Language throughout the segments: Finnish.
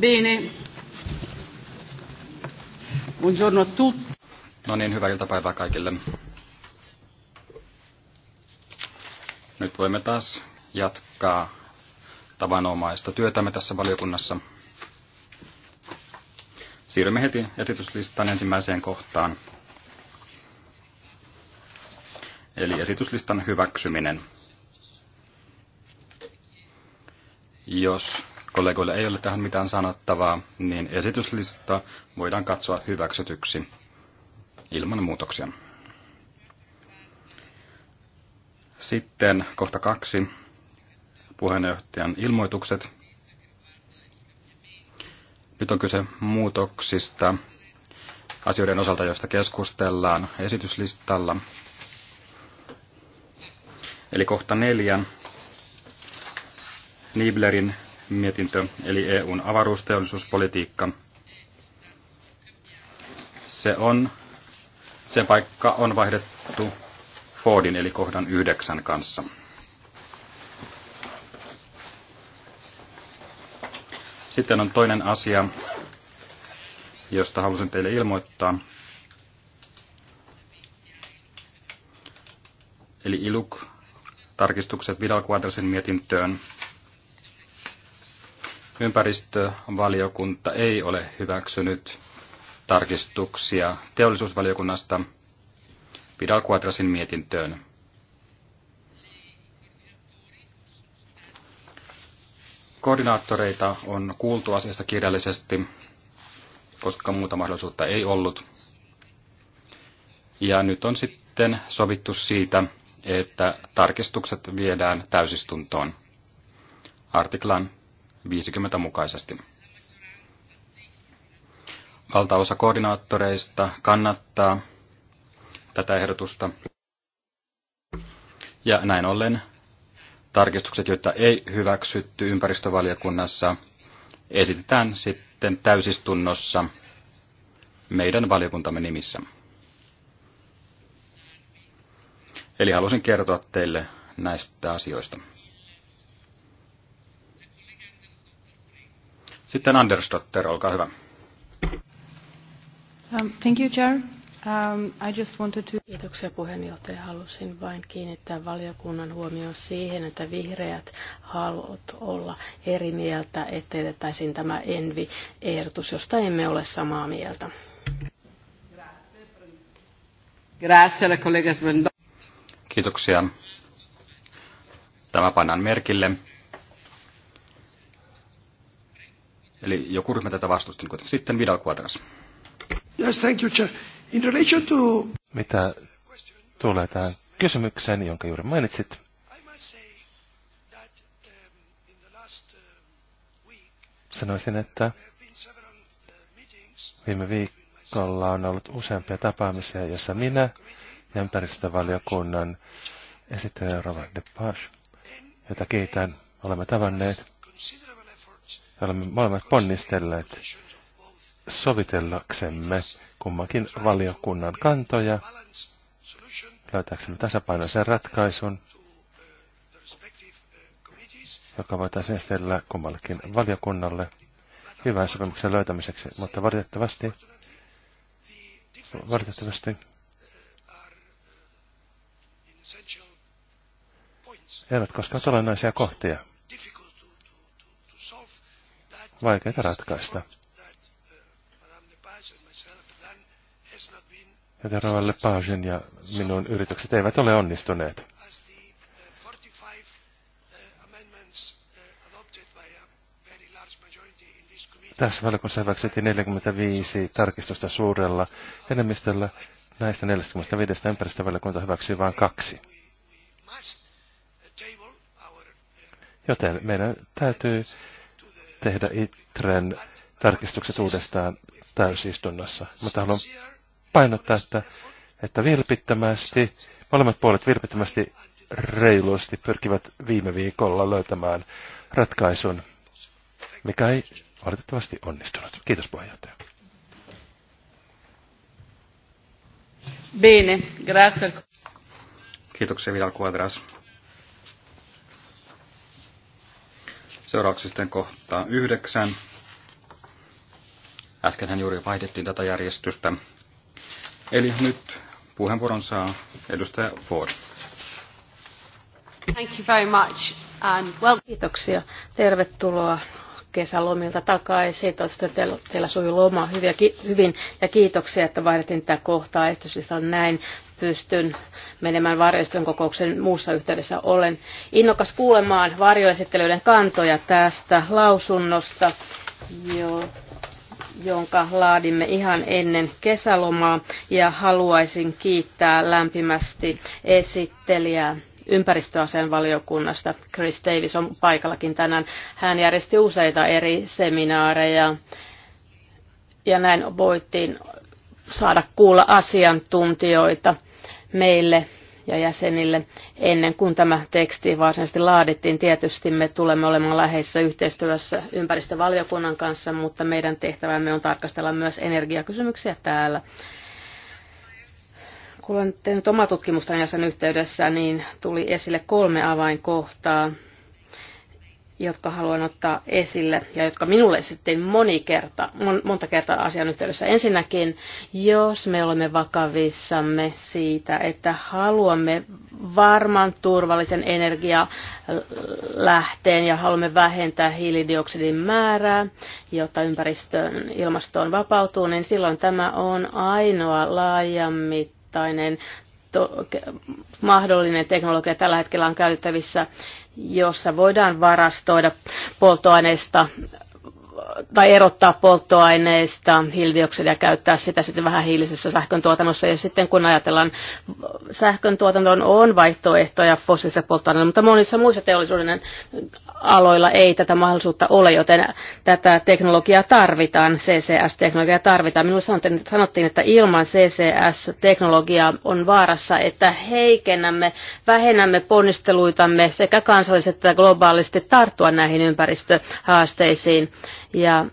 Bene. Buongiorno a tutti. No niin, hyvää iltapäivää kaikille. Nyt voimme taas jatkaa tavanomaista työtämme tässä valiokunnassa. Siirrymme heti esityslistan ensimmäiseen kohtaan. Eli esityslistan hyväksyminen. Jos kollegoilla ei ole tähän mitään sanottavaa, niin esityslista voidaan katsoa hyväksytyksi ilman muutoksia. Sitten kohta kaksi, puheenjohtajan ilmoitukset. Nyt on kyse muutoksista asioiden osalta, joista keskustellaan esityslistalla. Eli kohta neljä, Niblerin mietintö, eli EUn avaruusteollisuuspolitiikka. Se on, se paikka on vaihdettu Fordin eli kohdan yhdeksän kanssa. Sitten on toinen asia, josta halusin teille ilmoittaa. Eli iluk tarkistukset Vidal Quadrasin mietintöön Ympäristövaliokunta ei ole hyväksynyt tarkistuksia teollisuusvaliokunnasta Pidal Quadrasin mietintöön. Koordinaattoreita on kuultu asiasta kirjallisesti, koska muuta mahdollisuutta ei ollut. Ja nyt on sitten sovittu siitä, että tarkistukset viedään täysistuntoon. Artiklan 50 mukaisesti. Valtaosa koordinaattoreista kannattaa tätä ehdotusta. Ja näin ollen tarkistukset, joita ei hyväksytty ympäristövaliokunnassa, esitetään sitten täysistunnossa meidän valiokuntamme nimissä. Eli halusin kertoa teille näistä asioista. Sitten Andersdotter, olkaa hyvä. Um, thank you, Chair. Um, I just wanted to... Kiitoksia puheenjohtaja. Halusin vain kiinnittää valiokunnan huomioon siihen, että vihreät haluavat olla eri mieltä, ettei jätettäisiin tämä Envi-ehdotus, josta emme ole samaa mieltä. Grazie, kollega Kiitoksia. Tämä pannaan merkille. Eli joku ryhmä tätä vastusti. Sitten Vidal Quadras. Yes, thank you, Chair. In relation to... Mitä tulee tähän kysymykseen, jonka juuri mainitsit, sanoisin, että viime viikolla on ollut useampia tapaamisia, jossa minä ja ympäristövaliokunnan esittäjä Robert Depache, jota kiitän, olemme tavanneet olemme molemmat ponnistelleet sovitellaksemme kummankin valiokunnan kantoja, löytääksemme tasapainoisen ratkaisun, joka voitaisiin esitellä kummallekin valiokunnalle hyvän sopimuksen löytämiseksi, mutta valitettavasti, valitettavasti eivät koskaan olennaisia kohtia vaikeita ratkaista. Joten Rovalle Pagen ja minun yritykset eivät ole onnistuneet. Tässä valiokunnassa hyväksyttiin 45 tarkistusta suurella enemmistöllä. Näistä 45 ympäristövaliokunta hyväksyi vain kaksi. Joten meidän täytyy tehdä ITREn tarkistukset uudestaan täysistunnossa. Mutta haluan painottaa, että, että vilpittömästi, molemmat puolet vilpittömästi reilusti pyrkivät viime viikolla löytämään ratkaisun, mikä ei valitettavasti onnistunut. Kiitos puheenjohtaja. Bene, grazie. Kiitoksia Vidal Quadras. Seuraavaksi sitten kohtaa yhdeksän. Äskenhän juuri vaihdettiin tätä järjestystä. Eli nyt puheenvuoron saa edustaja Ford. Thank you very much and well... Kiitoksia. Tervetuloa kesälomilta takaisin. Toivottavasti teillä, teillä sujuu loma ja, ki, hyvin ja kiitoksia, että vaihdettiin tätä kohtaa. Esityslista on näin. Pystyn menemään varjoiston kokouksen muussa yhteydessä. Olen innokas kuulemaan varjoesittelyiden kantoja tästä lausunnosta, jo, jonka laadimme ihan ennen kesälomaa. Ja haluaisin kiittää lämpimästi esittelijää ympäristöasian valiokunnasta. Chris Davis on paikallakin tänään. Hän järjesti useita eri seminaareja ja näin voittiin saada kuulla asiantuntijoita meille ja jäsenille ennen kuin tämä teksti varsinaisesti laadittiin. Tietysti me tulemme olemaan läheisessä yhteistyössä ympäristövaliokunnan kanssa, mutta meidän tehtävämme on tarkastella myös energiakysymyksiä täällä kun olen tehnyt omaa tutkimustani ja sen yhteydessä, niin tuli esille kolme avainkohtaa, jotka haluan ottaa esille ja jotka minulle sitten moni kerta, mon, monta kertaa asian yhteydessä. Ensinnäkin, jos me olemme vakavissamme siitä, että haluamme varman turvallisen energialähteen ja haluamme vähentää hiilidioksidin määrää, jotta ympäristön ilmastoon vapautuu, niin silloin tämä on ainoa laajammittainen vertainen mahdollinen teknologia tällä hetkellä on käytettävissä, jossa voidaan varastoida polttoaineista tai erottaa polttoaineista hiilidioksidia ja käyttää sitä sitten vähän hiilisessä sähköntuotannossa. Ja sitten kun ajatellaan, sähköntuotantoon on vaihtoehtoja fossiilisessa polttoaineille, mutta monissa muissa teollisuuden aloilla ei tätä mahdollisuutta ole, joten tätä teknologiaa tarvitaan, CCS-teknologiaa tarvitaan. Minulle sanottiin, että ilman CCS-teknologiaa on vaarassa, että heikennämme, vähennämme ponnisteluitamme sekä kansallisesti että globaalisti tarttua näihin ympäristöhaasteisiin ja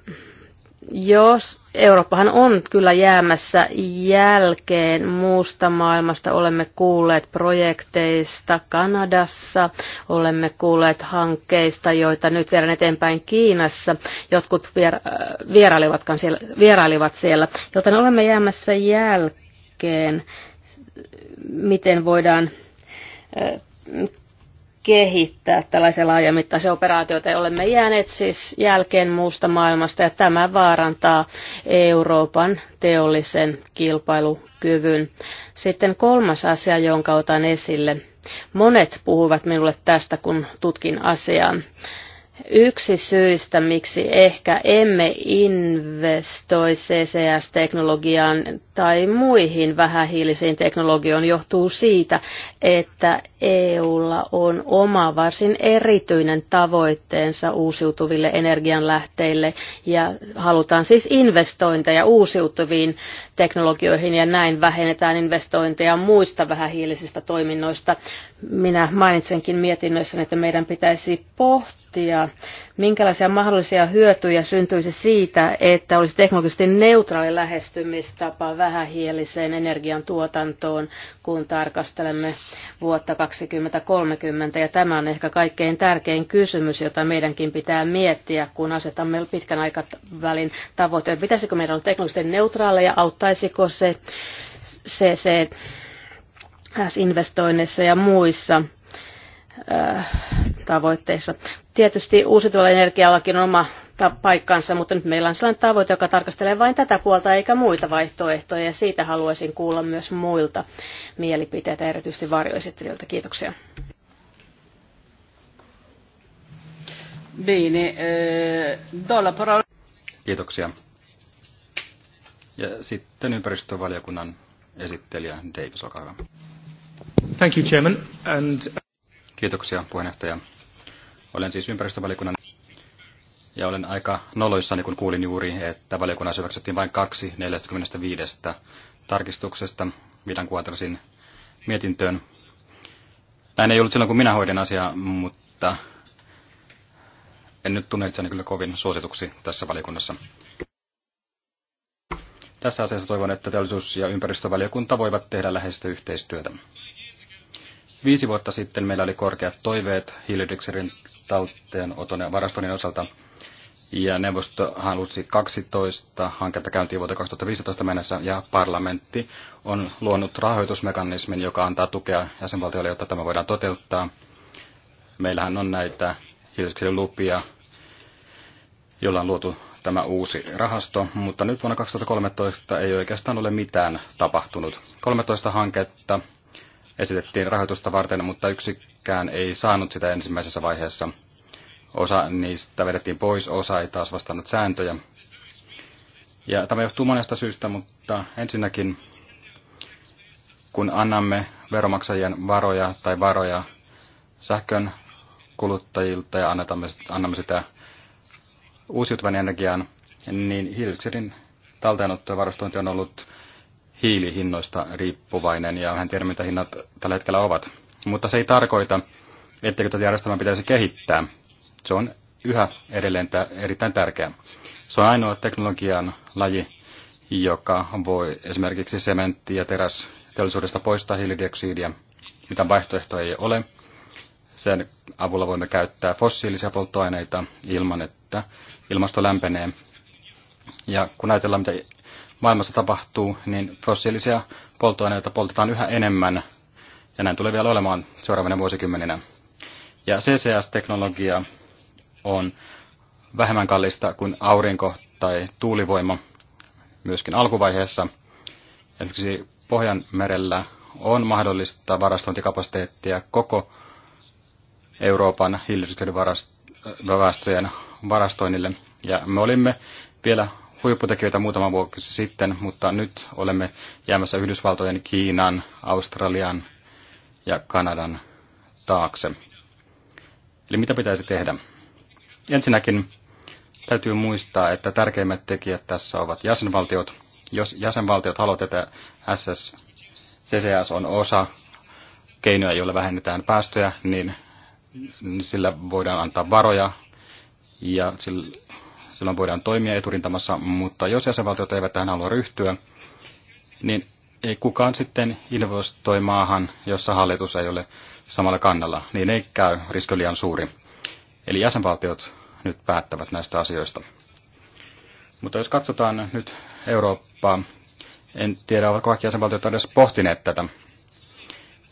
jos Eurooppahan on kyllä jäämässä jälkeen muusta maailmasta. Olemme kuulleet projekteista Kanadassa, olemme kuulleet hankkeista, joita nyt viedään eteenpäin Kiinassa. Jotkut vierailivatkan siellä, vierailivat siellä, joten olemme jäämässä jälkeen, miten voidaan kehittää tällaisia laajamittaisia operaatioita. Ja olemme jääneet siis jälkeen muusta maailmasta ja tämä vaarantaa Euroopan teollisen kilpailukyvyn. Sitten kolmas asia, jonka otan esille. Monet puhuvat minulle tästä, kun tutkin asiaa. Yksi syistä, miksi ehkä emme investoi CCS-teknologiaan tai muihin vähähiilisiin teknologioihin, johtuu siitä, että EUlla on oma varsin erityinen tavoitteensa uusiutuville energianlähteille ja halutaan siis investointeja uusiutuviin teknologioihin ja näin vähennetään investointeja muista vähähiilisistä toiminnoista. Minä mainitsenkin mietinnössä, että meidän pitäisi pohtia, minkälaisia mahdollisia hyötyjä syntyisi siitä, että olisi teknologisesti neutraali lähestymistapa vähähieliseen energiantuotantoon, kun tarkastelemme vuotta 2030. Ja tämä on ehkä kaikkein tärkein kysymys, jota meidänkin pitää miettiä, kun asetamme pitkän aikavälin tavoitteet. Pitäisikö meidän olla teknologisesti neutraaleja, auttaa auttaisiko se CCS-investoinneissa ja muissa äh, tavoitteissa. Tietysti uusiutuvalla energiallakin on oma paikkansa, mutta nyt meillä on sellainen tavoite, joka tarkastelee vain tätä puolta eikä muita vaihtoehtoja, ja siitä haluaisin kuulla myös muilta mielipiteitä, erityisesti varjoesittelijöiltä. Kiitoksia. Bene, eh, do la parola. Kiitoksia. Ja sitten ympäristövaliokunnan esittelijä Davis, olkaa hyvä. Thank you, Chairman. And... Uh, Kiitoksia puheenjohtaja. Olen siis ympäristövaliokunnan ja olen aika noloissani, kun kuulin juuri, että valiokunnassa hyväksyttiin vain kaksi 45 tarkistuksesta Mitä Kuotrasin mietintöön. Näin ei ollut silloin, kun minä hoidin asiaa, mutta en nyt tunne itseäni kyllä kovin suosituksi tässä valiokunnassa. Tässä asiassa toivon, että teollisuus- ja ympäristövaliokunta voivat tehdä läheistä yhteistyötä. Viisi vuotta sitten meillä oli korkeat toiveet hiilidioksidin oton ja varastoinnin osalta, ja neuvosto halusi 12 hanketta käyntiin vuoteen 2015 mennessä, ja parlamentti on luonut rahoitusmekanismin, joka antaa tukea jäsenvaltioille, jotta tämä voidaan toteuttaa. Meillähän on näitä hiilidioksidin lupia jolla on luotu tämä uusi rahasto, mutta nyt vuonna 2013 ei oikeastaan ole mitään tapahtunut. 13 hanketta esitettiin rahoitusta varten, mutta yksikään ei saanut sitä ensimmäisessä vaiheessa. Osa niistä vedettiin pois, osa ei taas vastannut sääntöjä. Ja tämä johtuu monesta syystä, mutta ensinnäkin kun annamme veromaksajien varoja tai varoja sähkön kuluttajilta ja annamme sitä uusiutuvan energiaan, niin hiilidioksidin talteenotto ja varastointi on ollut hiilihinnoista riippuvainen ja vähän tiedä, mitä hinnat tällä hetkellä ovat. Mutta se ei tarkoita, etteikö tätä järjestelmää pitäisi kehittää. Se on yhä edelleen erittäin tärkeä. Se on ainoa teknologian laji, joka voi esimerkiksi sementti- ja terästeollisuudesta poistaa hiilidioksidia, mitä vaihtoehtoja ei ole. Sen avulla voimme käyttää fossiilisia polttoaineita ilman, että että ilmasto lämpenee. Ja kun ajatellaan, mitä maailmassa tapahtuu, niin fossiilisia polttoaineita poltetaan yhä enemmän, ja näin tulee vielä olemaan seuraavana vuosikymmeninä. Ja CCS-teknologia on vähemmän kallista kuin aurinko tai tuulivoima myöskin alkuvaiheessa. Esimerkiksi Pohjanmerellä on mahdollista varastointikapasiteettia koko Euroopan hiilidioksidivarastojen varastoinnille. Ja me olimme vielä huipputekijöitä muutama vuosi sitten, mutta nyt olemme jäämässä Yhdysvaltojen, Kiinan, Australian ja Kanadan taakse. Eli mitä pitäisi tehdä? Ensinnäkin täytyy muistaa, että tärkeimmät tekijät tässä ovat jäsenvaltiot. Jos jäsenvaltiot haluavat, että SS, CCS on osa keinoja, joilla vähennetään päästöjä, niin sillä voidaan antaa varoja ja silloin voidaan toimia eturintamassa, mutta jos jäsenvaltiot eivät tähän halua ryhtyä, niin ei kukaan sitten investoi maahan, jossa hallitus ei ole samalla kannalla. Niin ei käy, riski liian suuri. Eli jäsenvaltiot nyt päättävät näistä asioista. Mutta jos katsotaan nyt Eurooppaa, en tiedä, ovatko kaikki jäsenvaltiot edes pohtineet tätä.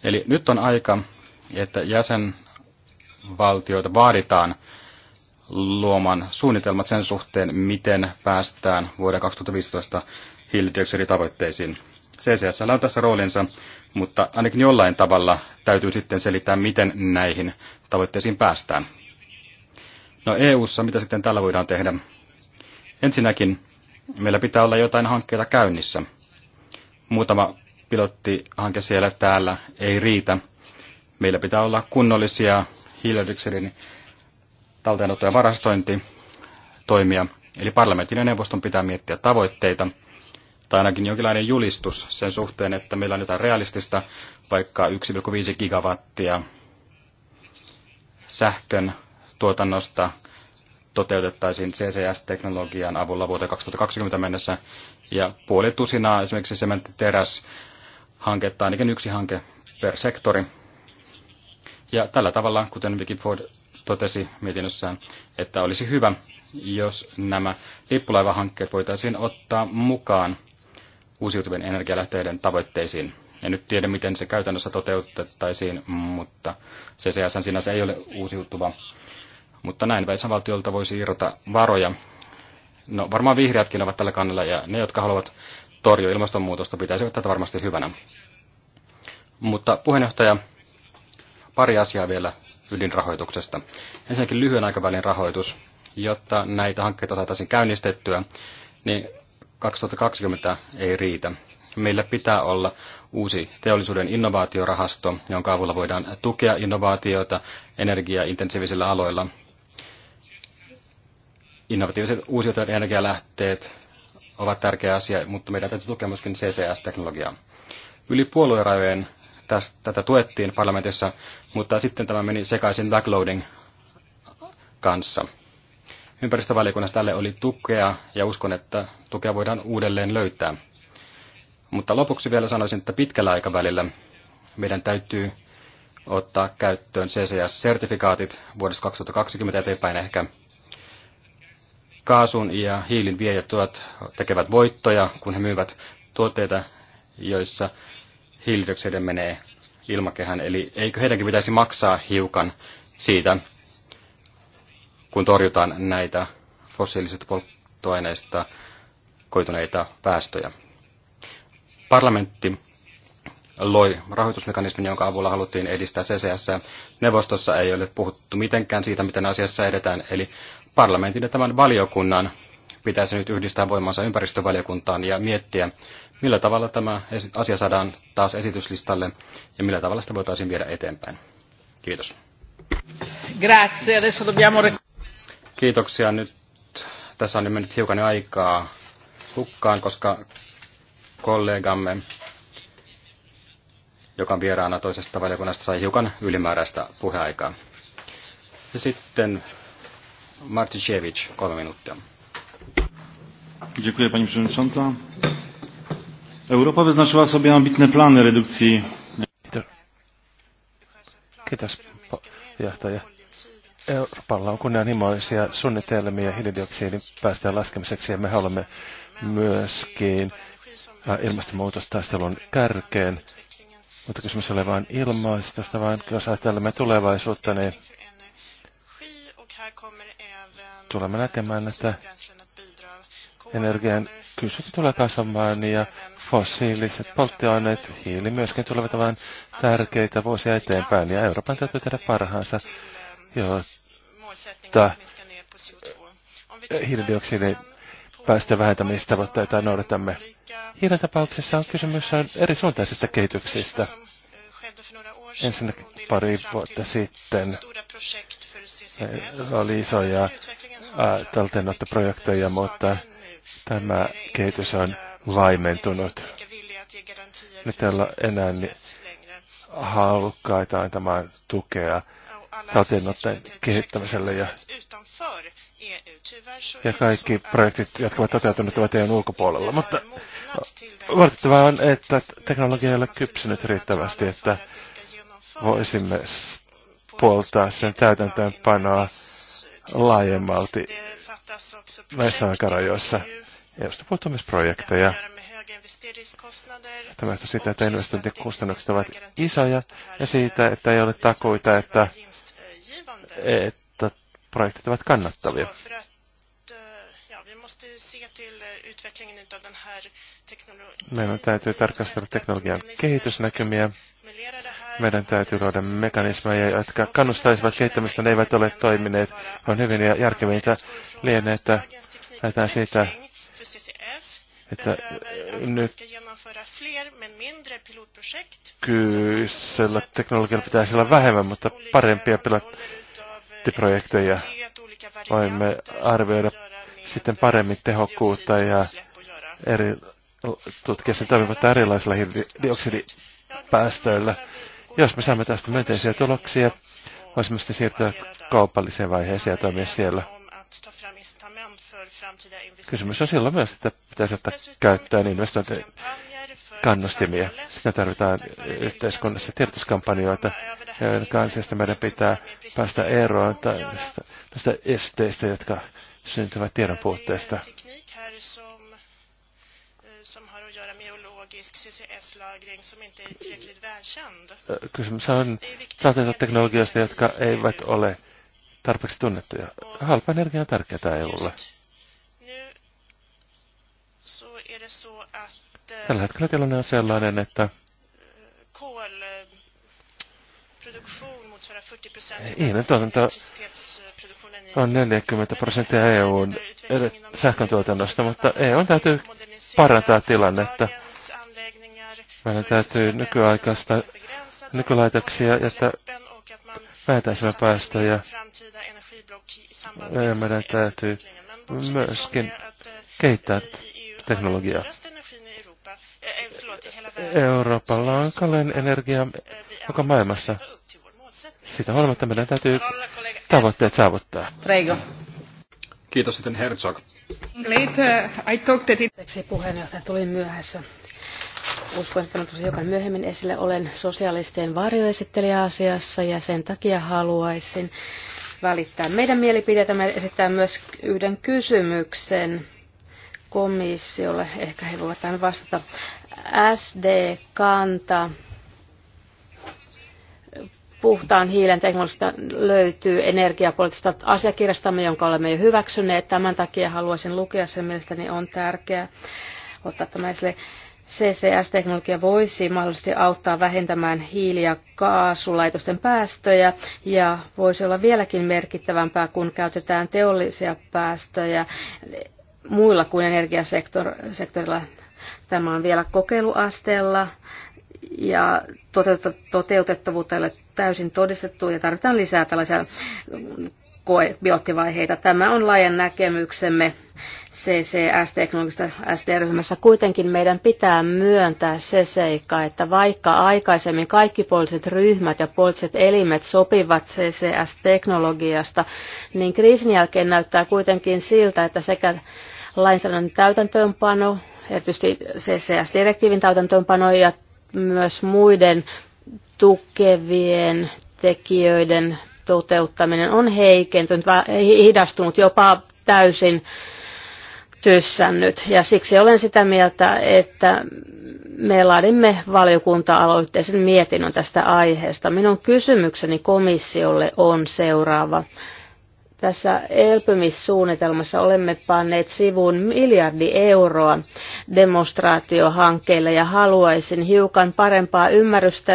Eli nyt on aika, että jäsenvaltioita vaaditaan luomaan suunnitelmat sen suhteen, miten päästään vuoden 2015 hiilidioksiditavoitteisiin. CCS on tässä roolinsa, mutta ainakin jollain tavalla täytyy sitten selittää, miten näihin tavoitteisiin päästään. No EU-ssa mitä sitten tällä voidaan tehdä? Ensinnäkin meillä pitää olla jotain hankkeita käynnissä. Muutama pilottihanke siellä täällä ei riitä. Meillä pitää olla kunnollisia hiilidioksidin talteenotto- ja varastointitoimia. Eli parlamentin ja neuvoston pitää miettiä tavoitteita, tai ainakin jonkinlainen julistus sen suhteen, että meillä on jotain realistista, vaikka 1,5 gigawattia sähkön tuotannosta toteutettaisiin CCS-teknologian avulla vuoteen 2020 mennessä, ja puoli tusinaa esimerkiksi teräs hanketta, ainakin yksi hanke per sektori. Ja tällä tavalla, kuten Wikiford totesi mietinnössään, että olisi hyvä, jos nämä lippulaivahankkeet voitaisiin ottaa mukaan uusiutuvien energialähteiden tavoitteisiin. En nyt tiedä, miten se käytännössä toteutettaisiin, mutta CCS sinänsä ei ole uusiutuva. Mutta näin väisavaltiolta voisi irrota varoja. No varmaan vihreätkin ovat tällä kannalla ja ne, jotka haluavat torjua ilmastonmuutosta, pitäisivät tätä varmasti hyvänä. Mutta puheenjohtaja, pari asiaa vielä ydinrahoituksesta. Ensinnäkin lyhyen aikavälin rahoitus, jotta näitä hankkeita saataisiin käynnistettyä, niin 2020 ei riitä. Meillä pitää olla uusi teollisuuden innovaatiorahasto, jonka avulla voidaan tukea innovaatioita energiaintensiivisillä aloilla. Innovatiiviset uusiutuvat energialähteet ovat tärkeä asia, mutta meidän täytyy tukea myöskin CCS-teknologiaa. Yli puoluerajojen tästä, tätä tuettiin parlamentissa, mutta sitten tämä meni sekaisin backloading kanssa. Ympäristövaliokunnassa tälle oli tukea ja uskon, että tukea voidaan uudelleen löytää. Mutta lopuksi vielä sanoisin, että pitkällä aikavälillä meidän täytyy ottaa käyttöön CCS-sertifikaatit vuodesta 2020 eteenpäin ehkä. Kaasun ja hiilin viejät tekevät voittoja, kun he myyvät tuotteita, joissa hiilidioksidia menee ilmakehään. Eli eikö heidänkin pitäisi maksaa hiukan siitä, kun torjutaan näitä fossiilisista polttoaineista koituneita päästöjä. Parlamentti loi rahoitusmekanismin, jonka avulla haluttiin edistää CCS. Neuvostossa ei ole puhuttu mitenkään siitä, miten asiassa edetään, eli parlamentin ja tämän valiokunnan pitäisi nyt yhdistää voimansa ympäristövaliokuntaan ja miettiä, millä tavalla tämä asia saadaan taas esityslistalle ja millä tavalla sitä voitaisiin viedä eteenpäin. Kiitos. Grazie. Adesso dobbiamo... Kiitoksia. Nyt tässä on mennyt hiukan aikaa hukkaan, koska kollegamme, joka on vieraana toisesta valiokunnasta, sai hiukan ylimääräistä puheaikaa. Ja sitten Martin Shevich, kolme minuuttia. Dziękuję Pani Przewodnicząca. Europa wyznaczyła sobie ambitne plany redukcji. Kiitos. johtaja. Euroopalla on kunnianhimoisia suunnitelmia hiilidioksidin päästöjen laskemiseksi ja me haluamme myöskin äh, ilmastonmuutostaistelun kärkeen. Mutta kysymys ei ole vain ilmastosta, vaan jos ajattelemme tulevaisuutta, niin tulemme näkemään, että energian kysyntä tulee kasvamaan ja fossiiliset polttoaineet, hiili myöskin tulevat olemaan tärkeitä vuosia eteenpäin, ja Euroopan täytyy tehdä parhaansa, jotta hiilidioksidin päästöjen vähentämistavoitteita noudatamme. Hiilen tapauksessa on kysymys on eri suuntaisista kehityksistä. Ensin pari vuotta sitten eh, oli isoja talteenottoprojekteja, mutta tämä kehitys on vaimentunut. Me täällä enää niin halukkaita antamaan tukea talteenotteen kehittämiselle ja, ja kaikki projektit, jotka ovat toteutuneet, ovat EUn ulkopuolella. Mutta valitettavaa on, että teknologia ei ole kypsynyt riittävästi, että voisimme puoltaa sen täytäntöönpanoa laajemmalti näissä aikarajoissa. EUsta Tämä johtuu siitä, että investointikustannukset ovat isoja ja siitä, että ei ole takuita, että, että projektit ovat kannattavia. Meidän täytyy tarkastella teknologian kehitysnäkymiä. Meidän täytyy luoda mekanismeja, jotka kannustaisivat kehittämistä. Ne eivät ole toimineet. On hyvin järkevintä lienee, että lähdetään siitä, för CCS että nyt Kyllä, teknologialla pitää olla vähemmän, mutta parempia pilottiprojekteja. Äh, Voimme arvioida sitten paremmin tehokkuutta ja eri, tutkia sen toimivat äh, erilaisilla äh, hiilidioksidipäästöillä. Jos me saamme tästä myönteisiä tuloksia, voisimme sitten siirtyä kaupalliseen vaiheeseen ja toimia siellä Kysymys on silloin myös, että pitäisi ottaa käyttöön investointikannustimia. Sitä tarvitaan yhteiskunnassa tiedotuskampanjoita, joiden kanssa meidän pitää päästä eroon tästä, tästä esteistä, jotka syntyvät tiedon puutteesta. Kysymys on teknologioista, jotka eivät ole tarpeeksi tunnettuja. Halpa energia on tärkeää EUlle. Tällä hetkellä tilanne on sellainen, että Iinan tuotanto on 40 prosenttia EUn sähköntuotannosta, mutta EUn täytyy parantaa tilannetta. Meidän täytyy nykyaikaista nykylaitoksia, jotta vähentäisimme päästöjä. Ja meidän täytyy myöskin eh, kehittää teknologia. Euroopalla on kallein energia joka maailmassa. Siitä huolimatta meidän täytyy tavoitteet saavuttaa. Reigo. Kiitos sitten Herzog. Later, I talked it. Puheenjohtaja tuli myöhässä. Uskon, että tosi joka myöhemmin esille olen sosialistien varjoesittelijä asiassa ja sen takia haluaisin välittää meidän Me esittää myös yhden kysymyksen komissiolle. Ehkä he voivat tähän vastata. SD-kanta puhtaan hiilen teknologista löytyy energiapoliittisesta asiakirjastamme, jonka olemme jo hyväksyneet. Tämän takia haluaisin lukea sen, mielestäni on tärkeää ottaa tämä esille. CCS-teknologia voisi mahdollisesti auttaa vähentämään hiili- ja kaasulaitosten päästöjä ja voisi olla vieläkin merkittävämpää, kun käytetään teollisia päästöjä muilla kuin energiasektorilla. Tämä on vielä kokeiluasteella ja toteutettavuutta ei ole täysin todistettu ja tarvitaan lisää tällaisia koebiottivaiheita. Tämä on laajan näkemyksemme CCS-teknologisesta SD-ryhmässä. Kuitenkin meidän pitää myöntää se seikka, että vaikka aikaisemmin kaikki poliittiset ryhmät ja poliittiset elimet sopivat CCS-teknologiasta, niin kriisin jälkeen näyttää kuitenkin siltä, että sekä lainsäädännön täytäntöönpano, erityisesti CCS-direktiivin täytäntöönpano ja myös muiden tukevien tekijöiden toteuttaminen on heikentynyt, hidastunut jopa täysin tyssännyt. Ja siksi olen sitä mieltä, että me laadimme valiokunta-aloitteisen mietinnön tästä aiheesta. Minun kysymykseni komissiolle on seuraava. Tässä elpymissuunnitelmassa olemme panneet sivuun miljardi euroa demonstraatiohankkeille ja haluaisin hiukan parempaa ymmärrystä,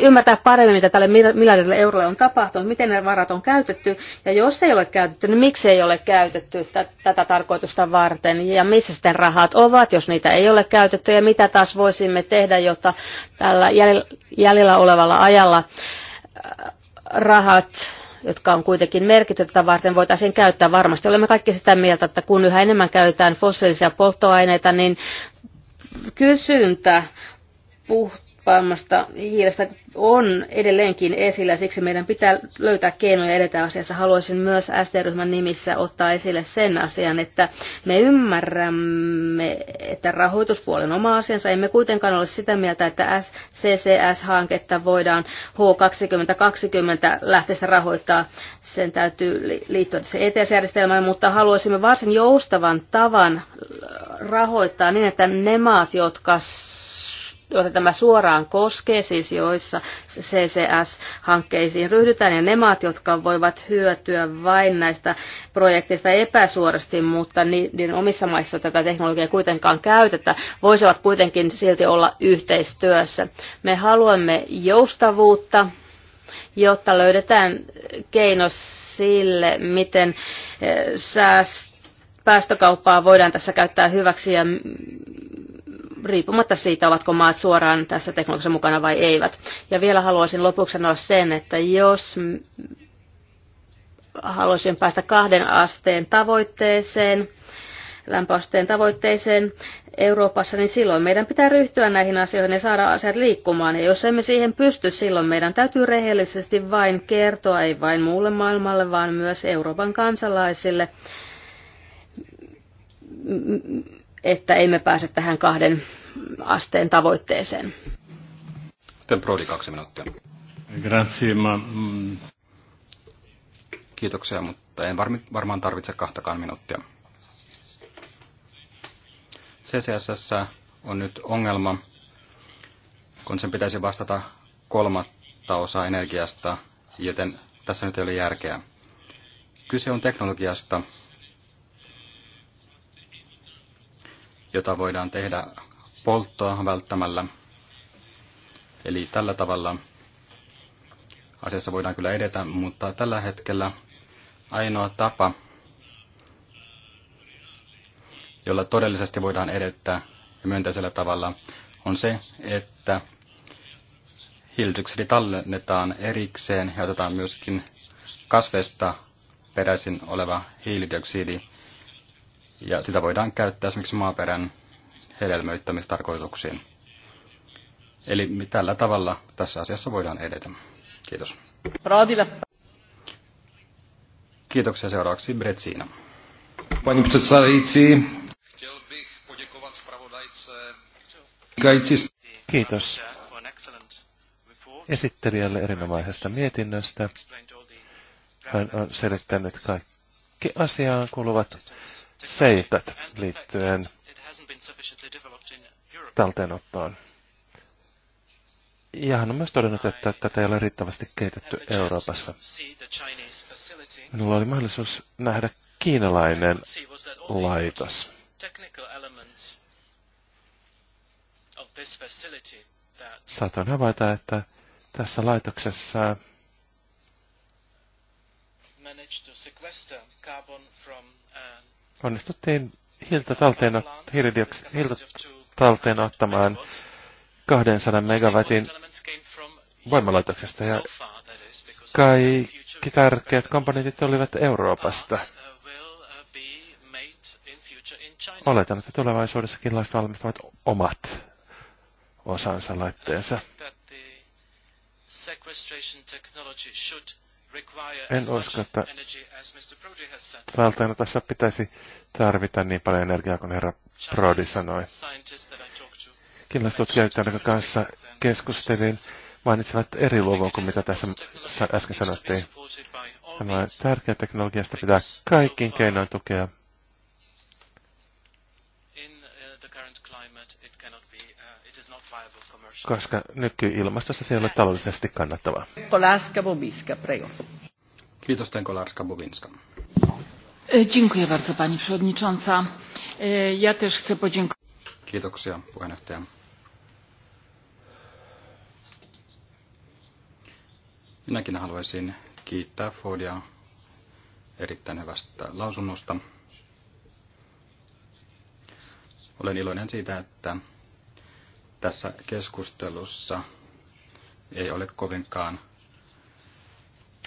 ymmärtää paremmin, mitä tälle miljardille eurolle on tapahtunut, miten ne varat on käytetty ja jos ei ole käytetty, niin miksi ei ole käytetty tätä tarkoitusta varten ja missä sitten rahat ovat, jos niitä ei ole käytetty ja mitä taas voisimme tehdä, jotta tällä jäljellä olevalla ajalla äh, rahat jotka on kuitenkin merkitty tätä varten, voitaisiin käyttää varmasti. Olemme kaikki sitä mieltä, että kun yhä enemmän käytetään fossiilisia polttoaineita, niin kysyntä puh- vammasta hiilestä on edelleenkin esillä, siksi meidän pitää löytää keinoja edetä asiassa. Haluaisin myös ST-ryhmän nimissä ottaa esille sen asian, että me ymmärrämme, että rahoituspuolen oma asiansa. Emme kuitenkaan ole sitä mieltä, että CCS-hanketta voidaan H2020 lähteessä rahoittaa. Sen täytyy liittyä se ETS-järjestelmään, mutta haluaisimme varsin joustavan tavan rahoittaa niin, että ne maat, jotka joita tämä suoraan koskee, siis joissa CCS-hankkeisiin ryhdytään, ja ne maat, jotka voivat hyötyä vain näistä projekteista epäsuorasti, mutta niiden omissa maissa tätä teknologiaa kuitenkaan käytetä, voisivat kuitenkin silti olla yhteistyössä. Me haluamme joustavuutta, jotta löydetään keino sille, miten eh, sääst- päästökauppaa voidaan tässä käyttää hyväksi ja riippumatta siitä, ovatko maat suoraan tässä teknologiassa mukana vai eivät. Ja vielä haluaisin lopuksi sanoa sen, että jos haluaisin päästä kahden asteen tavoitteeseen, lämpöasteen tavoitteeseen Euroopassa, niin silloin meidän pitää ryhtyä näihin asioihin ja saada asiat liikkumaan. Ja jos emme siihen pysty, silloin meidän täytyy rehellisesti vain kertoa, ei vain muulle maailmalle, vaan myös Euroopan kansalaisille, että emme pääse tähän kahden asteen tavoitteeseen. Sitten Prodi kaksi minuuttia. Grazie, ma... Mm. Kiitoksia, mutta en varmi, varmaan tarvitse kahtakaan minuuttia. CCSS on nyt ongelma, kun sen pitäisi vastata kolmatta osaa energiasta, joten tässä nyt ei ole järkeä. Kyse on teknologiasta, jota voidaan tehdä polttoa välttämällä. Eli tällä tavalla asiassa voidaan kyllä edetä, mutta tällä hetkellä ainoa tapa, jolla todellisesti voidaan edetä ja myönteisellä tavalla, on se, että hiilidioksidi tallennetaan erikseen ja otetaan myöskin kasveista peräisin oleva hiilidioksidi ja sitä voidaan käyttää esimerkiksi maaperän hedelmöittämistarkoituksiin. Eli tällä tavalla tässä asiassa voidaan edetä. Kiitos. Praadilla. Kiitoksia seuraavaksi Bretsiina. Pani předsedající, Kiitos esittelijälle erinomaisesta mietinnöstä. Hän on selittänyt kaikki asiaan kuuluvat seikat liittyen talteenottoon. Ja hän on myös todennut, että tätä ei ole riittävästi kehitetty Euroopassa. Minulla oli mahdollisuus nähdä kiinalainen laitos. Saatoin havaita, että tässä laitoksessa onnistuttiin hiiltä talteen, hiilta talteen ottamaan 200 megawatin voimalaitoksesta ja kaikki tärkeät komponentit olivat Euroopasta. Oletan, että tulevaisuudessakin laista valmistavat omat osansa laitteensa. En usko, että välttämättä pitäisi tarvita niin paljon energiaa kuin herra Prodi sanoi. Kiinalaistutkijat, tutkijat kanssa keskustelin, mainitsivat eri luvun kuin mitä tässä äsken sanottiin. Tämä on tärkeä teknologiasta pitää kaikkiin keinoin tukea koska nykyilmastossa se ei ole taloudellisesti kannattavaa. Kolarska Bobiska, prego. Kiitos, Tenkolarska Bobinska. E, dziękuję bardzo, pani przewodnicząca. E, ja też chcę podziękować. Kiitoksia, puheenjohtaja. Minäkin haluaisin kiittää Fordia erittäin hyvästä lausunnosta. Olen iloinen siitä, että tässä keskustelussa ei ole kovinkaan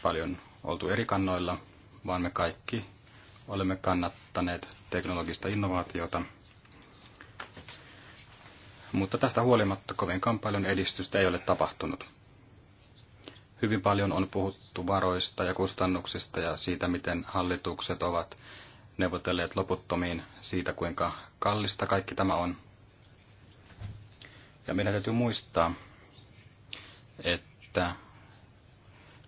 paljon oltu eri kannoilla, vaan me kaikki olemme kannattaneet teknologista innovaatiota. Mutta tästä huolimatta kovinkaan paljon edistystä ei ole tapahtunut. Hyvin paljon on puhuttu varoista ja kustannuksista ja siitä, miten hallitukset ovat neuvotelleet loputtomiin siitä, kuinka kallista kaikki tämä on. Ja meidän täytyy muistaa, että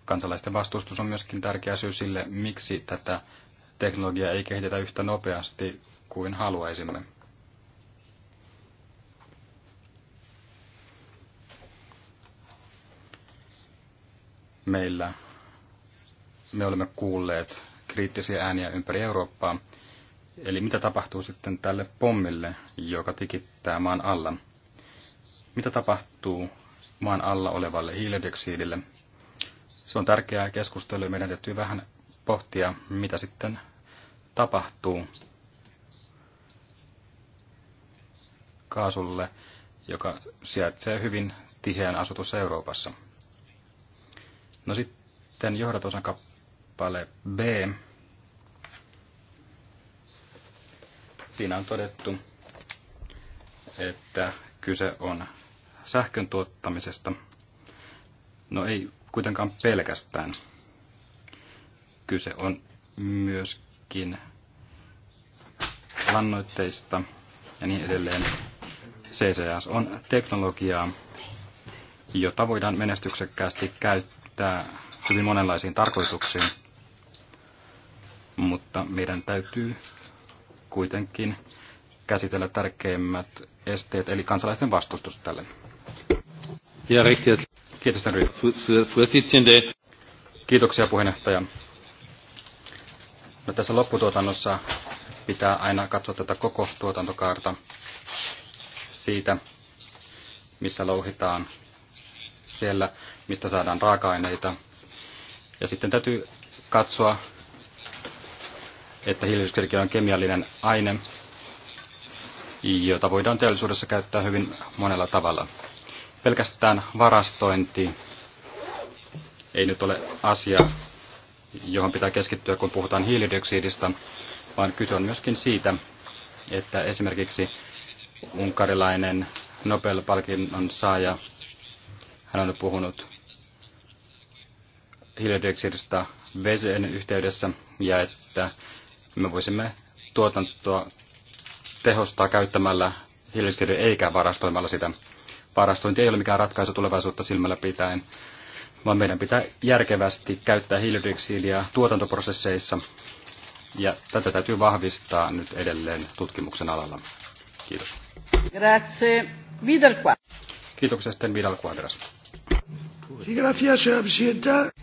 kansalaisten vastustus on myöskin tärkeä syy sille, miksi tätä teknologiaa ei kehitetä yhtä nopeasti kuin haluaisimme. Meillä me olemme kuulleet kriittisiä ääniä ympäri Eurooppaa. Eli mitä tapahtuu sitten tälle pommille, joka tikittää maan alla? mitä tapahtuu maan alla olevalle hiilidioksidille. Se on tärkeää keskustelua. Meidän täytyy vähän pohtia, mitä sitten tapahtuu kaasulle, joka sijaitsee hyvin tiheän asutussa Euroopassa. No sitten johdatosan kappale B. Siinä on todettu, että kyse on sähkön tuottamisesta. No ei kuitenkaan pelkästään. Kyse on myöskin lannoitteista ja niin edelleen. CCS on teknologiaa, jota voidaan menestyksekkäästi käyttää hyvin monenlaisiin tarkoituksiin, mutta meidän täytyy kuitenkin käsitellä tärkeimmät esteet, eli kansalaisten vastustus tälle. Ja rehtiä. Kiitos, Henry. Kiitoksia, puheenjohtaja. No, tässä lopputuotannossa pitää aina katsoa tätä koko tuotantokaarta siitä, missä louhitaan, siellä, mistä saadaan raaka-aineita. Ja sitten täytyy katsoa, että hiilidioksidkin on kemiallinen aine, jota voidaan teollisuudessa käyttää hyvin monella tavalla. Pelkästään varastointi ei nyt ole asia, johon pitää keskittyä, kun puhutaan hiilidioksidista, vaan kyse on myöskin siitä, että esimerkiksi unkarilainen Nobel-palkinnon saaja, hän on puhunut hiilidioksidista veden yhteydessä ja että me voisimme tuotantoa tehostaa käyttämällä hiilidioksidia eikä varastoimalla sitä varastointi ei ole mikään ratkaisu tulevaisuutta silmällä pitäen, vaan meidän pitää järkevästi käyttää hiilidioksidia tuotantoprosesseissa, ja tätä täytyy vahvistaa nyt edelleen tutkimuksen alalla. Kiitos. Grazie. Vidal Kiitoksia sitten Vidal Quadras.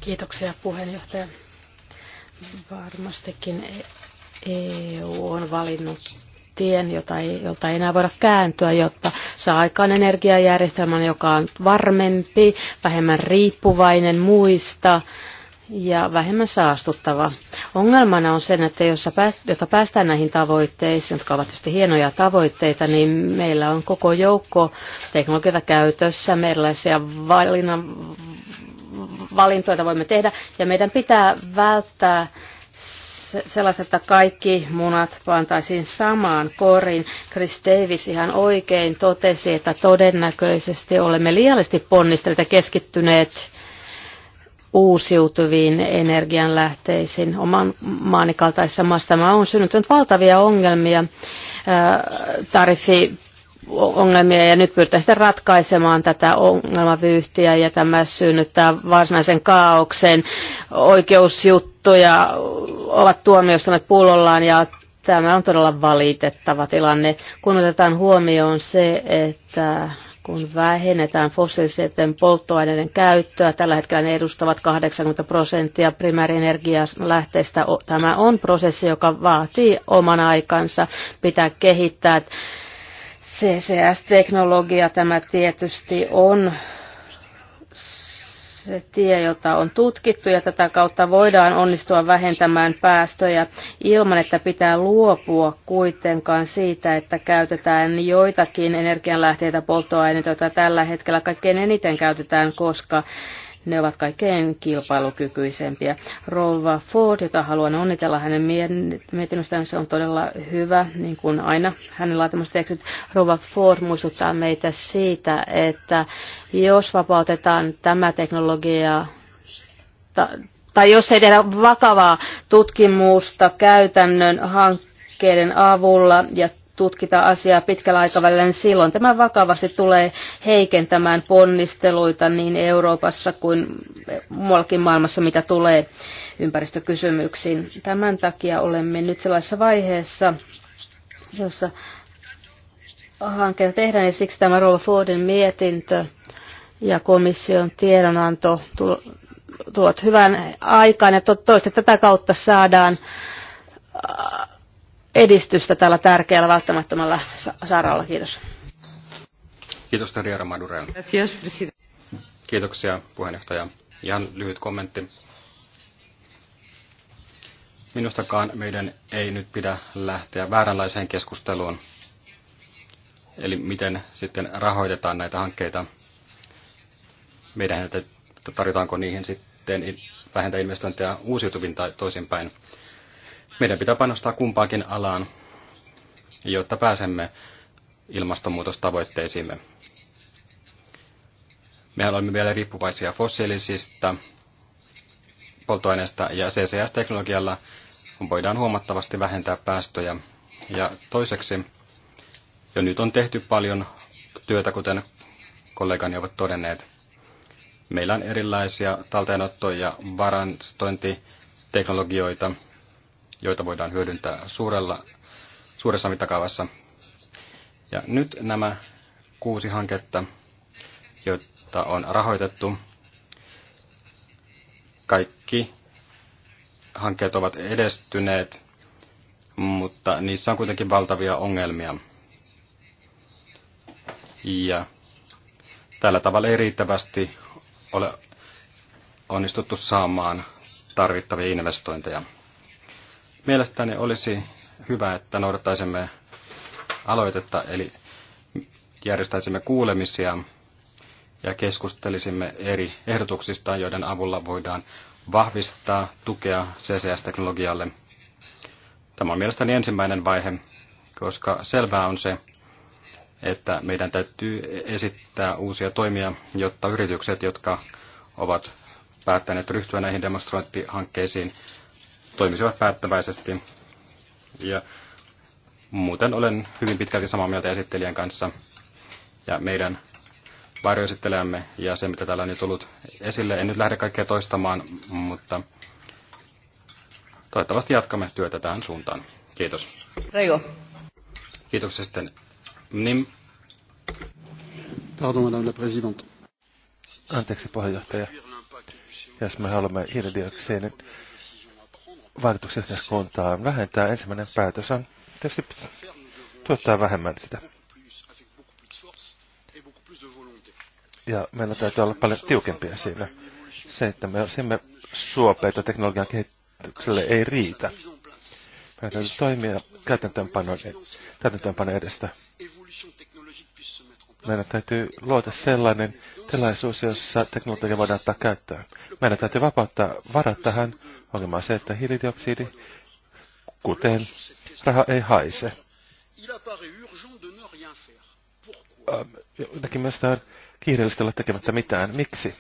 Kiitoksia puheenjohtaja. Varmastikin EU e on valinnut tien, jota ei, jolta ei enää voida kääntyä, jotta saa aikaan energiajärjestelmän, joka on varmempi, vähemmän riippuvainen muista ja vähemmän saastuttava. Ongelmana on sen, että jos pääst, jotta päästään näihin tavoitteisiin, jotka ovat tietysti hienoja tavoitteita, niin meillä on koko joukko teknologioita käytössä, erilaisia valinnan, valintoja voimme tehdä, ja meidän pitää välttää sellaista, että kaikki munat pantaisiin samaan koriin. Chris Davis ihan oikein totesi, että todennäköisesti olemme liiallisesti ponnistelta keskittyneet uusiutuviin energianlähteisiin oman maanikaltaisessa maassa. Tämä on synnyttänyt valtavia ongelmia äh, tariffi ongelmia ja nyt pyritään sitten ratkaisemaan tätä ongelmavyyhtiä ja tämä synnyttää varsinaisen kaauksen. Oikeusjuttuja ovat tuomioistuimet pullollaan ja tämä on todella valitettava tilanne, kun otetaan huomioon se, että kun vähennetään fossiilisten polttoaineiden käyttöä, tällä hetkellä ne edustavat 80 prosenttia primäärienergian lähteistä. Tämä on prosessi, joka vaatii oman aikansa, pitää kehittää CCS-teknologia tämä tietysti on se tie, jota on tutkittu ja tätä kautta voidaan onnistua vähentämään päästöjä ilman, että pitää luopua kuitenkaan siitä, että käytetään joitakin energianlähteitä polttoaineita, joita tällä hetkellä kaikkein eniten käytetään, koska ne ovat kaikkein kilpailukykyisempiä. Rova Ford, jota haluan onnitella hänen mietinnöstään, se on todella hyvä, niin kuin aina hänen laatimansa tekstit. Rova Ford muistuttaa meitä siitä, että jos vapautetaan tämä teknologia tai jos ei tehdä vakavaa tutkimusta käytännön hankkeiden avulla ja tutkita asiaa pitkällä aikavälillä, niin silloin tämä vakavasti tulee heikentämään ponnisteluita niin Euroopassa kuin muuallakin maailmassa, mitä tulee ympäristökysymyksiin. Tämän takia olemme nyt sellaisessa vaiheessa, jossa hankkeita tehdään, ja siksi tämä Rolf Fordin mietintö ja komission tiedonanto tulevat hyvän aikaan, ja toivottavasti tätä kautta saadaan edistystä tällä tärkeällä välttämättömällä saralla. Kiitos. Kiitos Riera Madureen. Kiitoksia puheenjohtaja. Ihan lyhyt kommentti. Minustakaan meidän ei nyt pidä lähteä vääränlaiseen keskusteluun, eli miten sitten rahoitetaan näitä hankkeita. Meidän tarjotaanko niihin sitten vähentää investointeja uusiutuviin tai toisinpäin. Meidän pitää panostaa kumpaakin alaan, jotta pääsemme ilmastonmuutostavoitteisiimme. Mehän olemme vielä riippuvaisia fossiilisista polttoaineista ja CCS-teknologialla voidaan huomattavasti vähentää päästöjä. Ja toiseksi, jo nyt on tehty paljon työtä, kuten kollegani ovat todenneet. Meillä on erilaisia talteenotto- ja varastointiteknologioita, joita voidaan hyödyntää suurella, suuressa mittakaavassa. Ja nyt nämä kuusi hanketta, joita on rahoitettu, kaikki hankkeet ovat edestyneet, mutta niissä on kuitenkin valtavia ongelmia. Ja tällä tavalla ei riittävästi ole onnistuttu saamaan tarvittavia investointeja. Mielestäni olisi hyvä, että noudattaisimme aloitetta, eli järjestäisimme kuulemisia ja keskustelisimme eri ehdotuksista, joiden avulla voidaan vahvistaa tukea CCS-teknologialle. Tämä on mielestäni ensimmäinen vaihe, koska selvää on se, että meidän täytyy esittää uusia toimia, jotta yritykset, jotka ovat päättäneet ryhtyä näihin demonstrointihankkeisiin, toimisivat päättäväisesti. Ja muuten olen hyvin pitkälti samaa mieltä esittelijän kanssa ja meidän varjoesittelijämme ja se, mitä täällä on nyt tullut esille. En nyt lähde kaikkea toistamaan, mutta toivottavasti jatkamme työtä tähän suuntaan. Kiitos. Reijo. Kiitoksia sitten. Nim. Pardon, madame la présidente. Anteeksi, puheenjohtaja. Jos me haluamme hiilidioksidin vaikutuksia yhteiskuntaan vähentää, ensimmäinen päätös on tietysti tuottaa vähemmän sitä. Ja meillä täytyy olla paljon tiukempia siinä. Se, että me olisimme suopeita teknologian kehitykselle ei riitä. Meidän täytyy toimia käytäntöönpanon, käytäntöönpanon edestä. Meidän täytyy luoda sellainen tilaisuus, jossa teknologia voidaan ottaa käyttöön. Meidän täytyy vapauttaa varat tähän Ongelma on se, että hiilidioksidi, kuten raha ei haise. Jotenkin tämä on kiireellistä olla tekemättä mitään. Miksi?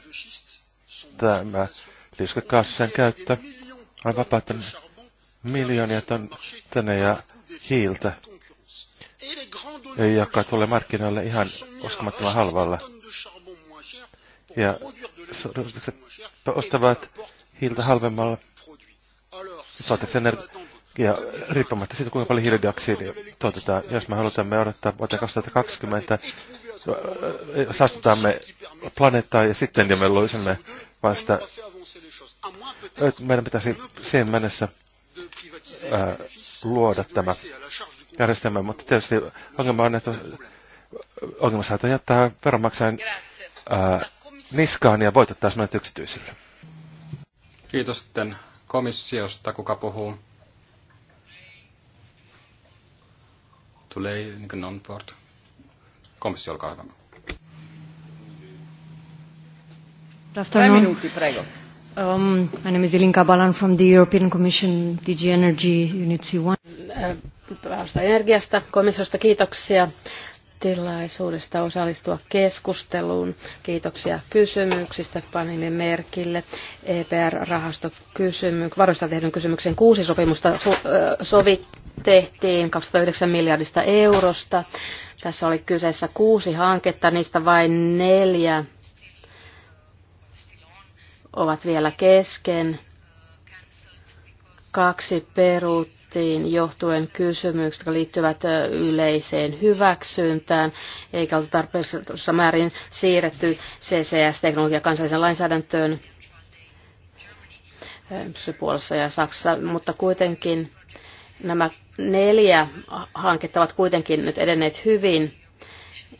Tämä liuskakaasusen käyttö on vapauttanut miljoonia tonneja hiiltä, joka tulee markkinoille ihan uskomattoman halvalla. Ja ostavat hiiltä halvemmalla siis tuotaanko energia riippumatta siitä, kuinka paljon hiilidioksidia tuotetaan. Jos me halutaan me odottaa vuoteen 2020, äh, saastutamme planeettaa ja sitten jo me luisimme vasta. Meidän pitäisi siihen mennessä ää, äh, luoda tämä järjestelmä, mutta tietysti ongelma on, että ongelma saattaa jättää veronmaksajan äh, niskaan ja voitettaisiin taas yksityisille. Kiitos sitten Komissiosta kuka puhuu? Tulee niin Nonport. Komissio, olkaa hyvä. Good afternoon. Um, my name is Ilinka Balan from the European Commission DG Energy Unit C1. Äh, energiasta, komissiosta kiitoksia tilaisuudesta osallistua keskusteluun. Kiitoksia kysymyksistä. Panimme merkille EPR-rahasto varoista tehdyn kysymyksen kuusi sopimusta so, sovit tehtiin 29 miljardista eurosta. Tässä oli kyseessä kuusi hanketta, niistä vain neljä ovat vielä kesken. Kaksi peruttiin johtuen kysymyksistä, jotka liittyvät yleiseen hyväksyntään, eikä ole tarpeellisessa määrin siirretty CCS-teknologia kansalliseen lainsäädäntöön Puolassa ja Saksassa, mutta kuitenkin nämä neljä hanketta ovat kuitenkin nyt edenneet hyvin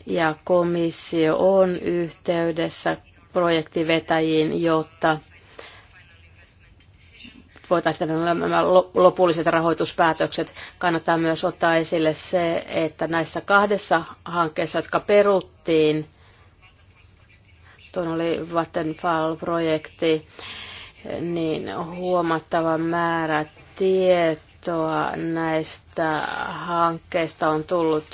ja komissio on yhteydessä projektivetäjiin, jotta voitaisiin tehdä nämä lopulliset rahoituspäätökset. Kannattaa myös ottaa esille se, että näissä kahdessa hankkeessa, jotka peruttiin, tuon oli Vattenfall-projekti, niin huomattava määrä tietoa näistä hankkeista on tullut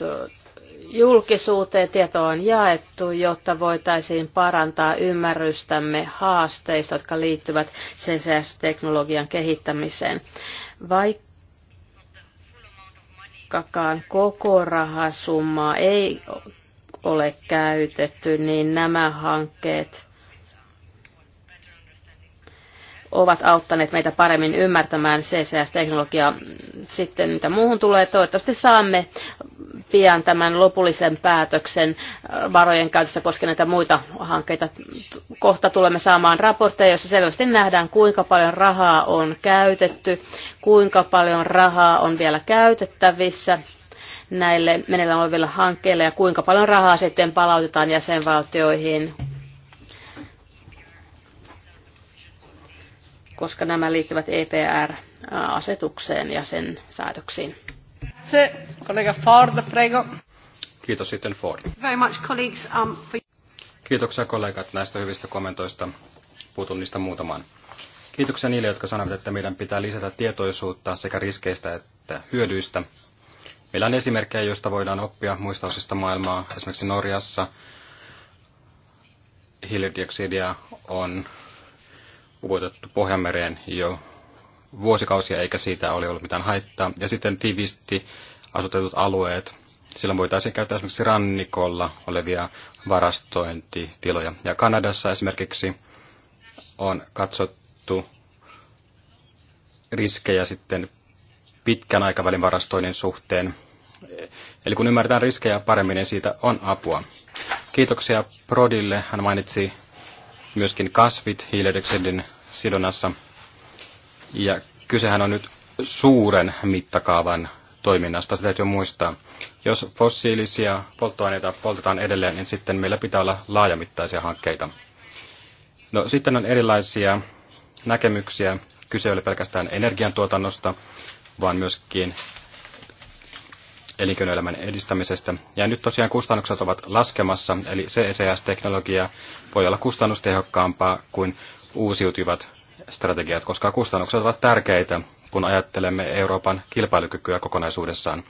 julkisuuteen tieto on jaettu, jotta voitaisiin parantaa ymmärrystämme haasteista, jotka liittyvät CCS-teknologian kehittämiseen. Vaikkakaan koko rahasummaa ei ole käytetty, niin nämä hankkeet ovat auttaneet meitä paremmin ymmärtämään CCS-teknologiaa. Sitten mitä muuhun tulee, toivottavasti saamme pian tämän lopullisen päätöksen varojen käytössä koskien näitä muita hankkeita. Kohta tulemme saamaan raportteja, joissa selvästi nähdään, kuinka paljon rahaa on käytetty, kuinka paljon rahaa on vielä käytettävissä näille meneillään oleville hankkeille ja kuinka paljon rahaa sitten palautetaan jäsenvaltioihin koska nämä liittyvät EPR-asetukseen ja sen säädöksiin. Se, kollega Kiitos sitten Ford. Very much, colleagues, um, Kiitoksia kollegat näistä hyvistä kommentoista. Puutun niistä muutamaan. Kiitoksia niille, jotka sanovat, että meidän pitää lisätä tietoisuutta sekä riskeistä että hyödyistä. Meillä on esimerkkejä, joista voidaan oppia muista osista maailmaa. Esimerkiksi Norjassa hiilidioksidia on upotettu Pohjanmereen jo vuosikausia, eikä siitä ole ollut mitään haittaa. Ja sitten tiivisti asutetut alueet. Silloin voitaisiin käyttää esimerkiksi rannikolla olevia varastointitiloja. Ja Kanadassa esimerkiksi on katsottu riskejä sitten pitkän aikavälin varastoinnin suhteen. Eli kun ymmärretään riskejä paremmin, niin siitä on apua. Kiitoksia Prodille. Hän mainitsi myöskin kasvit hiilidioksidin sidonnassa. Ja kysehän on nyt suuren mittakaavan toiminnasta, sitä täytyy muistaa. Jos fossiilisia polttoaineita poltetaan edelleen, niin sitten meillä pitää olla laajamittaisia hankkeita. No, sitten on erilaisia näkemyksiä. Kyse ei ole pelkästään energiantuotannosta, vaan myöskin elinkeinoelämän edistämisestä. Ja nyt tosiaan kustannukset ovat laskemassa, eli CCS-teknologia voi olla kustannustehokkaampaa kuin uusiutuvat strategiat, koska kustannukset ovat tärkeitä, kun ajattelemme Euroopan kilpailukykyä kokonaisuudessaan.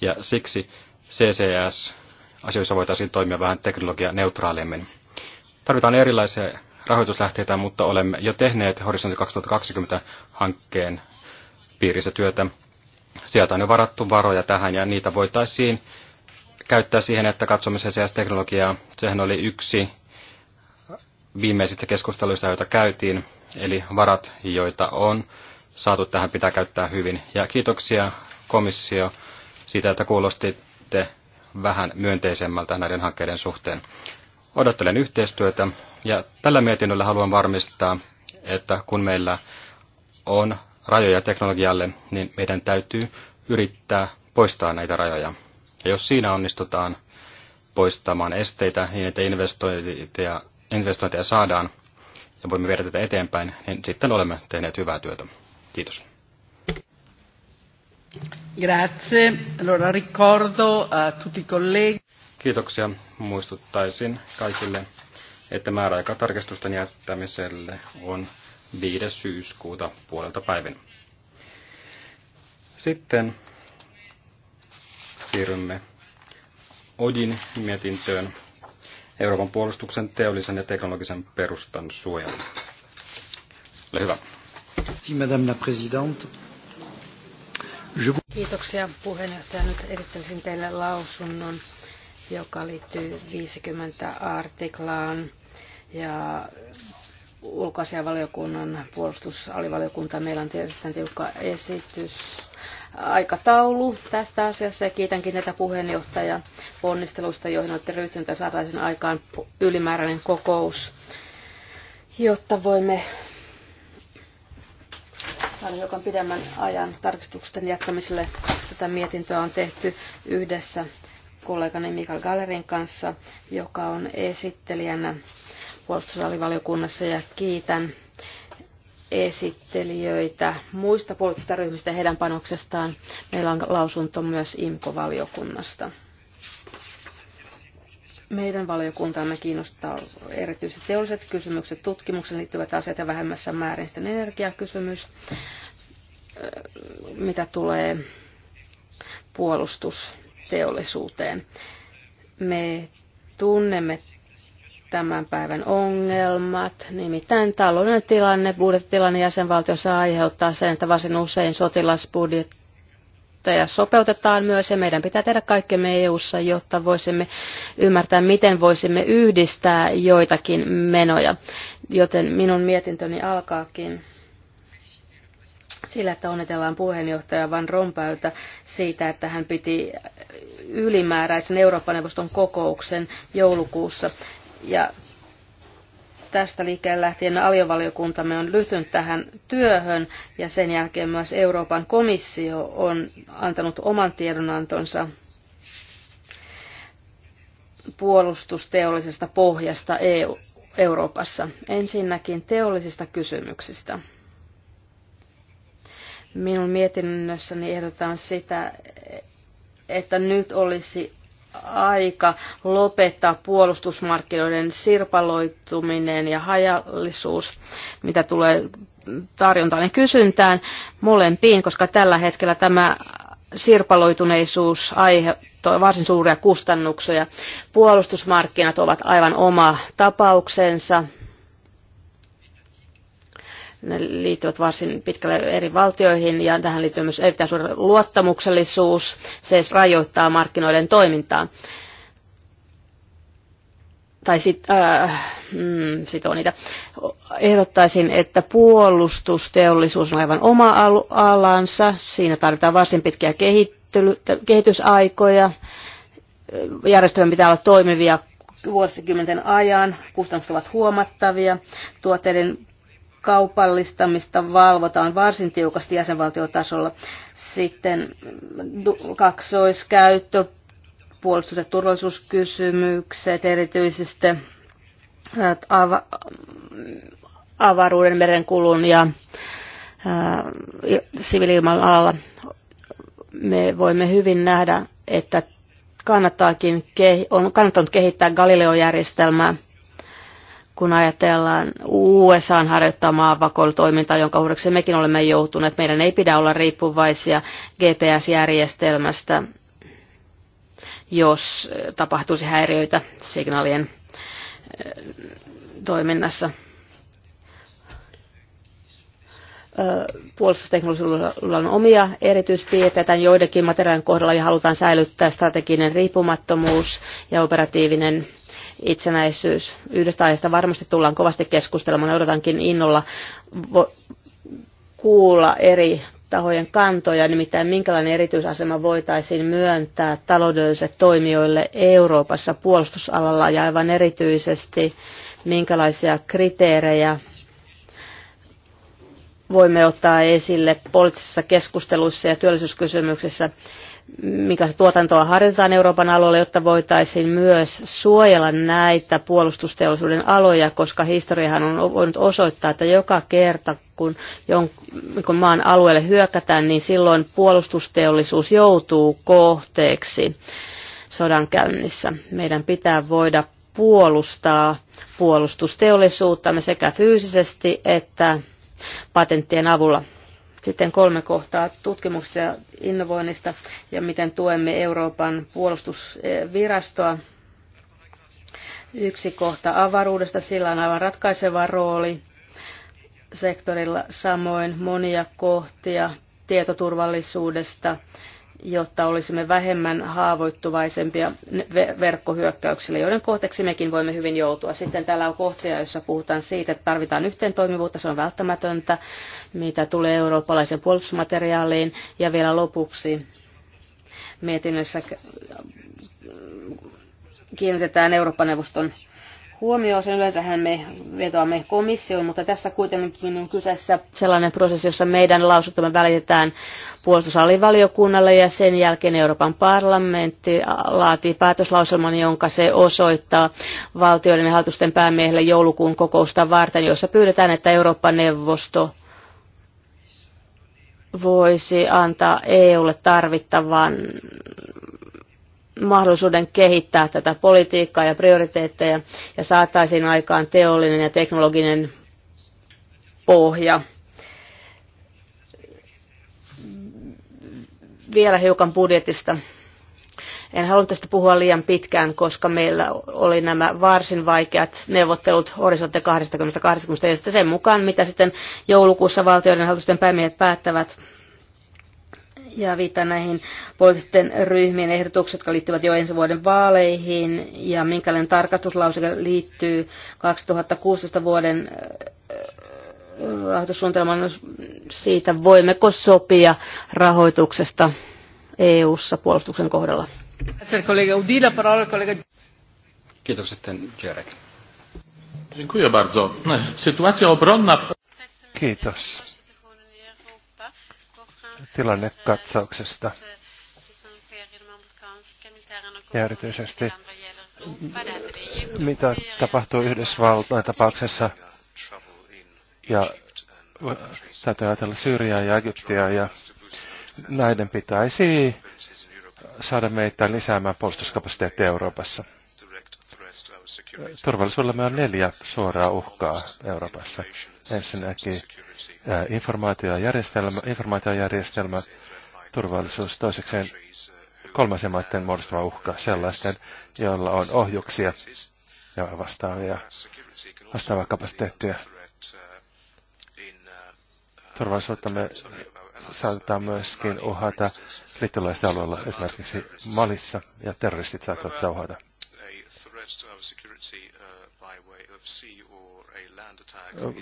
Ja siksi CCS-asioissa voitaisiin toimia vähän teknologianeutraalimmin. Tarvitaan erilaisia rahoituslähteitä, mutta olemme jo tehneet Horisontti 2020-hankkeen piirissä työtä. Sieltä on jo varattu varoja tähän ja niitä voitaisiin käyttää siihen, että katsomme CCS-teknologiaa. Sehän oli yksi viimeisistä keskusteluista, joita käytiin, eli varat, joita on saatu tähän, pitää käyttää hyvin. Ja kiitoksia komissio siitä, että kuulostitte vähän myönteisemmältä näiden hankkeiden suhteen. Odottelen yhteistyötä ja tällä mietinnöllä haluan varmistaa, että kun meillä on rajoja teknologialle, niin meidän täytyy yrittää poistaa näitä rajoja. Ja jos siinä onnistutaan poistamaan esteitä niin, että investointeja, investointeja saadaan ja voimme viedä tätä eteenpäin, niin sitten olemme tehneet hyvää työtä. Kiitos. Grazie. Allora ricordo a tutti colleghi. Kiitoksia. Muistuttaisin kaikille, että määräaika tarkistusten jättämiselle on 5. syyskuuta puolelta päivin. Sitten siirrymme Odin mietintöön Euroopan puolustuksen teollisen ja teknologisen perustan suojelu. Ole hyvä. Madame la Présidente. Kiitoksia puheenjohtaja. Nyt esittelisin teille lausunnon, joka liittyy 50 artiklaan ja ulkoasianvaliokunnan puolustusalivaliokunta. Meillä on tietysti tiukka esitys aikataulu tästä asiassa ja kiitänkin tätä puheenjohtajaa ponnisteluista, joihin olette ryhtyneet ja saataisiin aikaan ylimääräinen kokous, jotta voimme saada hiukan pidemmän ajan tarkistuksen jättämiselle. Tätä mietintöä on tehty yhdessä kollegani Mikael Gallerin kanssa, joka on esittelijänä puolustusalivaliokunnassa ja kiitän esittelijöitä muista poliittisista ryhmistä ja heidän panoksestaan. Meillä on lausunto myös IMKO-valiokunnasta. Meidän valiokuntaamme kiinnostaa erityisesti teolliset kysymykset, tutkimuksen liittyvät asiat ja vähemmässä määrin sitten energiakysymys, mitä tulee puolustusteollisuuteen. Me tunnemme tämän päivän ongelmat. Nimittäin taloudellinen tilanne, budjettitilanne jäsenvaltiossa aiheuttaa sen, että varsin usein sotilasbudjetteja sopeutetaan myös ja meidän pitää tehdä kaikkemme EU-ssa, jotta voisimme ymmärtää, miten voisimme yhdistää joitakin menoja. Joten minun mietintöni alkaakin sillä, että onnitellaan puheenjohtaja Van Rompäytä siitä, että hän piti ylimääräisen Euroopan neuvoston kokouksen joulukuussa. Ja tästä liikkeen lähtien aliovaliokuntamme on lyhtynyt tähän työhön ja sen jälkeen myös Euroopan komissio on antanut oman tiedonantonsa puolustusteollisesta pohjasta EU, Euroopassa. Ensinnäkin teollisista kysymyksistä. Minun mietinnössäni ehdotan sitä, että nyt olisi aika lopettaa puolustusmarkkinoiden sirpaloituminen ja hajallisuus, mitä tulee tarjontaan ja kysyntään molempiin, koska tällä hetkellä tämä sirpaloituneisuus aiheuttaa varsin suuria kustannuksia. Puolustusmarkkinat ovat aivan oma tapauksensa. Ne liittyvät varsin pitkälle eri valtioihin ja tähän liittyy myös erittäin suuri luottamuksellisuus. Se siis rajoittaa markkinoiden toimintaa. Tai sit, äh, mm, on niitä. Ehdottaisin, että puolustusteollisuus on aivan oma alansa. Siinä tarvitaan varsin pitkiä kehitysaikoja. Järjestelmän pitää olla toimivia vuosikymmenten ajan, kustannukset ovat huomattavia, tuotteiden kaupallistamista valvotaan varsin tiukasti jäsenvaltiotasolla. Sitten kaksoiskäyttö, puolustus- ja turvallisuuskysymykset, erityisesti avaruuden, merenkulun ja siviiliilman alalla. Me voimme hyvin nähdä, että kannattaakin, on kannattanut kehittää Galileo-järjestelmää – kun ajatellaan USAn harjoittamaa vakoilutoimintaa, jonka uudeksi mekin olemme joutuneet, meidän ei pidä olla riippuvaisia GPS-järjestelmästä, jos tapahtuisi häiriöitä signaalien eh, toiminnassa. Eh, puolustusteknologialla on omia erityispiirteitä joidenkin materiaalien kohdalla ja halutaan säilyttää strateginen riippumattomuus ja operatiivinen itsenäisyys. Yhdestä aiheesta varmasti tullaan kovasti keskustelemaan. Odotankin innolla kuulla eri tahojen kantoja, nimittäin minkälainen erityisasema voitaisiin myöntää taloudellisille toimijoille Euroopassa puolustusalalla ja aivan erityisesti minkälaisia kriteerejä voimme ottaa esille poliittisissa keskusteluissa ja työllisyyskysymyksissä mikä se tuotantoa harjoitetaan Euroopan alueella, jotta voitaisiin myös suojella näitä puolustusteollisuuden aloja, koska historiahan on voinut osoittaa, että joka kerta kun, kun maan alueelle hyökätään, niin silloin puolustusteollisuus joutuu kohteeksi sodan käynnissä. Meidän pitää voida puolustaa puolustusteollisuuttamme sekä fyysisesti että patenttien avulla. Sitten kolme kohtaa tutkimuksesta ja innovoinnista ja miten tuemme Euroopan puolustusvirastoa. Yksi kohta avaruudesta, sillä on aivan ratkaiseva rooli sektorilla, samoin monia kohtia tietoturvallisuudesta jotta olisimme vähemmän haavoittuvaisempia verkkohyökkäyksille, joiden kohteeksi mekin voimme hyvin joutua. Sitten täällä on kohtia, joissa puhutaan siitä, että tarvitaan yhteen toimivuutta, se on välttämätöntä, mitä tulee eurooppalaisen puolustusmateriaaliin. Ja vielä lopuksi mietinnössä kiinnitetään Euroopan neuvoston huomioon sen. Yleensähän me vetoamme komissioon, mutta tässä kuitenkin on kyseessä sellainen prosessi, jossa meidän lausuntomme välitetään puolustusalivaliokunnalle ja sen jälkeen Euroopan parlamentti laatii päätöslauselman, jonka se osoittaa valtioiden ja hallitusten päämiehelle joulukuun kokousta varten, jossa pyydetään, että Euroopan neuvosto voisi antaa EUlle tarvittavan mahdollisuuden kehittää tätä politiikkaa ja prioriteetteja ja saataisiin aikaan teollinen ja teknologinen pohja. Vielä hiukan budjetista. En halua tästä puhua liian pitkään, koska meillä oli nämä varsin vaikeat neuvottelut horisontti 2020 ja sitten sen mukaan, mitä sitten joulukuussa valtioiden hallitusten päämiehet päättävät ja viittaan näihin poliittisten ryhmien ehdotukset, jotka liittyvät jo ensi vuoden vaaleihin ja minkälainen tarkastuslauseke liittyy 2016 vuoden äh, rahoitussuunnitelman siitä, voimmeko sopia rahoituksesta EU-ssa puolustuksen kohdalla. Kiitos sitten Jerek. Dziękuję Kiitos tilannekatsauksesta. Ja erityisesti, mitä tapahtuu Yhdysvaltain tapauksessa. Ja täytyy ajatella Syyriaa ja Egyptiä ja näiden pitäisi saada meitä lisäämään puolustuskapasiteettia Euroopassa. Turvallisuudella on neljä suoraa uhkaa Euroopassa. Ensinnäkin informaatiojärjestelmä, informaatiojärjestelmä turvallisuus, toisekseen kolmasen maiden muodostama uhka sellaisten, joilla on ohjuksia ja vastaavia, vastaavaa kapasiteettia. Turvallisuutta me saattaa myöskin uhata liittolaisten alueella, esimerkiksi Malissa, ja terroristit saattavat sitä uhata.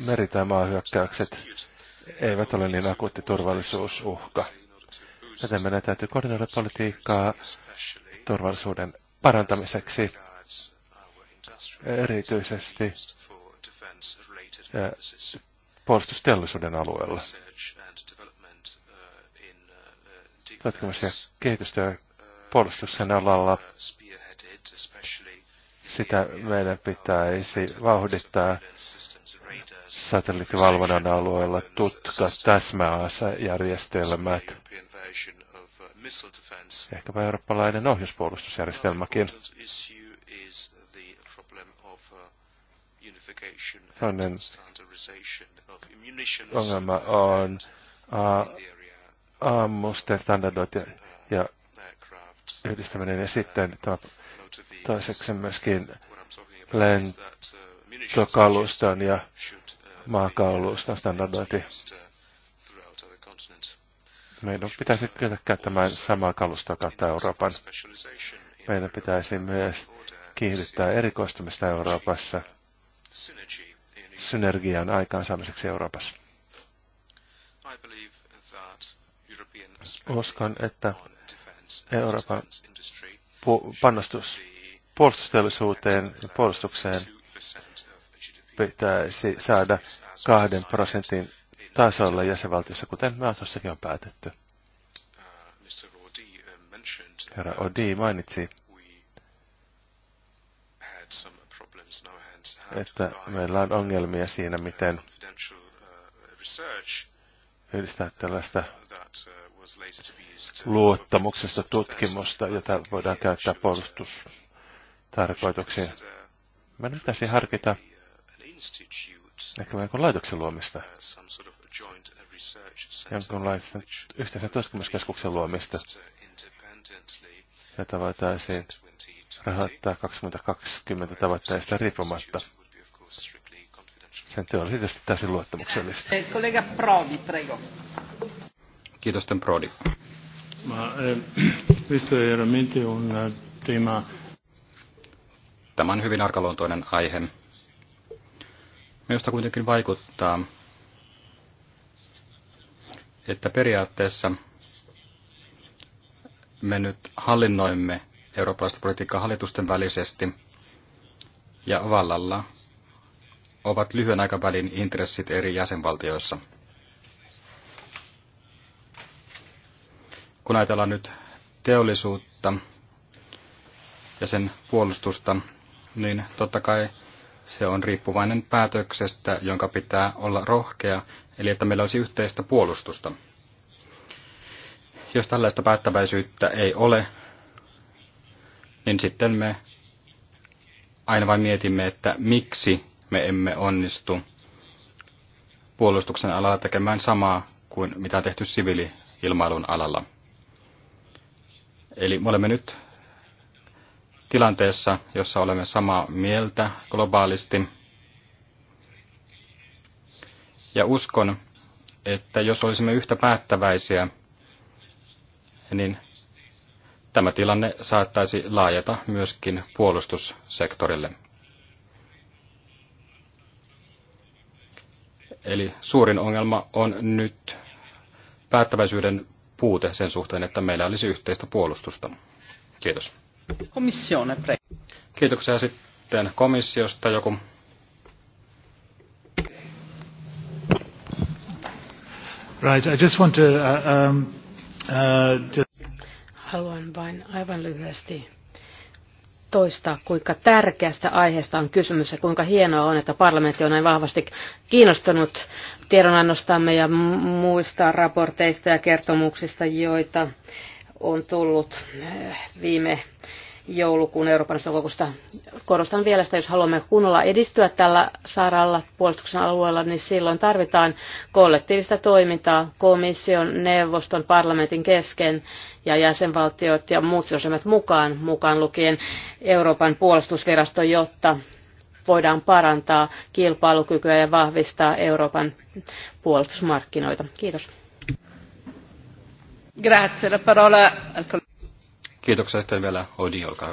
Meri- tai maahyökkäykset eivät ole niin akuutti turvallisuusuhka. Joten meidän täytyy koordinoida politiikkaa turvallisuuden parantamiseksi, erityisesti äh, puolustusteollisuuden alueella. Tutkimus- ja kehitystyö puolustuksen alalla sitä meidän pitäisi vauhdittaa satelliittivalvonnan alueella, tutka täsmäasejärjestelmät, ehkäpä eurooppalainen ohjuspuolustusjärjestelmäkin. Toinen ongelma on ammusten standardoit ja, ja yhdistäminen ja sitten tämä Toiseksi myöskin lentokaluston ja maakaluston standardointi. Meidän pitäisi kyetä käyttämään samaa kalustoa kautta Euroopan. Meidän pitäisi myös kiihdyttää erikoistumista Euroopassa synergian aikaansaamiseksi Euroopassa. Uskon, että Euroopan panostus puolustusteollisuuteen ja puolustukseen pitäisi saada kahden prosentin tasolla jäsenvaltiossa, kuten NATOssakin on päätetty. Herra Odi mainitsi, että meillä on ongelmia siinä, miten yhdistää tällaista luottamuksessa tutkimusta, jota voidaan käyttää puolustus tarkoituksiin. Mä nyt pitäisi harkita ehkä jonkun laitoksen luomista, jonkunlaisen yhteisen tutkimuskeskuksen luomista, jota voitaisiin rahoittaa 2020 tavoitteista riippumatta. Sen työ olisi tietysti täysin luottamuksellista. Kollega eh, Prodi, prego. Kiitos, Prodi. Ma, eh, questo è veramente un eh, tema Tämä on hyvin arkaluontoinen aihe. Minusta kuitenkin vaikuttaa, että periaatteessa me nyt hallinnoimme eurooppalaista politiikkaa hallitusten välisesti ja vallalla ovat lyhyen aikavälin intressit eri jäsenvaltioissa. Kun ajatellaan nyt teollisuutta ja sen puolustusta, niin totta kai se on riippuvainen päätöksestä, jonka pitää olla rohkea, eli että meillä olisi yhteistä puolustusta. Jos tällaista päättäväisyyttä ei ole, niin sitten me aina vain mietimme, että miksi me emme onnistu puolustuksen alalla tekemään samaa kuin mitä on tehty siviili-ilmailun alalla. Eli me olemme nyt tilanteessa, jossa olemme samaa mieltä globaalisti. Ja uskon, että jos olisimme yhtä päättäväisiä, niin tämä tilanne saattaisi laajata myöskin puolustussektorille. Eli suurin ongelma on nyt päättäväisyyden puute sen suhteen, että meillä olisi yhteistä puolustusta. Kiitos. Komissione, pre. Kiitoksia sitten komissiosta joku. Right, I just want to, uh, um, uh, just... Haluan vain aivan lyhyesti toistaa, kuinka tärkeästä aiheesta on kysymys ja kuinka hienoa on, että parlamentti on näin vahvasti kiinnostunut tiedonannostamme ja muista raporteista ja kertomuksista, joita on tullut eh, viime joulukuun Euroopan kokousta. Korostan vielä sitä, jos haluamme kunnolla edistyä tällä saralla puolustuksen alueella, niin silloin tarvitaan kollektiivista toimintaa komission, neuvoston, parlamentin kesken ja jäsenvaltiot ja muut sidosryhmät mukaan, mukaan lukien Euroopan puolustusvirasto, jotta voidaan parantaa kilpailukykyä ja vahvistaa Euroopan puolustusmarkkinoita. Kiitos. Grazie, la parola al Kiitoksia sitten vielä Odi, olkaa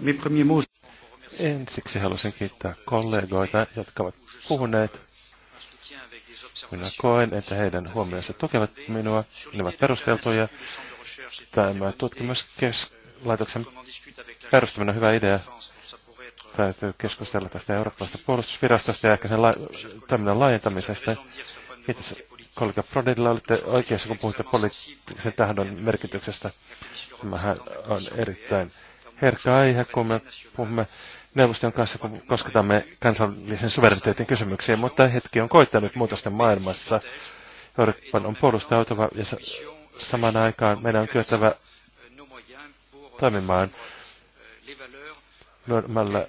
hyvä. Ensiksi haluaisin kiittää kollegoita, jotka ovat puhuneet. Minä koen, että heidän huomionsa tukevat minua. Ne ovat perusteltuja. Tämä tutkimuskeskuslaitoksen perustaminen on hyvä idea. Täytyy keskustella tästä eurooppalaisesta puolustusvirastosta ja ehkä sen la- toiminnan laajentamisesta. Kiitos kollega Prodilla olitte oikeassa, kun puhutte poliittisen tahdon merkityksestä. Tämähän on erittäin herkkä aihe, kun me puhumme neuvoston kanssa, kun kosketamme kansallisen suvereniteetin kysymyksiä, mutta hetki on koittanut muutosten maailmassa. Euroopan on puolustautuva ja samaan aikaan meidän on kyettävä toimimaan lyömällä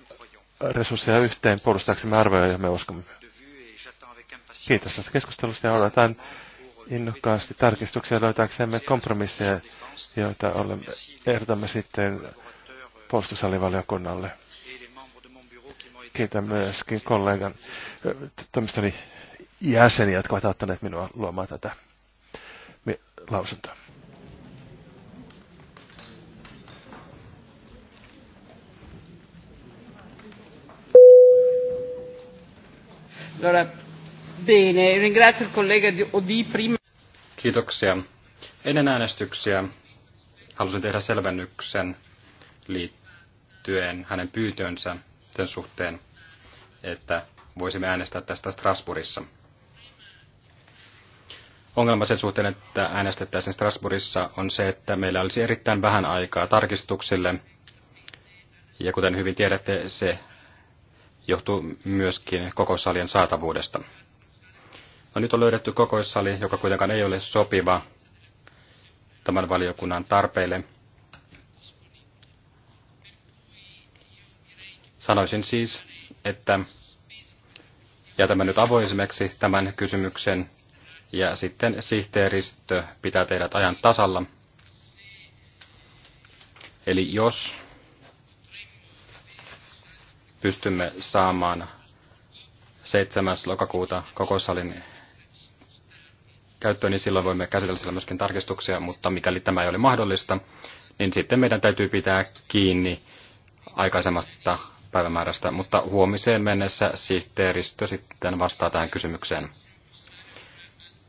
resursseja yhteen puolustaaksemme arvoja, joihin me uskomme. Kiitos tästä keskustelusta ja odotan innokkaasti tarkistuksia löytääksemme kompromisseja, joita olemme, ehdotamme sitten puolustusalivaliokunnalle. Kiitän myöskin kollegan toimistoni jäseniä, jotka ovat auttaneet minua luomaan tätä lausuntoa. Allora, Bene, ringrazio il collega Odi prima. Kiitoksia. Ennen äänestyksiä halusin tehdä selvennyksen liittyen hänen pyytönsä sen suhteen, että voisimme äänestää tästä Strasbourgissa. Ongelma sen suhteen, että äänestettäisiin Strasbourgissa, on se, että meillä olisi erittäin vähän aikaa tarkistuksille. Ja kuten hyvin tiedätte, se johtuu myöskin koko salien saatavuudesta. No nyt on löydetty kokoissali, joka kuitenkaan ei ole sopiva tämän valiokunnan tarpeille. Sanoisin siis, että jätämme nyt avoimeksi tämän kysymyksen ja sitten sihteeristö pitää teidät ajan tasalla. Eli jos pystymme saamaan 7. lokakuuta kokoussalin käyttöön, niin silloin voimme käsitellä sillä myöskin tarkistuksia, mutta mikäli tämä ei ole mahdollista, niin sitten meidän täytyy pitää kiinni aikaisemmasta päivämäärästä, mutta huomiseen mennessä sihteeristö sitten vastaa tähän kysymykseen.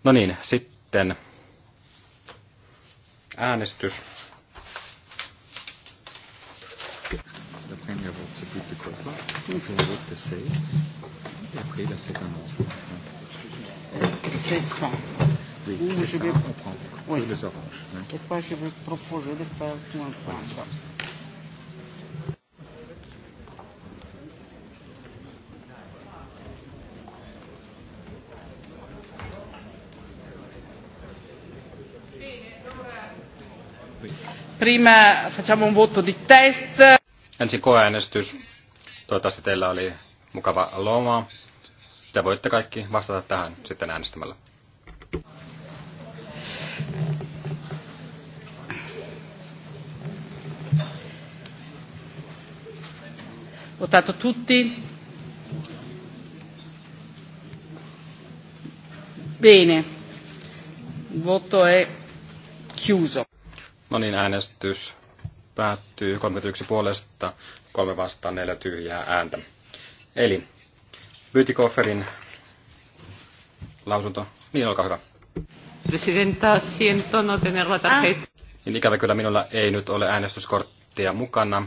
No niin, sitten äänestys. Okay. Oui, Ou je vais... oui. Et je vais proposer de faire tout Prima facciamo un voto di test. Ensin koeäänestys. Toivottavasti teillä oli mukava loma. Te voitte kaikki vastata tähän sitten äänestämällä. Votato tutti? Bene. Il voto è chiuso. No niin, äänestys päättyy 31 puolesta, 3 vastaan, 4 tyhjää ääntä. Eli Bytikofferin lausunto. Niin, olkaa hyvä. Presidenta, siento no tener la tarjeta. Ah. Niin ikävä kyllä minulla ei nyt ole äänestyskorttia mukana.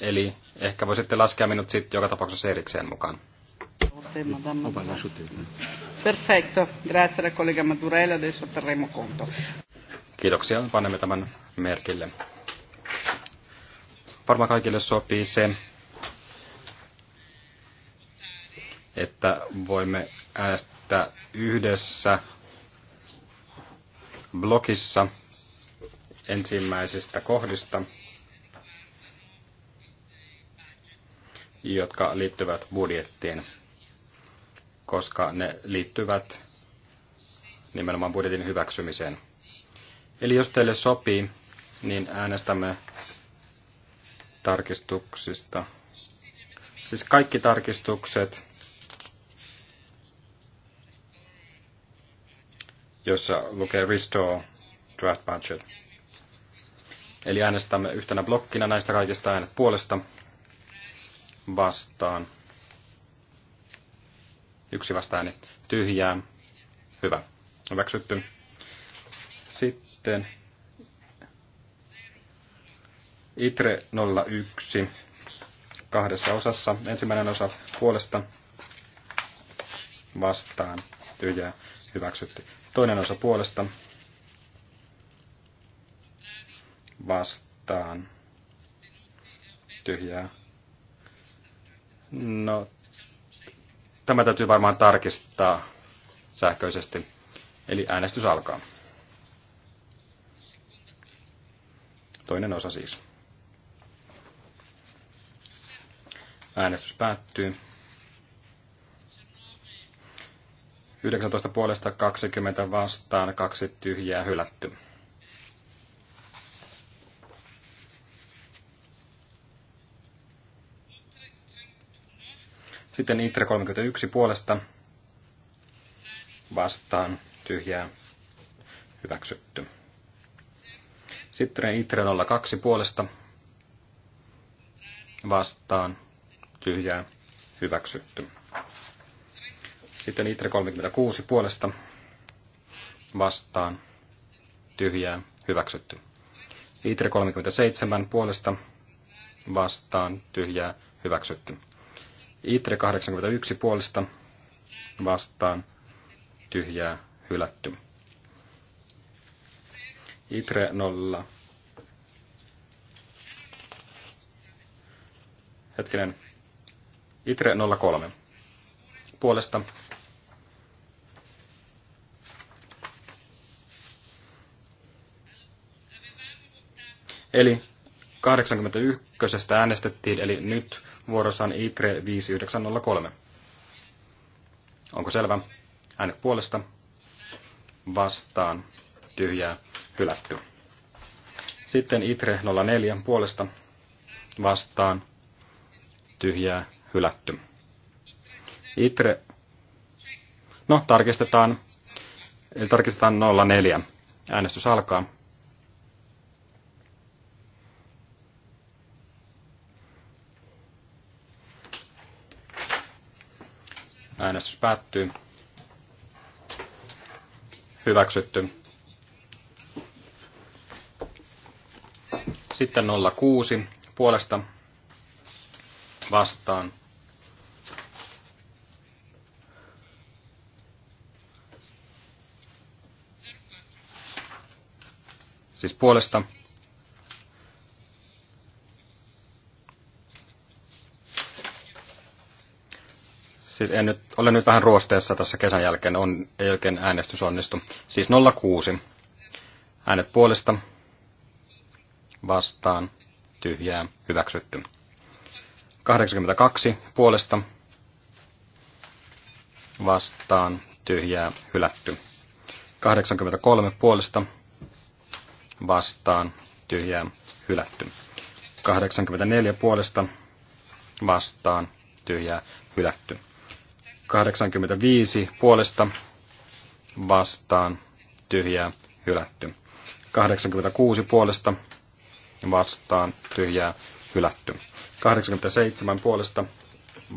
Eli ehkä voisitte laskea minut sitten joka tapauksessa erikseen mukaan. Perfetto, grazie alla collega Madurella, adesso terremo conto. Kiitoksia, panemme tämän merkille. Varmaan kaikille sopii se, että voimme äänestää yhdessä blokissa ensimmäisistä kohdista – jotka liittyvät budjettiin, koska ne liittyvät nimenomaan budjetin hyväksymiseen. Eli jos teille sopii, niin äänestämme tarkistuksista. Siis kaikki tarkistukset, jossa lukee Restore Draft Budget. Eli äänestämme yhtenä blokkina näistä kaikista äänet puolesta vastaan. Yksi vastaani tyhjää. Hyvä. Hyväksytty. Sitten ITRE 01 kahdessa osassa. Ensimmäinen osa puolesta vastaan tyhjää hyväksytty. Toinen osa puolesta vastaan tyhjää No, tämä täytyy varmaan tarkistaa sähköisesti. Eli äänestys alkaa. Toinen osa siis. Äänestys päättyy. 19 puolesta 20 vastaan, kaksi tyhjää hylätty. Sitten Intre 31 puolesta vastaan tyhjää hyväksytty. Sitten Itre 02 puolesta vastaan tyhjää hyväksytty. Sitten Itre 36 puolesta vastaan tyhjää hyväksytty. Itre 37 puolesta vastaan tyhjää hyväksytty. Itre 81 puolesta vastaan tyhjää hylätty. Itre 0. Hetkinen. Itre 03 puolesta Eli 81 äänestettiin, eli nyt vuorossa on ITRE 5903. Onko selvä? Äänet puolesta. Vastaan. Tyhjää. Hylätty. Sitten ITRE 04 puolesta. Vastaan. Tyhjää. Hylätty. ITRE. No, tarkistetaan. Eli tarkistetaan 04. Äänestys alkaa. Äänestys päättyy. Hyväksytty. Sitten 06 puolesta vastaan. Siis puolesta Siis en nyt, olen nyt vähän ruosteessa tässä kesän jälkeen, on, ei oikein äänestys onnistu. Siis 06. Äänet puolesta, vastaan, tyhjää, hyväksytty. 82 puolesta, vastaan, tyhjää, hylätty. 83 puolesta, vastaan, tyhjää, hylätty. 84 puolesta, vastaan, tyhjää, hylätty. 85 puolesta vastaan tyhjää hylätty. 86 puolesta vastaan tyhjää hylätty. 87 puolesta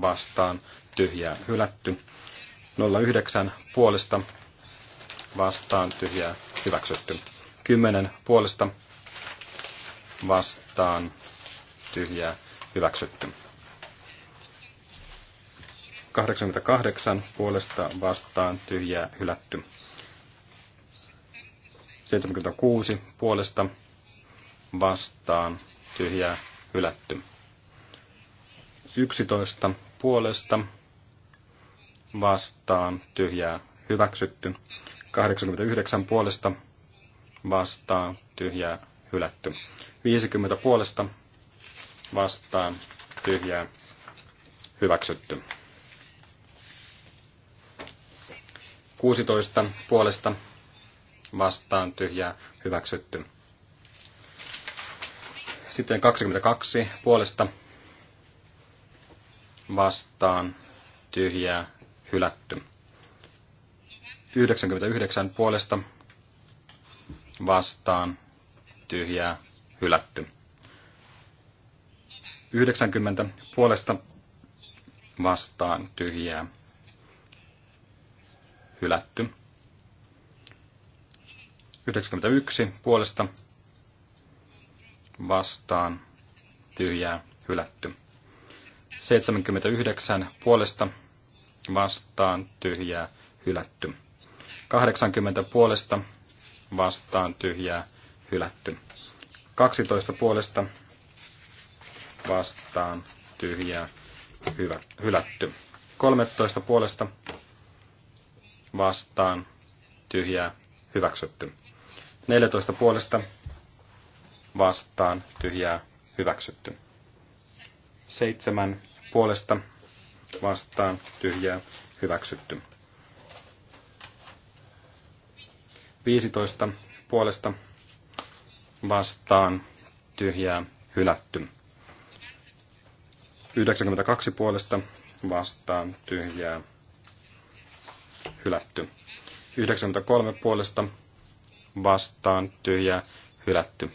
vastaan tyhjää hylätty. 09 puolesta vastaan tyhjää hyväksytty. 10 puolesta vastaan tyhjää hyväksytty. 88 puolesta vastaan tyhjää hylätty. 76 puolesta vastaan tyhjää hylätty. 11 puolesta vastaan tyhjää hyväksytty. 89 puolesta vastaan tyhjää hylätty. 50 puolesta vastaan tyhjää hyväksytty. 16 puolesta vastaan tyhjää hyväksytty. Sitten 22 puolesta vastaan tyhjää hylätty. 99 puolesta vastaan tyhjää hylätty. 90 puolesta vastaan tyhjää hylätty. 91 puolesta vastaan tyhjää hylätty. 79 puolesta vastaan tyhjää hylätty. 80 puolesta vastaan tyhjää hylätty. 12 puolesta vastaan tyhjää hylätty. 13 puolesta vastaan tyhjää hyväksytty. 14 puolesta vastaan tyhjää hyväksytty. 7 puolesta vastaan tyhjää hyväksytty. 15 puolesta vastaan tyhjää hylätty. 92 puolesta vastaan tyhjää hylätty. 93 puolesta vastaan tyhjää hylätty.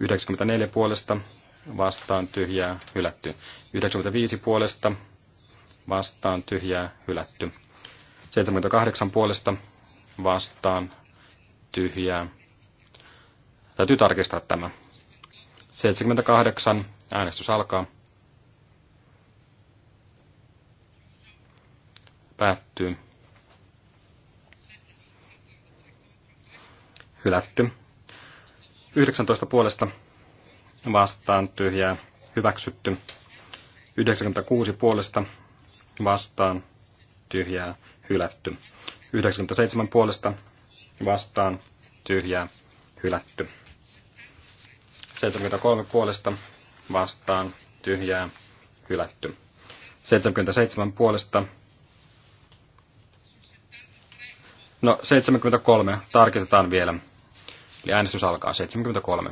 94 puolesta vastaan tyhjää hylätty. 95 puolesta vastaan tyhjää hylätty. 78 puolesta vastaan tyhjää. Täytyy tarkistaa tämä. 78. Äänestys alkaa. Päättyy. hylätty. 19 puolesta vastaan tyhjää hyväksytty. 96 puolesta vastaan tyhjää hylätty. 97 puolesta vastaan tyhjää hylätty. 73 puolesta vastaan tyhjää hylätty. 77 puolesta No 73 tarkistetaan vielä. Eli äänestys alkaa 73.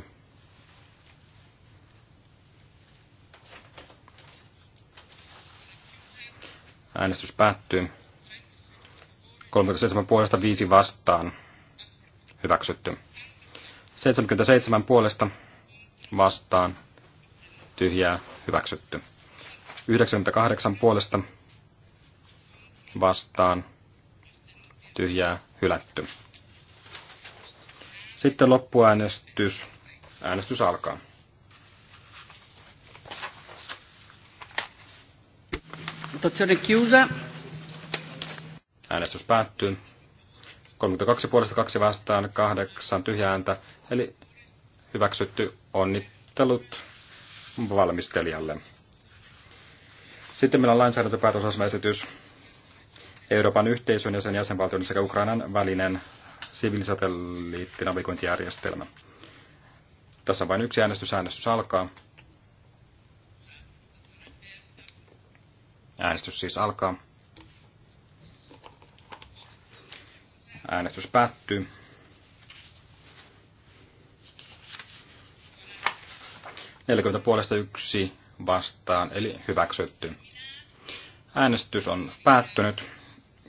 Äänestys päättyy. 37 puolesta 5 vastaan. Hyväksytty. 77 puolesta vastaan. Tyhjää. Hyväksytty. 98 puolesta vastaan. Tyhjää. Hylätty. Sitten loppuäänestys. Äänestys alkaa. Votazione chiusa. Äänestys päättyy. 32 puolesta kaksi vastaan, kahdeksan tyhjääntä, eli hyväksytty onnittelut valmistelijalle. Sitten meillä on lainsäädäntöpäätösasmaesitys Euroopan yhteisön ja sen jäsenvaltioiden sekä Ukrainan välinen siviilisatelliittinavigointijärjestelmä. Tässä on vain yksi äänestys. Äänestys alkaa. Äänestys siis alkaa. Äänestys päättyy. Neljäkymmentä puolesta yksi vastaan, eli hyväksytty. Äänestys on päättynyt.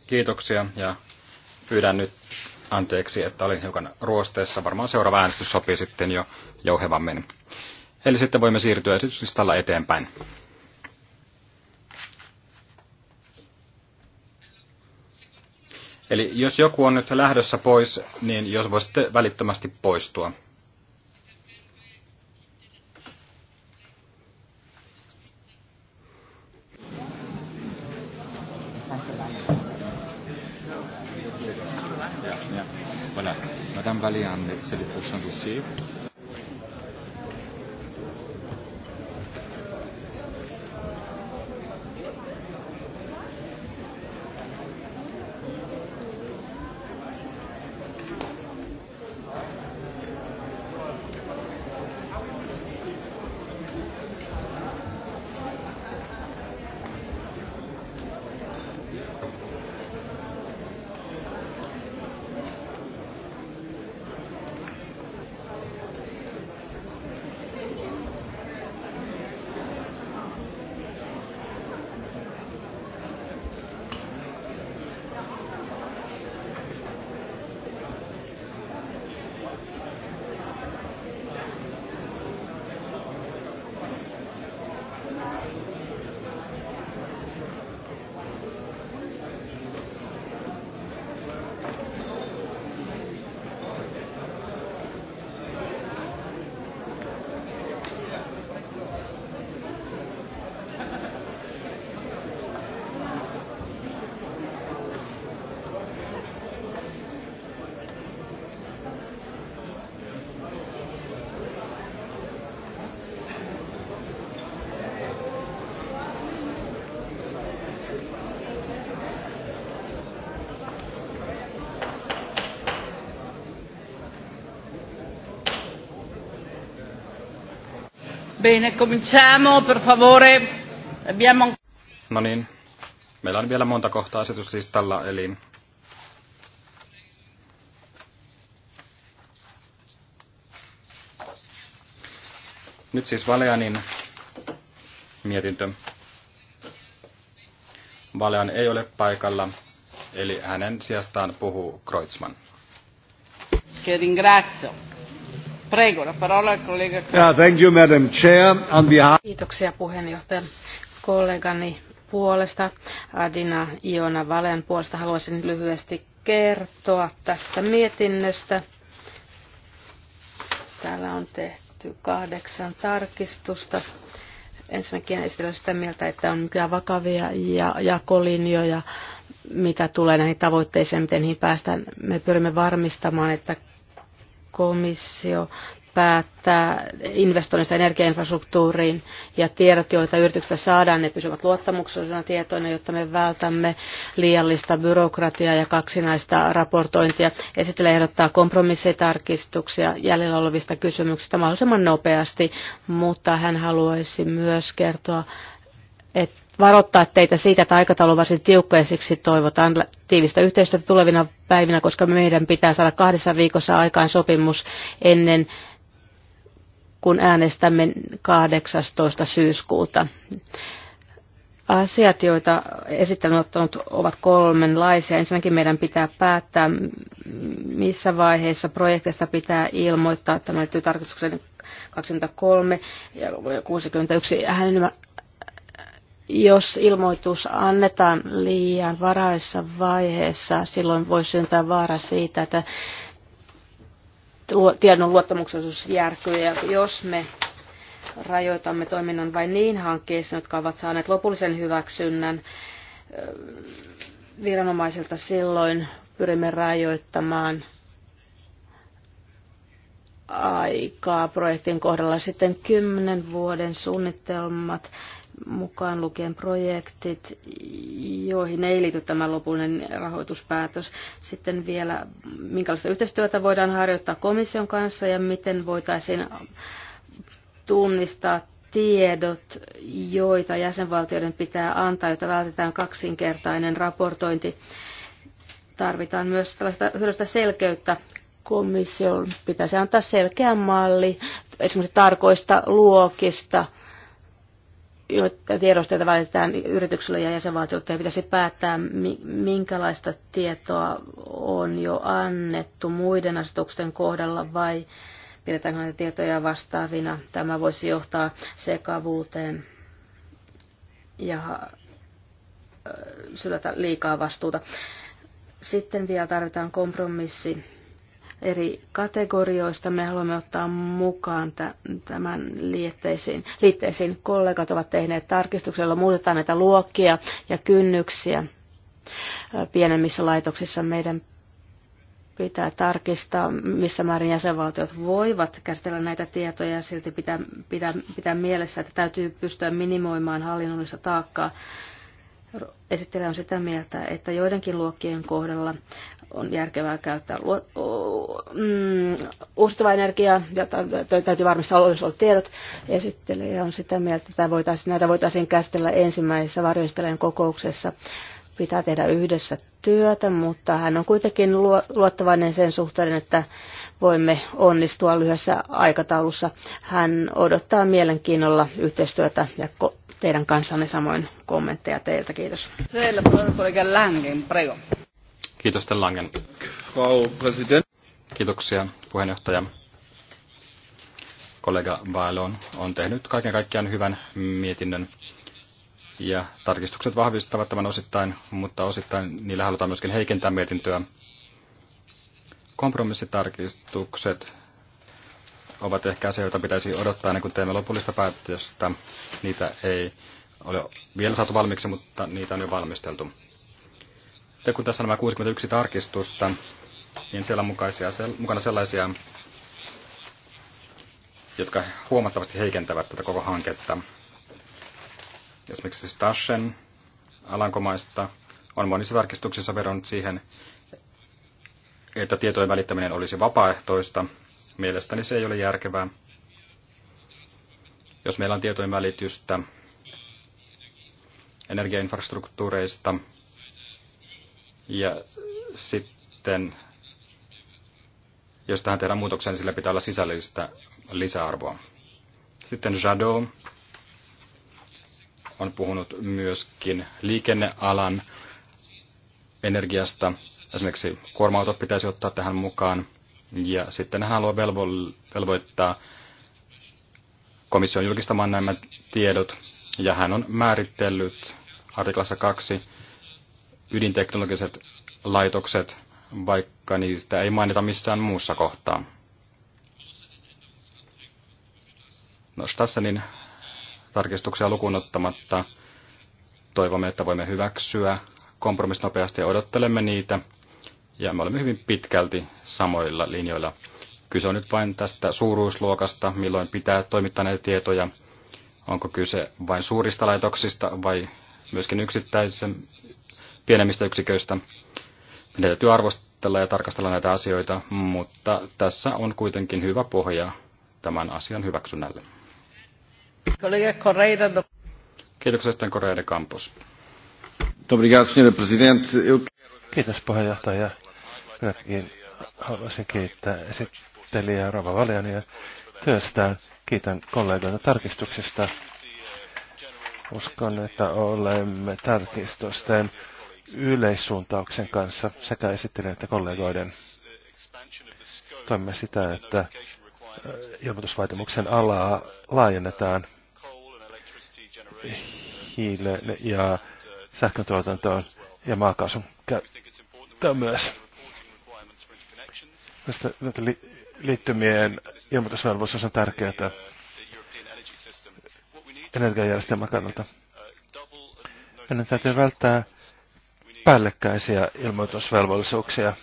Kiitoksia ja pyydän nyt Anteeksi, että olin hiukan ruosteessa. Varmaan seuraava äänestys sopii sitten jo jouhevammin. Eli sitten voimme siirtyä esityslistalla eteenpäin. Eli jos joku on nyt lähdössä pois, niin jos voisitte välittömästi poistua. C'est le prochain dossier. Bene, cominciamo, per favore. Abbiamo... No niin, meillä on vielä monta kohtaa esityslistalla, eli Nyt siis Valeanin mietintö. Valean ei ole paikalla, eli hänen sijastaan puhuu Kreutzmann. Che ringrazio. Prego, la parola al collega. Yeah, thank you, Madam Chair. On behalf... Kiitoksia puheenjohtaja kollegani puolesta, Adina Iona Valen puolesta haluaisin lyhyesti kertoa tästä mietinnöstä. Täällä on tehty kahdeksan tarkistusta. Ensinnäkin esitellään sitä mieltä, että on mikään vakavia ja jakolinjoja, mitä tulee näihin tavoitteisiin, miten niihin päästään. Me pyrimme varmistamaan, että komissio päättää investoinnista energiainfrastruktuuriin ja tiedot, joita yrityksestä saadaan, ne pysyvät luottamuksellisena tietoina, jotta me vältämme liiallista byrokratiaa ja kaksinaista raportointia. Esittelee ehdottaa kompromissitarkistuksia jäljellä olevista kysymyksistä mahdollisimman nopeasti, mutta hän haluaisi myös kertoa, että varoittaa teitä siitä, että aikataulu on varsin tiukka ja siksi toivotaan tiivistä yhteistyötä tulevina päivinä, koska meidän pitää saada kahdessa viikossa aikaan sopimus ennen kun äänestämme 18. syyskuuta. Asiat, joita esittelen ottanut, ovat kolmenlaisia. Ensinnäkin meidän pitää päättää, missä vaiheessa projektista pitää ilmoittaa. Tämä liittyy tarkoituksen 23 ja 61 jos ilmoitus annetaan liian varhaisessa vaiheessa, silloin voi syntyä vaara siitä, että tiedon luottamuksellisuus järkyy. Ja jos me rajoitamme toiminnan vain niin hankkeisiin, jotka ovat saaneet lopullisen hyväksynnän viranomaisilta, silloin pyrimme rajoittamaan aikaa projektin kohdalla. Sitten kymmenen vuoden suunnitelmat mukaan lukien projektit, joihin ei liity tämä lopullinen rahoituspäätös. Sitten vielä, minkälaista yhteistyötä voidaan harjoittaa komission kanssa ja miten voitaisiin tunnistaa tiedot, joita jäsenvaltioiden pitää antaa, jotta vältetään kaksinkertainen raportointi. Tarvitaan myös tällaista hyödyllistä selkeyttä komission pitäisi antaa selkeä malli esimerkiksi tarkoista luokista, tiedosta, joita välitetään yrityksille ja jäsenvaltioille, ja pitäisi päättää, minkälaista tietoa on jo annettu muiden asetuksen kohdalla vai pidetäänkö näitä tietoja vastaavina. Tämä voisi johtaa sekavuuteen ja sydätä liikaa vastuuta. Sitten vielä tarvitaan kompromissi eri kategorioista. Me haluamme ottaa mukaan tämän liitteisiin. liitteisiin. Kollegat ovat tehneet tarkistuksella, muutetaan näitä luokkia ja kynnyksiä pienemmissä laitoksissa. Meidän pitää tarkistaa, missä määrin jäsenvaltiot voivat käsitellä näitä tietoja ja silti pitää, pitää, pitää mielessä, että täytyy pystyä minimoimaan hallinnollista taakkaa Esittelijä on sitä mieltä, että joidenkin luokkien kohdalla on järkevää käyttää luo, o, mm, uusiutuvaa energiaa ja täytyy varmistaa olennaiset tiedot. Esittelijä on sitä mieltä, että voitaisiin, näitä voitaisiin käsitellä ensimmäisessä varjoistelijan kokouksessa. Pitää tehdä yhdessä työtä, mutta hän on kuitenkin luottavainen sen suhteen, että voimme onnistua lyhyessä aikataulussa. Hän odottaa mielenkiinnolla yhteistyötä ja ko- teidän kanssanne samoin kommentteja teiltä. Kiitos. Kiitos teille Langen. Kiitoksia puheenjohtaja. Kollega Bailon on tehnyt kaiken kaikkiaan hyvän mietinnön ja tarkistukset vahvistavat tämän osittain, mutta osittain niillä halutaan myöskin heikentää mietintöä. Kompromissitarkistukset ovat ehkä asioita, joita pitäisi odottaa ennen kuin teemme lopullista päätöstä. Niitä ei ole vielä saatu valmiiksi, mutta niitä on jo valmisteltu. Te kun tässä on nämä 61 tarkistusta, niin siellä on mukaisia, mukana sellaisia, jotka huomattavasti heikentävät tätä koko hanketta. Esimerkiksi Stashen Alankomaista on monissa tarkistuksissa veron siihen, että tietojen välittäminen olisi vapaaehtoista, Mielestäni se ei ole järkevää. Jos meillä on tietojen välitystä energiainfrastruktuureista ja sitten jos tähän tehdään muutoksen, niin sillä pitää olla sisällistä lisäarvoa. Sitten Jadot on puhunut myöskin liikennealan energiasta. Esimerkiksi kuorma-autot pitäisi ottaa tähän mukaan. Ja sitten hän haluaa velvo- velvoittaa komission julkistamaan nämä tiedot. Ja hän on määritellyt artiklassa 2 ydinteknologiset laitokset, vaikka niistä ei mainita missään muussa kohtaa. No Stassenin tarkistuksia lukuun ottamatta toivomme, että voimme hyväksyä kompromissi nopeasti ja odottelemme niitä ja me olemme hyvin pitkälti samoilla linjoilla. Kyse on nyt vain tästä suuruusluokasta, milloin pitää toimittaa näitä tietoja. Onko kyse vain suurista laitoksista vai myöskin yksittäisen pienemmistä yksiköistä. Meidän täytyy arvostella ja tarkastella näitä asioita, mutta tässä on kuitenkin hyvä pohja tämän asian hyväksynnälle. Kiitoksia sitten Koreiden kampus. Kiitos puheenjohtaja. Minäkin haluaisin kiittää esittelijää Rova Valiania työstään. Kiitän kollegoita tarkistuksista. Uskon, että olemme tarkistusten yleissuuntauksen kanssa sekä esittelijän että kollegoiden. Toimme sitä, että äh, ilmoitusvaatimuksen alaa laajennetaan hiilen ja sähköntuotantoon ja maakaasun käyttöön myös. Tästä liittymien ilmoitusvelvollisuus on tärkeää energiajärjestelmän kannalta. Meidän täytyy välttää päällekkäisiä ilmoitusvelvollisuuksia,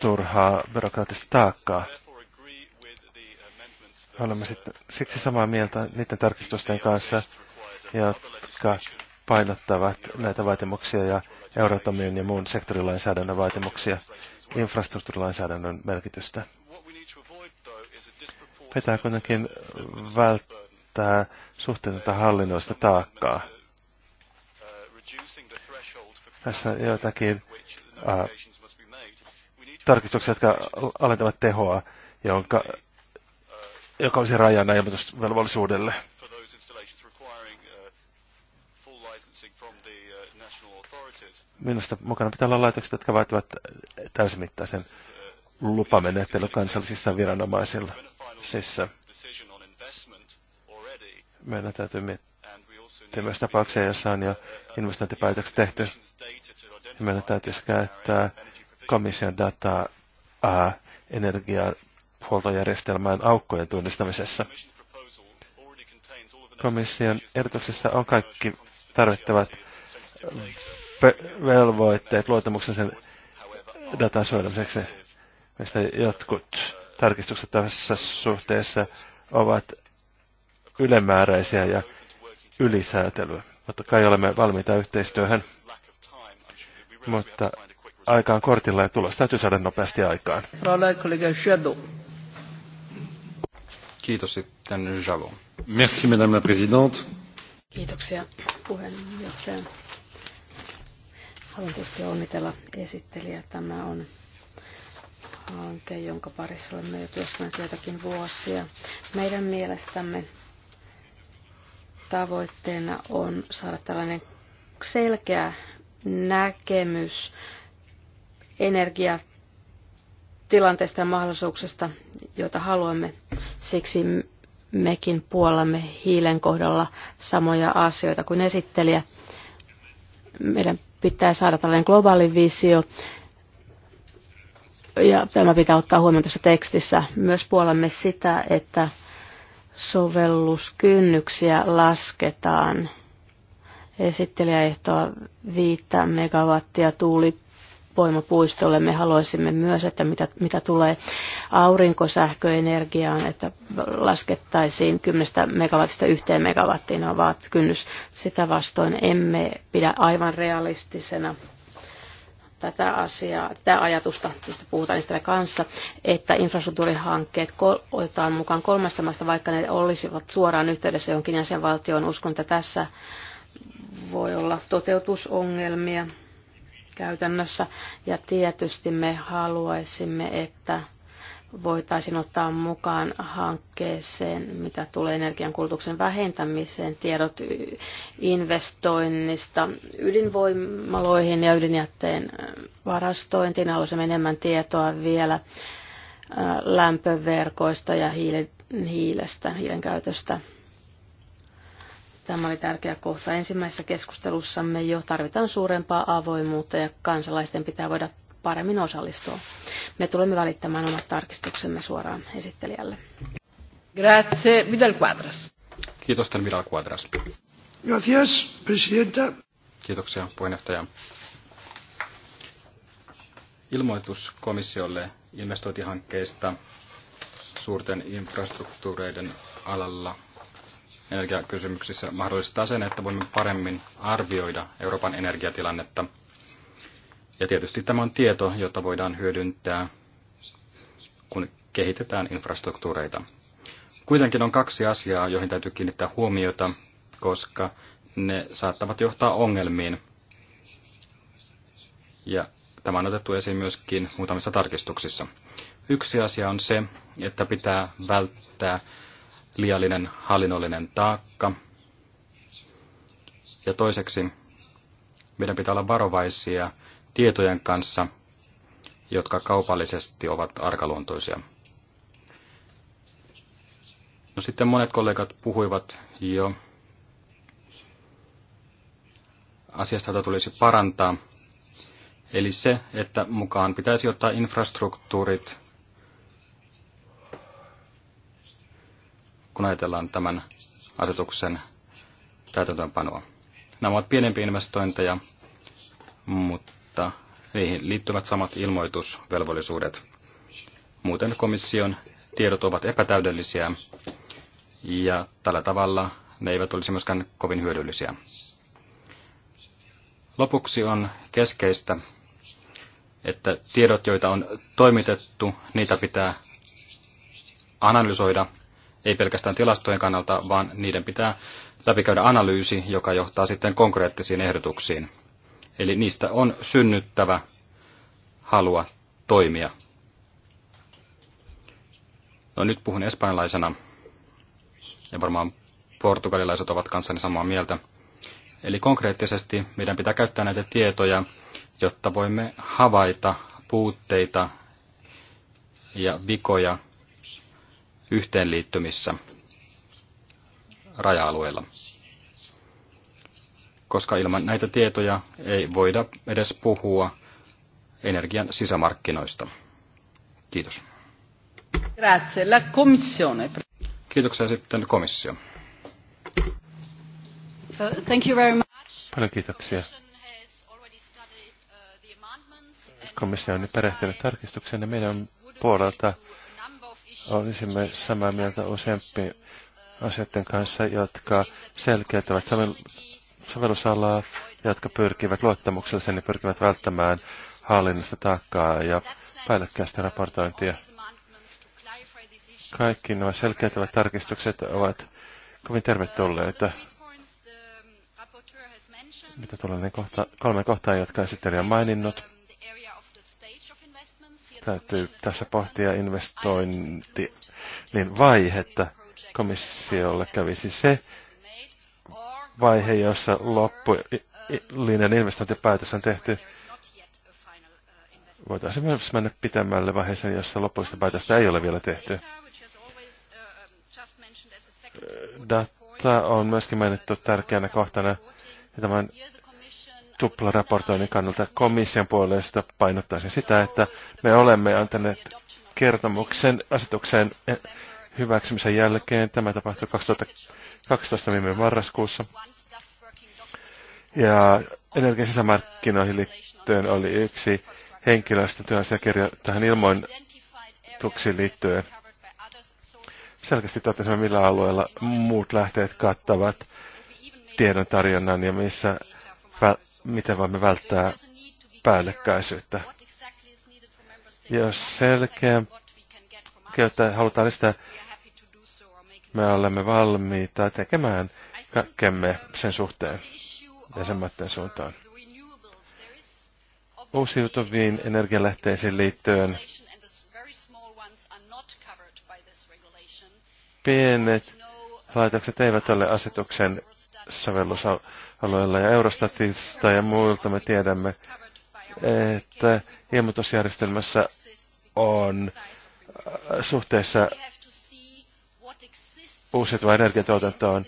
turhaa byrokraattista taakkaa. Olemme sitten siksi samaa mieltä niiden tarkistusten kanssa, jotka painottavat näitä vaatimuksia ja Euroopan ja muun sektorilainsäädännön vaatimuksia infrastruktuurilainsäädännön merkitystä. Pitää kuitenkin välttää suhteellista hallinnoista taakkaa. Uh, Tässä on joitakin äh, tarkistuksia, jotka alentavat tehoa, jonka, uh, joka olisi rajana ilmoitusvelvollisuudelle. Minusta mukana pitää olla laitokset, jotka vaativat täysimittaisen lupamenettely kansallisissa viranomaisilla. Siis äh, Meidän täytyy miettiä myös tapauksia, joissa on jo investointipäätökset tehty. meidän täytyisi siis käyttää komission dataa äh, energiahuoltojärjestelmään aukkojen tunnistamisessa. Komission ehdotuksessa on kaikki tarvittavat velvoitteet luottamuksen sen datan suojelemiseksi. mistä jotkut tarkistukset tässä suhteessa ovat ylemääräisiä ja ylisäätelyä. Mutta kai olemme valmiita yhteistyöhön, mutta aikaan kortilla ja tulos täytyy saada nopeasti aikaan. Kiitos sitten Javon. Merci madame la présidente. Kiitoksia puheenjohtaja. Haluan tietysti onnitella esittelijä. Tämä on hanke, jonka parissa olemme jo työskennelleet joitakin vuosia. Meidän mielestämme tavoitteena on saada tällainen selkeä näkemys energiatilanteesta ja mahdollisuuksista, joita haluamme. Siksi mekin puolamme hiilen kohdalla samoja asioita kuin esittelijä. Meidän Pitää saada tällainen globaali visio, ja tämä pitää ottaa huomioon tässä tekstissä. Myös puolemme sitä, että sovelluskynnyksiä lasketaan. Esittelijä 5 megawattia tuuli voimapuistolle. Me haluaisimme myös, että mitä, mitä tulee aurinkosähköenergiaan, että laskettaisiin 10 megawattista yhteen megawattiin ovat kynnys. Sitä vastoin emme pidä aivan realistisena tätä asiaa, tätä ajatusta, josta puhutaan niistä kanssa, että infrastruktuurihankkeet otetaan mukaan kolmesta maasta, vaikka ne olisivat suoraan yhteydessä jonkin jäsenvaltioon. Uskon, että tässä voi olla toteutusongelmia käytännössä. Ja tietysti me haluaisimme, että voitaisiin ottaa mukaan hankkeeseen, mitä tulee energiankulutuksen vähentämiseen, tiedot investoinnista ydinvoimaloihin ja ydinjätteen varastointiin. Haluaisimme enemmän tietoa vielä lämpöverkoista ja hiilestä, hiilen käytöstä. Tämä oli tärkeä kohta ensimmäisessä keskustelussamme jo. Tarvitaan suurempaa avoimuutta ja kansalaisten pitää voida paremmin osallistua. Me tulemme välittämään omat tarkistuksemme suoraan esittelijälle. Grazie, Vidal Quadras. Kiitos, Vidal Quadras. Gracias, presidenta. Kiitoksia, puheenjohtaja. Ilmoitus komissiolle investointihankkeista suurten infrastruktuureiden alalla energiakysymyksissä mahdollistaa sen, että voimme paremmin arvioida Euroopan energiatilannetta. Ja tietysti tämä on tieto, jota voidaan hyödyntää, kun kehitetään infrastruktuureita. Kuitenkin on kaksi asiaa, joihin täytyy kiinnittää huomiota, koska ne saattavat johtaa ongelmiin. Ja tämä on otettu esiin myöskin muutamissa tarkistuksissa. Yksi asia on se, että pitää välttää liiallinen hallinnollinen taakka. Ja toiseksi meidän pitää olla varovaisia tietojen kanssa, jotka kaupallisesti ovat arkaluontoisia. No sitten monet kollegat puhuivat jo asiasta, jota tulisi parantaa. Eli se, että mukaan pitäisi ottaa infrastruktuurit kun ajatellaan tämän asetuksen täytäntöönpanoa. Nämä ovat pienempiä investointeja, mutta niihin liittyvät samat ilmoitusvelvollisuudet. Muuten komission tiedot ovat epätäydellisiä ja tällä tavalla ne eivät olisi myöskään kovin hyödyllisiä. Lopuksi on keskeistä, että tiedot, joita on toimitettu, niitä pitää analysoida ei pelkästään tilastojen kannalta, vaan niiden pitää läpikäydä analyysi, joka johtaa sitten konkreettisiin ehdotuksiin. Eli niistä on synnyttävä halua toimia. No nyt puhun espanjalaisena, ja varmaan portugalilaiset ovat kanssani samaa mieltä. Eli konkreettisesti meidän pitää käyttää näitä tietoja, jotta voimme havaita puutteita ja vikoja yhteenliittymissä raja-alueilla. Koska ilman näitä tietoja ei voida edes puhua energian sisämarkkinoista. Kiitos. Grazie. La commissione. Kiitoksia sitten komissio. Uh, thank you very much. Paljon kiitoksia. Komissio on nyt perehtynyt tarkistukseen ja meidän puolelta olisimme samaa mieltä useampi asioiden kanssa, jotka selkeyttävät sovellusalaa, jotka pyrkivät luottamuksellisen ja pyrkivät välttämään hallinnasta taakkaa ja päällekkäistä raportointia. Kaikki nämä selkeyttävät tarkistukset ovat kovin tervetulleita. Mitä tulee niin kohta, kolme kohtaa, jotka esittelijä on maininnut. Täytyy tässä pohtia investointi niin vaihetta. Komissiolle kävisi se vaihe, jossa loppulinjan investointipäätös on tehty. Voitaisiin myös mennä pitämälle vaiheeseen, jossa lopullista päätöstä ei ole vielä tehty. Data on myöskin mainittu tärkeänä kohtana. Ja tämän tuplaraportoinnin kannalta komission puolesta painottaisin sitä, että me olemme antaneet kertomuksen asetuksen hyväksymisen jälkeen. Tämä tapahtui 2012 viime marraskuussa. Ja energian sisämarkkinoihin liittyen oli yksi henkilöstötyöasiakirja tähän ilmoituksiin liittyen. Selkeästi totesimme, millä alueella muut lähteet kattavat tiedon tarjonnan ja missä miten voimme välttää päällekkäisyyttä. Jos selkeä että halutaan lisätä, me olemme valmiita tekemään kaikkemme sen suhteen jäsenmaiden suuntaan. Uusiutuviin energialähteisiin liittyen pienet laitokset eivät ole asetuksen sovellusalalla alueella ja Eurostatista ja muilta me tiedämme, että ilmoitusjärjestelmässä on äh, suhteessa uusiutuva energiatuotanto on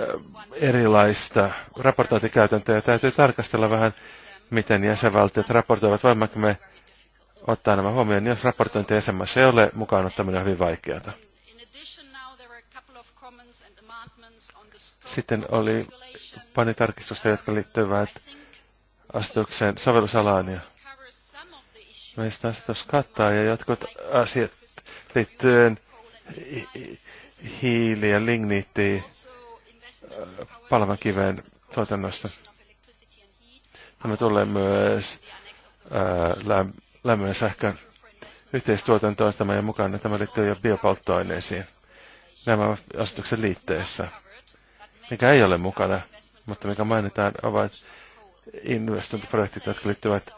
äh, erilaista raportointikäytäntöä. Täytyy tarkastella vähän, miten jäsenvaltiot raportoivat. Voimmeko me ottaa nämä huomioon, jos raportointi jäsenmaissa ei ole mukaan ottaminen hyvin vaikeata. Sitten oli tarkistusta, jotka liittyvät asetuksen sovellusalaan. Ja meistä asetus kattaa ja jotkut asiat liittyen hiili- ja ligniittiin äh, palmakiveen tuotannosta. Tämä tulee myös äh, lämmön ja sähkön yhteistuotantoon ja mukana. Tämä liittyy jo biopolttoaineisiin. Nämä asetuksen liitteessä, mikä ei ole mukana mutta mikä mainitaan, ovat investointiprojektit, jotka liittyvät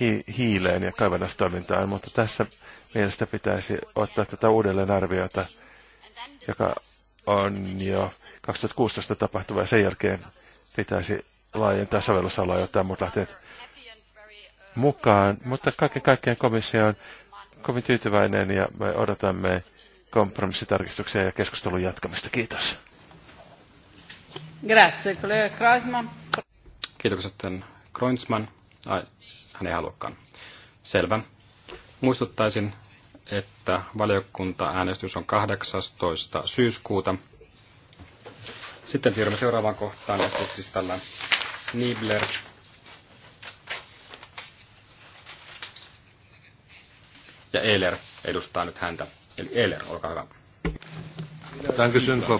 hi- hiileen ja kaivannastoimintaan, mutta tässä mielestä pitäisi ottaa tätä uudelleen arviota, joka on jo 2016 tapahtuva ja sen jälkeen pitäisi laajentaa sovellusalaa jotta muut lähtevät mukaan. Mutta kaiken kaikkiaan komissio on kovin tyytyväinen ja me odotamme kompromissitarkistuksia ja keskustelun jatkamista. Kiitos. Kiitokset sitten Ai, hän ei haluakaan. Selvä. Muistuttaisin, että valiokunta-äänestys on 18. syyskuuta. Sitten siirrymme seuraavaan kohtaan tällä Nibler. Ja Eiler edustaa nyt häntä. Eli Eiler, olkaa hyvä. Dankeschön, Frau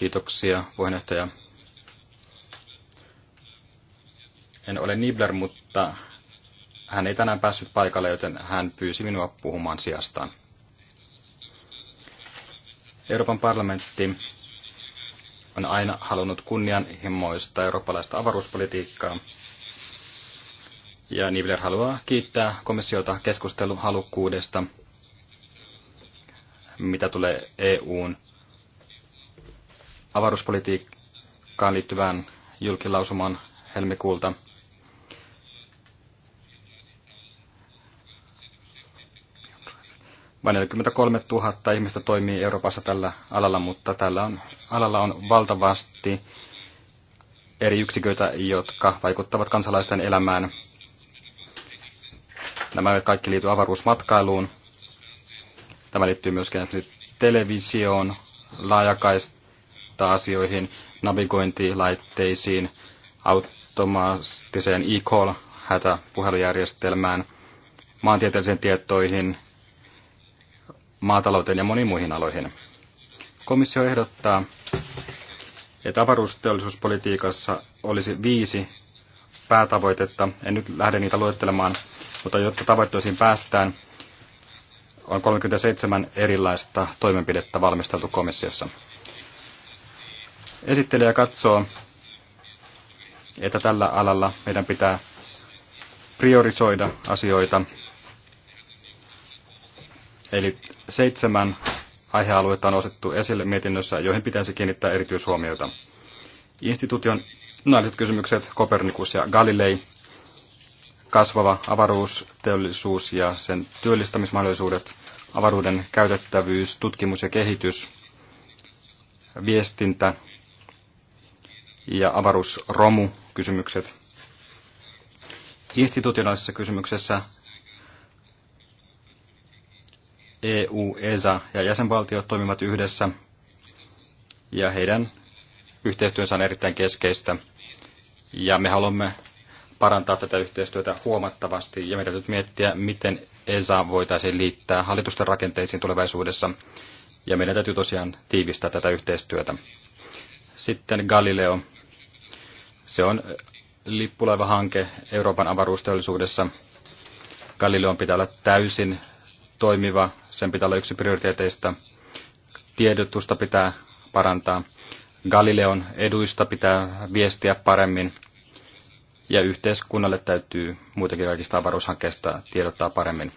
Kiitoksia, puheenjohtaja. En ole Nibler, mutta hän ei tänään päässyt paikalle, joten hän pyysi minua puhumaan sijastaan. Euroopan parlamentti on aina halunnut kunnianhimoista eurooppalaista avaruuspolitiikkaa. Ja Nibler haluaa kiittää komissiota keskustelun halukkuudesta, mitä tulee EUn avaruuspolitiikkaan liittyvään julkilausumaan helmikuulta. Vain 43 000 ihmistä toimii Euroopassa tällä alalla, mutta tällä on, alalla on valtavasti eri yksiköitä, jotka vaikuttavat kansalaisten elämään. Nämä eivät kaikki liity avaruusmatkailuun. Tämä liittyy myöskin televisioon, laajakaista vaikuttaa asioihin navigointilaitteisiin, automaattiseen e-call-hätäpuhelujärjestelmään, maantieteellisiin tietoihin, maatalouteen ja moniin muihin aloihin. Komissio ehdottaa, että avaruusteollisuuspolitiikassa olisi viisi päätavoitetta. En nyt lähde niitä luettelemaan, mutta jotta tavoitteisiin päästään, on 37 erilaista toimenpidettä valmisteltu komissiossa. Esittelijä katsoo, että tällä alalla meidän pitää priorisoida asioita. Eli seitsemän aihealuetta on osettu esille mietinnössä, joihin pitäisi kiinnittää erityishuomiota. Instituution naiset kysymykset, Kopernikus ja Galilei, kasvava avaruusteollisuus ja sen työllistämismahdollisuudet, avaruuden käytettävyys, tutkimus ja kehitys, viestintä ja avaruusromu-kysymykset. Institutionaalisessa kysymyksessä EU, ESA ja jäsenvaltiot toimivat yhdessä ja heidän yhteistyönsä on erittäin keskeistä. Ja me haluamme parantaa tätä yhteistyötä huomattavasti ja meidän täytyy miettiä, miten ESA voitaisiin liittää hallitusten rakenteisiin tulevaisuudessa. Ja meidän täytyy tosiaan tiivistää tätä yhteistyötä. Sitten Galileo. Se on lippulaivahanke Euroopan avaruusteollisuudessa. Galileon pitää olla täysin toimiva, sen pitää olla yksi prioriteeteista. Tiedotusta pitää parantaa. Galileon eduista pitää viestiä paremmin. Ja yhteiskunnalle täytyy muutenkin kaikista avaruushankkeista tiedottaa paremmin.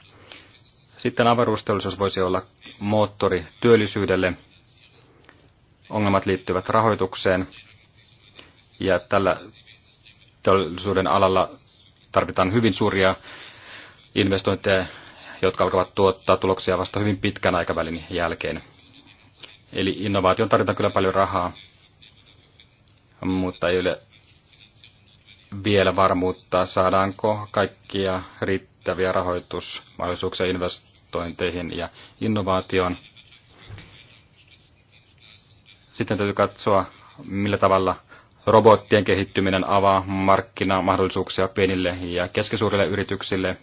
Sitten avaruusteollisuus voisi olla moottori työllisyydelle ongelmat liittyvät rahoitukseen ja tällä teollisuuden alalla tarvitaan hyvin suuria investointeja, jotka alkavat tuottaa tuloksia vasta hyvin pitkän aikavälin jälkeen. Eli innovaation tarvitaan kyllä paljon rahaa, mutta ei ole vielä varmuutta, saadaanko kaikkia riittäviä rahoitusmahdollisuuksia investointeihin ja innovaatioon. Sitten täytyy katsoa, millä tavalla robottien kehittyminen avaa markkinamahdollisuuksia pienille ja keskisuurille yrityksille.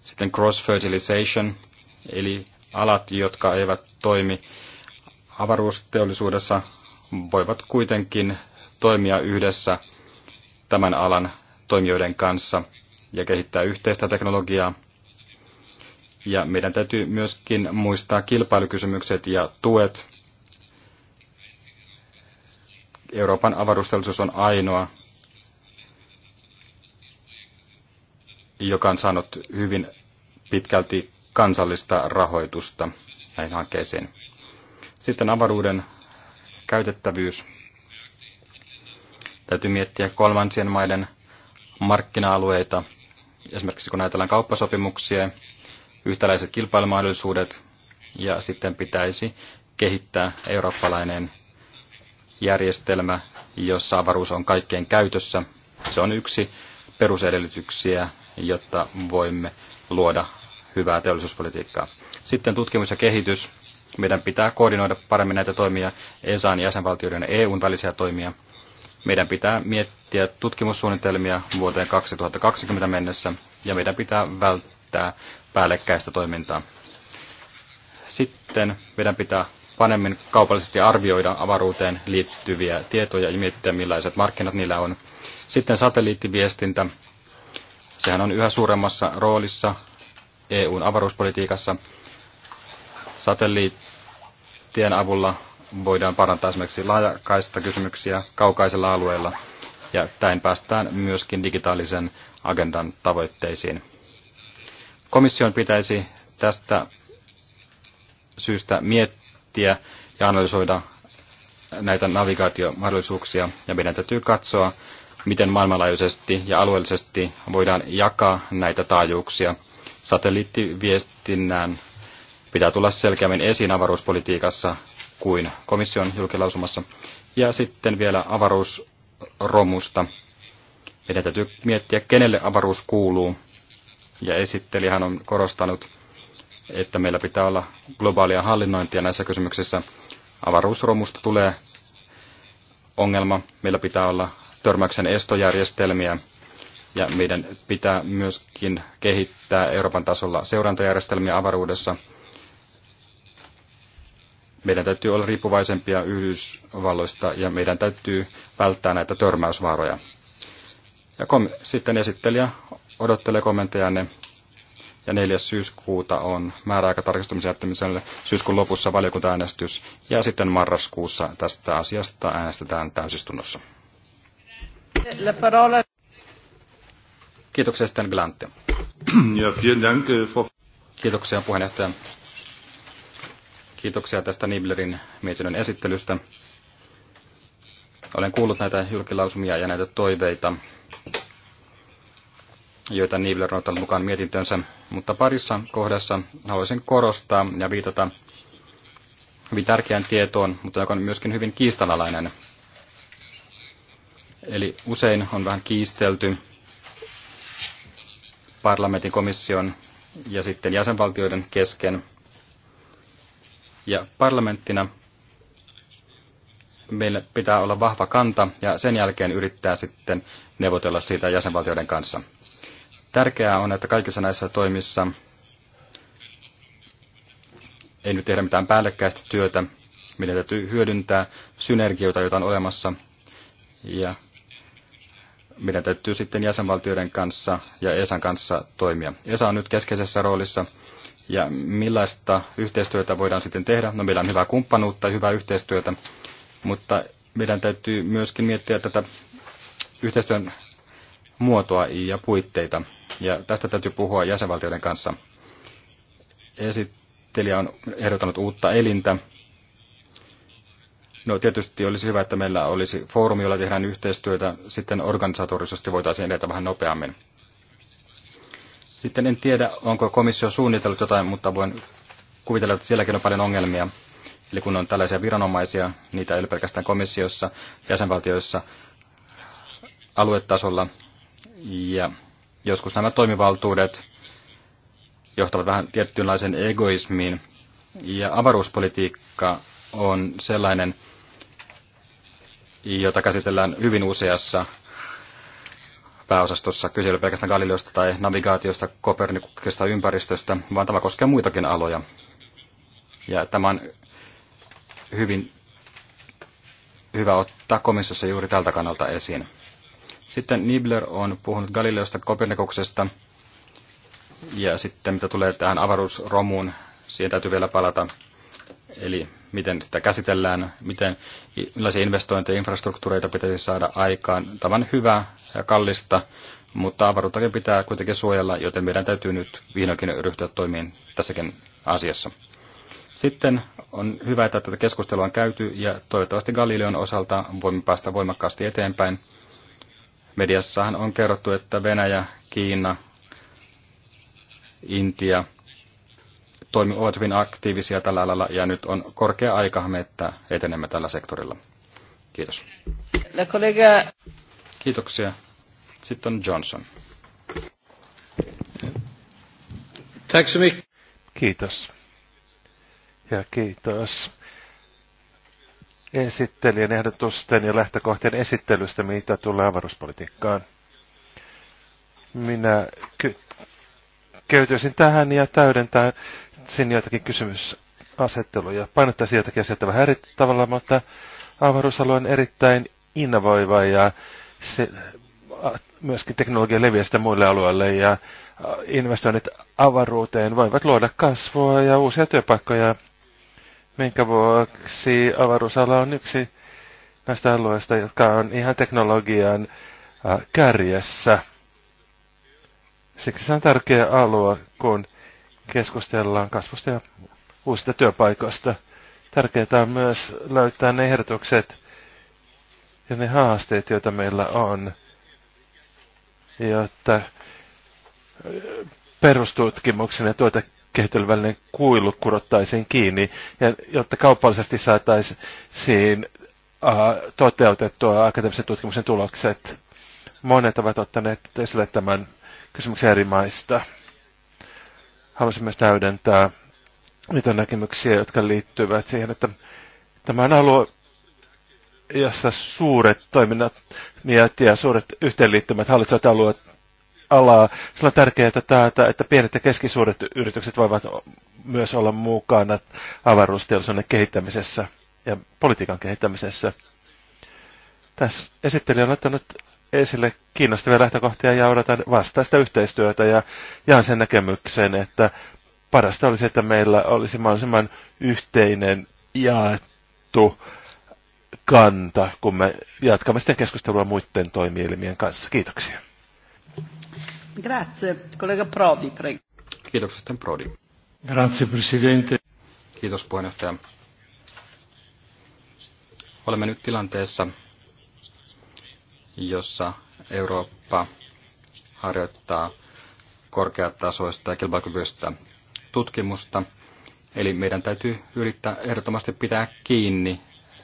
Sitten cross-fertilization, eli alat, jotka eivät toimi avaruusteollisuudessa, voivat kuitenkin toimia yhdessä tämän alan toimijoiden kanssa ja kehittää yhteistä teknologiaa. Ja meidän täytyy myöskin muistaa kilpailukysymykset ja tuet, Euroopan avaruusteollisuus on ainoa, joka on saanut hyvin pitkälti kansallista rahoitusta näihin hankkeisiin. Sitten avaruuden käytettävyys. Täytyy miettiä kolmansien maiden markkina-alueita, esimerkiksi kun ajatellaan kauppasopimuksia, yhtäläiset kilpailumahdollisuudet ja sitten pitäisi kehittää eurooppalainen järjestelmä, jossa avaruus on kaikkein käytössä. Se on yksi perusedellytyksiä, jotta voimme luoda hyvää teollisuuspolitiikkaa. Sitten tutkimus ja kehitys. Meidän pitää koordinoida paremmin näitä toimia, ESAn, jäsenvaltioiden ja EUn välisiä toimia. Meidän pitää miettiä tutkimussuunnitelmia vuoteen 2020 mennessä ja meidän pitää välttää päällekkäistä toimintaa. Sitten meidän pitää panemmin kaupallisesti arvioida avaruuteen liittyviä tietoja ja miettiä, millaiset markkinat niillä on. Sitten satelliittiviestintä. Sehän on yhä suuremmassa roolissa EUn avaruuspolitiikassa. Satelliittien avulla voidaan parantaa esimerkiksi laajakaista kysymyksiä kaukaisella alueella, ja täin päästään myöskin digitaalisen agendan tavoitteisiin. Komission pitäisi tästä syystä miettiä, miettiä ja analysoida näitä navigaatiomahdollisuuksia. Ja meidän täytyy katsoa, miten maailmanlaajuisesti ja alueellisesti voidaan jakaa näitä taajuuksia. Satelliittiviestinnän pitää tulla selkeämmin esiin avaruuspolitiikassa kuin komission julkilausumassa. Ja sitten vielä avaruusromusta. Meidän täytyy miettiä, kenelle avaruus kuuluu. Ja esittelijähän on korostanut, että meillä pitää olla globaalia hallinnointia näissä kysymyksissä. Avaruusromusta tulee ongelma. Meillä pitää olla törmäyksen estojärjestelmiä ja meidän pitää myöskin kehittää Euroopan tasolla seurantajärjestelmiä avaruudessa. Meidän täytyy olla riippuvaisempia Yhdysvalloista ja meidän täytyy välttää näitä törmäysvaaroja. Ja kom- sitten esittelijä odottelee kommenttejanne ja 4. syyskuuta on määräaika tarkistumisen jättämiselle syyskuun lopussa valiokuntaäänestys ja sitten marraskuussa tästä asiasta äänestetään täysistunnossa. Kiitoksia sitten Glantti. Ja dank, äh, Kiitoksia puheenjohtaja. Kiitoksia tästä Niblerin mietinnön esittelystä. Olen kuullut näitä julkilausumia ja näitä toiveita joita Niivler on ottanut mukaan mietintönsä, mutta parissa kohdassa haluaisin korostaa ja viitata hyvin tärkeään tietoon, mutta joka on myöskin hyvin kiistanalainen. Eli usein on vähän kiistelty parlamentin komission ja sitten jäsenvaltioiden kesken. Ja parlamenttina meillä pitää olla vahva kanta ja sen jälkeen yrittää sitten neuvotella siitä jäsenvaltioiden kanssa. Tärkeää on, että kaikissa näissä toimissa ei nyt tehdä mitään päällekkäistä työtä. millä täytyy hyödyntää synergioita, joita on olemassa. Ja meidän täytyy sitten jäsenvaltioiden kanssa ja ESAn kanssa toimia. ESA on nyt keskeisessä roolissa. Ja millaista yhteistyötä voidaan sitten tehdä? No meillä on hyvää kumppanuutta ja hyvää yhteistyötä, mutta meidän täytyy myöskin miettiä tätä yhteistyön muotoa ja puitteita ja tästä täytyy puhua jäsenvaltioiden kanssa. Esittelijä on ehdottanut uutta elintä. No tietysti olisi hyvä, että meillä olisi foorumi, jolla tehdään yhteistyötä, sitten organisatorisesti voitaisiin edetä vähän nopeammin. Sitten en tiedä, onko komissio suunnitellut jotain, mutta voin kuvitella, että sielläkin on paljon ongelmia. Eli kun on tällaisia viranomaisia, niitä ei ole pelkästään komissiossa, jäsenvaltioissa, aluetasolla ja joskus nämä toimivaltuudet johtavat vähän tietynlaiseen egoismiin. Ja avaruuspolitiikka on sellainen, jota käsitellään hyvin useassa pääosastossa. Kyse ei ole pelkästään Galileosta tai navigaatiosta, Kopernikuksesta, ympäristöstä, vaan tämä koskee muitakin aloja. Ja tämä on hyvin hyvä ottaa komissiossa juuri tältä kannalta esiin. Sitten Nibler on puhunut Galileosta Kopernikuksesta. Ja sitten mitä tulee tähän avaruusromuun, siihen täytyy vielä palata. Eli miten sitä käsitellään, miten, millaisia investointeja ja infrastruktuureita pitäisi saada aikaan. Tämä on hyvä ja kallista, mutta avaruuttakin pitää kuitenkin suojella, joten meidän täytyy nyt vihdoinkin ryhtyä toimiin tässäkin asiassa. Sitten on hyvä, että tätä keskustelua on käyty ja toivottavasti Galileon osalta voimme päästä voimakkaasti eteenpäin. Mediassahan on kerrottu, että Venäjä, Kiina, Intia toimi, ovat hyvin aktiivisia tällä alalla ja nyt on korkea aika me, että etenemme tällä sektorilla. Kiitos. Kiitoksia. Sitten on Johnson. Kiitos. Ja kiitos esittelijän ehdotusten ja lähtökohtien esittelystä, mitä tulee avaruuspolitiikkaan. Minä ky- tähän ja täydentää sinne joitakin kysymysasetteluja. Painottaisin jotakin asioita vähän eri tavalla, mutta avaruusalue on erittäin innovoiva ja se myöskin teknologia leviää sitä muille alueille ja investoinnit avaruuteen voivat luoda kasvua ja uusia työpaikkoja minkä vuoksi avaruusala on yksi näistä alueista, jotka on ihan teknologian kärjessä. Siksi se on tärkeä alue, kun keskustellaan kasvusta ja uusista työpaikoista. Tärkeää on myös löytää ne ehdotukset ja ne haasteet, joita meillä on, jotta perustutkimuksen ja tuote kehittelyn välinen kuilu kurottaisiin kiinni, ja jotta kaupallisesti saataisiin ää, äh, toteutettua akateemisen tutkimuksen tulokset. Monet ovat ottaneet esille tämän kysymyksen eri maista. Haluaisin myös täydentää niitä näkemyksiä, jotka liittyvät siihen, että tämä on alue, jossa suuret toiminnat ja suuret yhteenliittymät hallitsevat alueet alaa. Sillä on tärkeää tämä, että pienet ja keskisuuret yritykset voivat myös olla mukana avaruusteollisuuden kehittämisessä ja politiikan kehittämisessä. Tässä esittelijä on laittanut esille kiinnostavia lähtökohtia ja odotan vastaista yhteistyötä ja jaan sen näkemyksen, että parasta olisi, että meillä olisi mahdollisimman yhteinen jaettu kanta, kun me jatkamme sitten keskustelua muiden toimielimien kanssa. Kiitoksia. Grazie. Kollega Prodi, prego. Kiitoksia sitten Prodi. Grazie, presidente. Kiitos puheenjohtaja. Olemme nyt tilanteessa, jossa Eurooppa harjoittaa korkeatasoista ja kilpailukykyistä tutkimusta. Eli meidän täytyy yrittää ehdottomasti pitää kiinni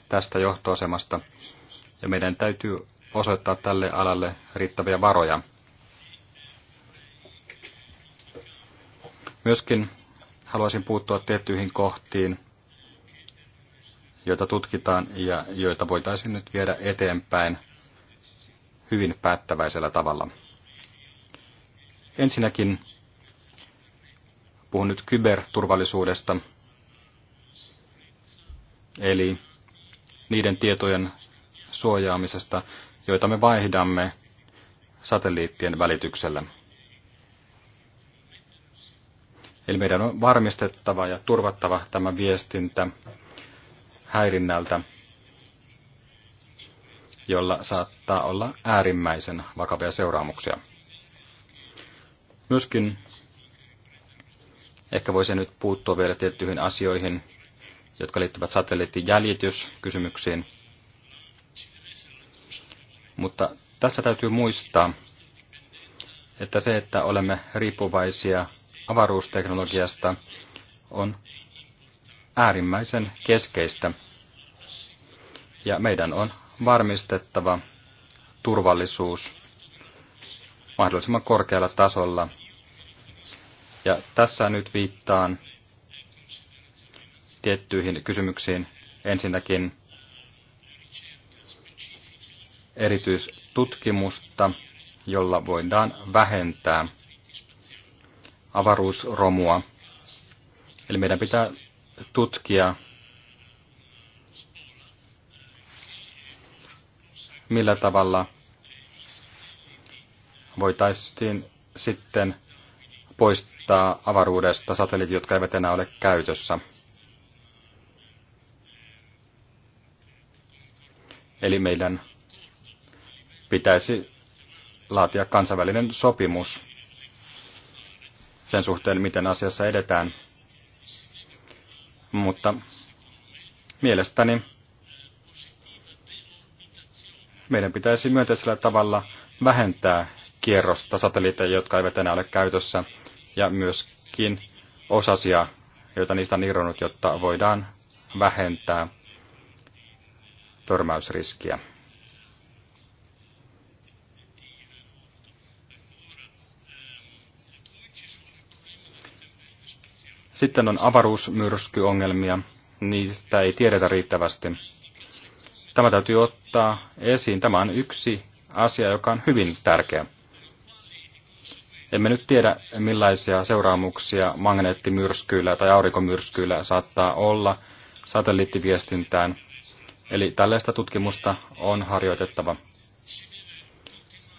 tästä johtoasemasta ja meidän täytyy osoittaa tälle alalle riittäviä varoja. Myöskin haluaisin puuttua tiettyihin kohtiin, joita tutkitaan ja joita voitaisiin nyt viedä eteenpäin hyvin päättäväisellä tavalla. Ensinnäkin puhun nyt kyberturvallisuudesta, eli niiden tietojen suojaamisesta, joita me vaihdamme satelliittien välityksellä. Eli meidän on varmistettava ja turvattava tämä viestintä häirinnältä, jolla saattaa olla äärimmäisen vakavia seuraamuksia. Myöskin ehkä voisin nyt puuttua vielä tiettyihin asioihin, jotka liittyvät satelliittijäljityskysymyksiin. Mutta tässä täytyy muistaa, että se, että olemme riippuvaisia avaruusteknologiasta on äärimmäisen keskeistä. Ja meidän on varmistettava turvallisuus mahdollisimman korkealla tasolla. Ja tässä nyt viittaan tiettyihin kysymyksiin. Ensinnäkin erityistutkimusta, jolla voidaan vähentää avaruusromua. Eli meidän pitää tutkia, millä tavalla voitaisiin sitten poistaa avaruudesta satelliitit, jotka eivät enää ole käytössä. Eli meidän pitäisi laatia kansainvälinen sopimus sen suhteen, miten asiassa edetään. Mutta mielestäni meidän pitäisi myönteisellä tavalla vähentää kierrosta satelliitteja, jotka eivät enää ole käytössä, ja myöskin osasia, joita niistä on irronnut, jotta voidaan vähentää törmäysriskiä. Sitten on avaruusmyrskyongelmia, niistä ei tiedetä riittävästi. Tämä täytyy ottaa esiin. Tämä on yksi asia, joka on hyvin tärkeä. Emme nyt tiedä, millaisia seuraamuksia magneettimyrskyillä tai aurinkomyrskyillä saattaa olla satelliittiviestintään. Eli tällaista tutkimusta on harjoitettava.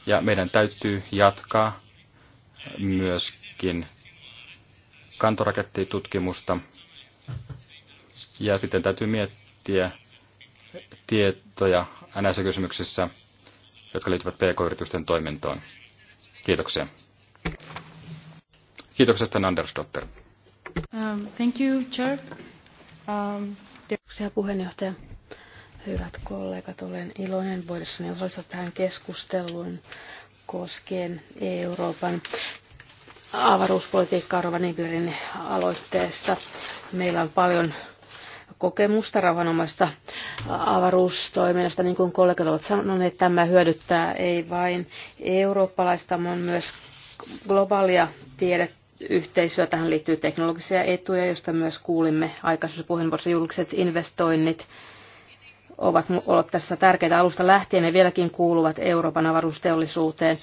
Ja meidän täytyy jatkaa myöskin kantorakettitutkimusta. Ja sitten täytyy miettiä tietoja näissä kysymyksissä, jotka liittyvät pk-yritysten toimintaan. Kiitoksia. Kiitoksia, Sten Anders Um, thank you, Chair. Um, Kiitoksia puheenjohtaja. Hyvät kollegat, olen iloinen voidessani osallistua tähän keskusteluun koskien Euroopan avaruuspolitiikkaa Rovaniemelin aloitteesta. Meillä on paljon kokemusta rauhanomaista avaruustoiminnasta, niin kuin kollegat ovat sanoneet, tämä hyödyttää ei vain eurooppalaista, vaan myös globaalia tiedeyhteisöä. Tähän liittyy teknologisia etuja, joista myös kuulimme aikaisemmissa puheenvuorossa julkiset investoinnit ovat olleet tässä tärkeitä alusta lähtien ja vieläkin kuuluvat Euroopan avaruusteollisuuteen.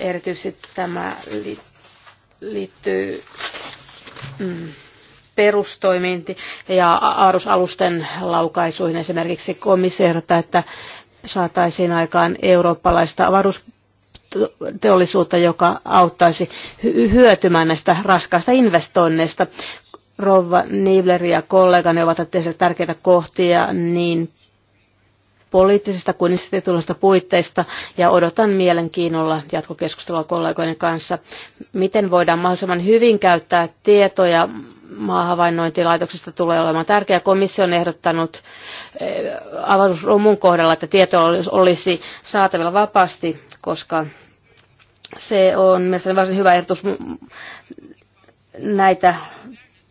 Erityisesti tämä liittyy liittyy mm, perustoiminti ja aarusalusten laukaisuihin. Esimerkiksi komissiota, että saataisiin aikaan eurooppalaista avaruus teollisuutta, joka auttaisi hyötymään näistä raskaista investoinneista. Rova Nibler ja kollegani ovat tehneet tärkeitä kohtia niin poliittisista kuin instituutioista puitteista ja odotan mielenkiinnolla jatkokeskustelua kollegoiden kanssa. Miten voidaan mahdollisimman hyvin käyttää tietoja maahavainnointilaitoksesta tulee olemaan tärkeä. Komissio on ehdottanut eh, avausromun kohdalla, että tietoa olisi saatavilla vapaasti, koska se on mielestäni varsin hyvä ehdotus näitä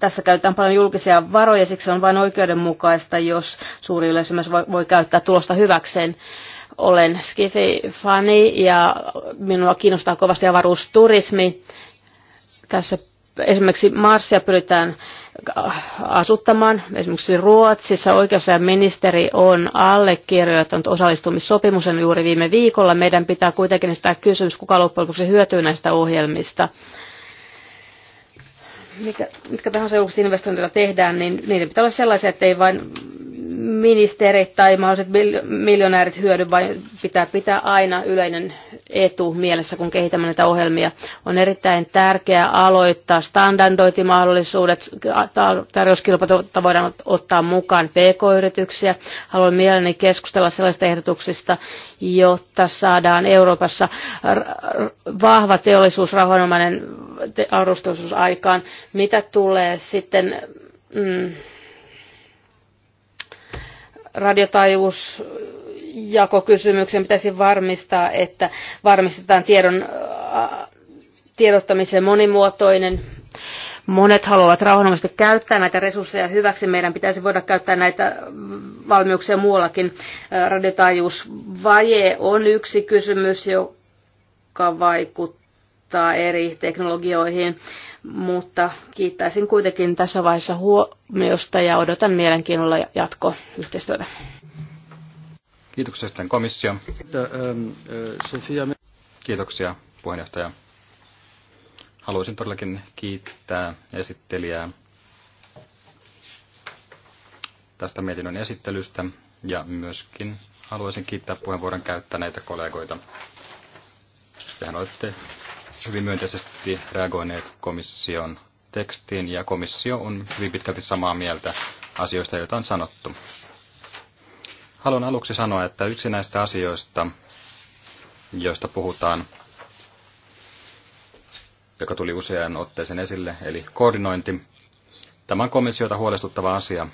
tässä käytetään paljon julkisia varoja, siksi on vain oikeudenmukaista, jos suuri yleisö myös voi, voi käyttää tulosta hyväkseen. Olen Skifi-fani ja minua kiinnostaa kovasti avaruusturismi. Tässä esimerkiksi Marsia pyritään asuttamaan. Esimerkiksi Ruotsissa oikeus ja ministeri on allekirjoittanut osallistumissopimuksen juuri viime viikolla. Meidän pitää kuitenkin sitä kysymys, kuka loppujen lopuksi hyötyy näistä ohjelmista mikä, mitkä tahansa julkiset investoinnilla tehdään, niin niiden pitää olla sellaisia, että ei vain ministerit tai mahdolliset miljonäärit hyödy, vaan pitää pitää aina yleinen etu mielessä, kun kehitämme näitä ohjelmia. On erittäin tärkeää aloittaa standardointimahdollisuudet, tarjouskilpailuta voidaan ottaa mukaan pk-yrityksiä. Haluan mielelläni keskustella sellaisista ehdotuksista, jotta saadaan Euroopassa vahva teollisuus, rahoinomainen aikaan. Mitä tulee sitten... Mm, radiotaajuusjakokysymyksen pitäisi varmistaa, että varmistetaan tiedon, äh, tiedottamisen monimuotoinen monet haluavat rauhanomaisesti käyttää näitä resursseja hyväksi. Meidän pitäisi voida käyttää näitä valmiuksia muuallakin. Äh, radiotaajuusvaje on yksi kysymys, joka vaikuttaa eri teknologioihin mutta kiittäisin kuitenkin tässä vaiheessa huomiosta ja odotan mielenkiinnolla jatko yhteistyötä. Kiitoksia sitten komissio. Kiitoksia puheenjohtaja. Haluaisin todellakin kiittää esittelijää tästä mietinnön esittelystä ja myöskin haluaisin kiittää puheenvuoron käyttäneitä kollegoita. Tehän olette hyvin myönteisesti reagoineet komission tekstiin ja komissio on hyvin pitkälti samaa mieltä asioista, joita on sanottu. Haluan aluksi sanoa, että yksi näistä asioista, joista puhutaan, joka tuli usean otteeseen esille, eli koordinointi. Tämä on komissiota huolestuttava asia.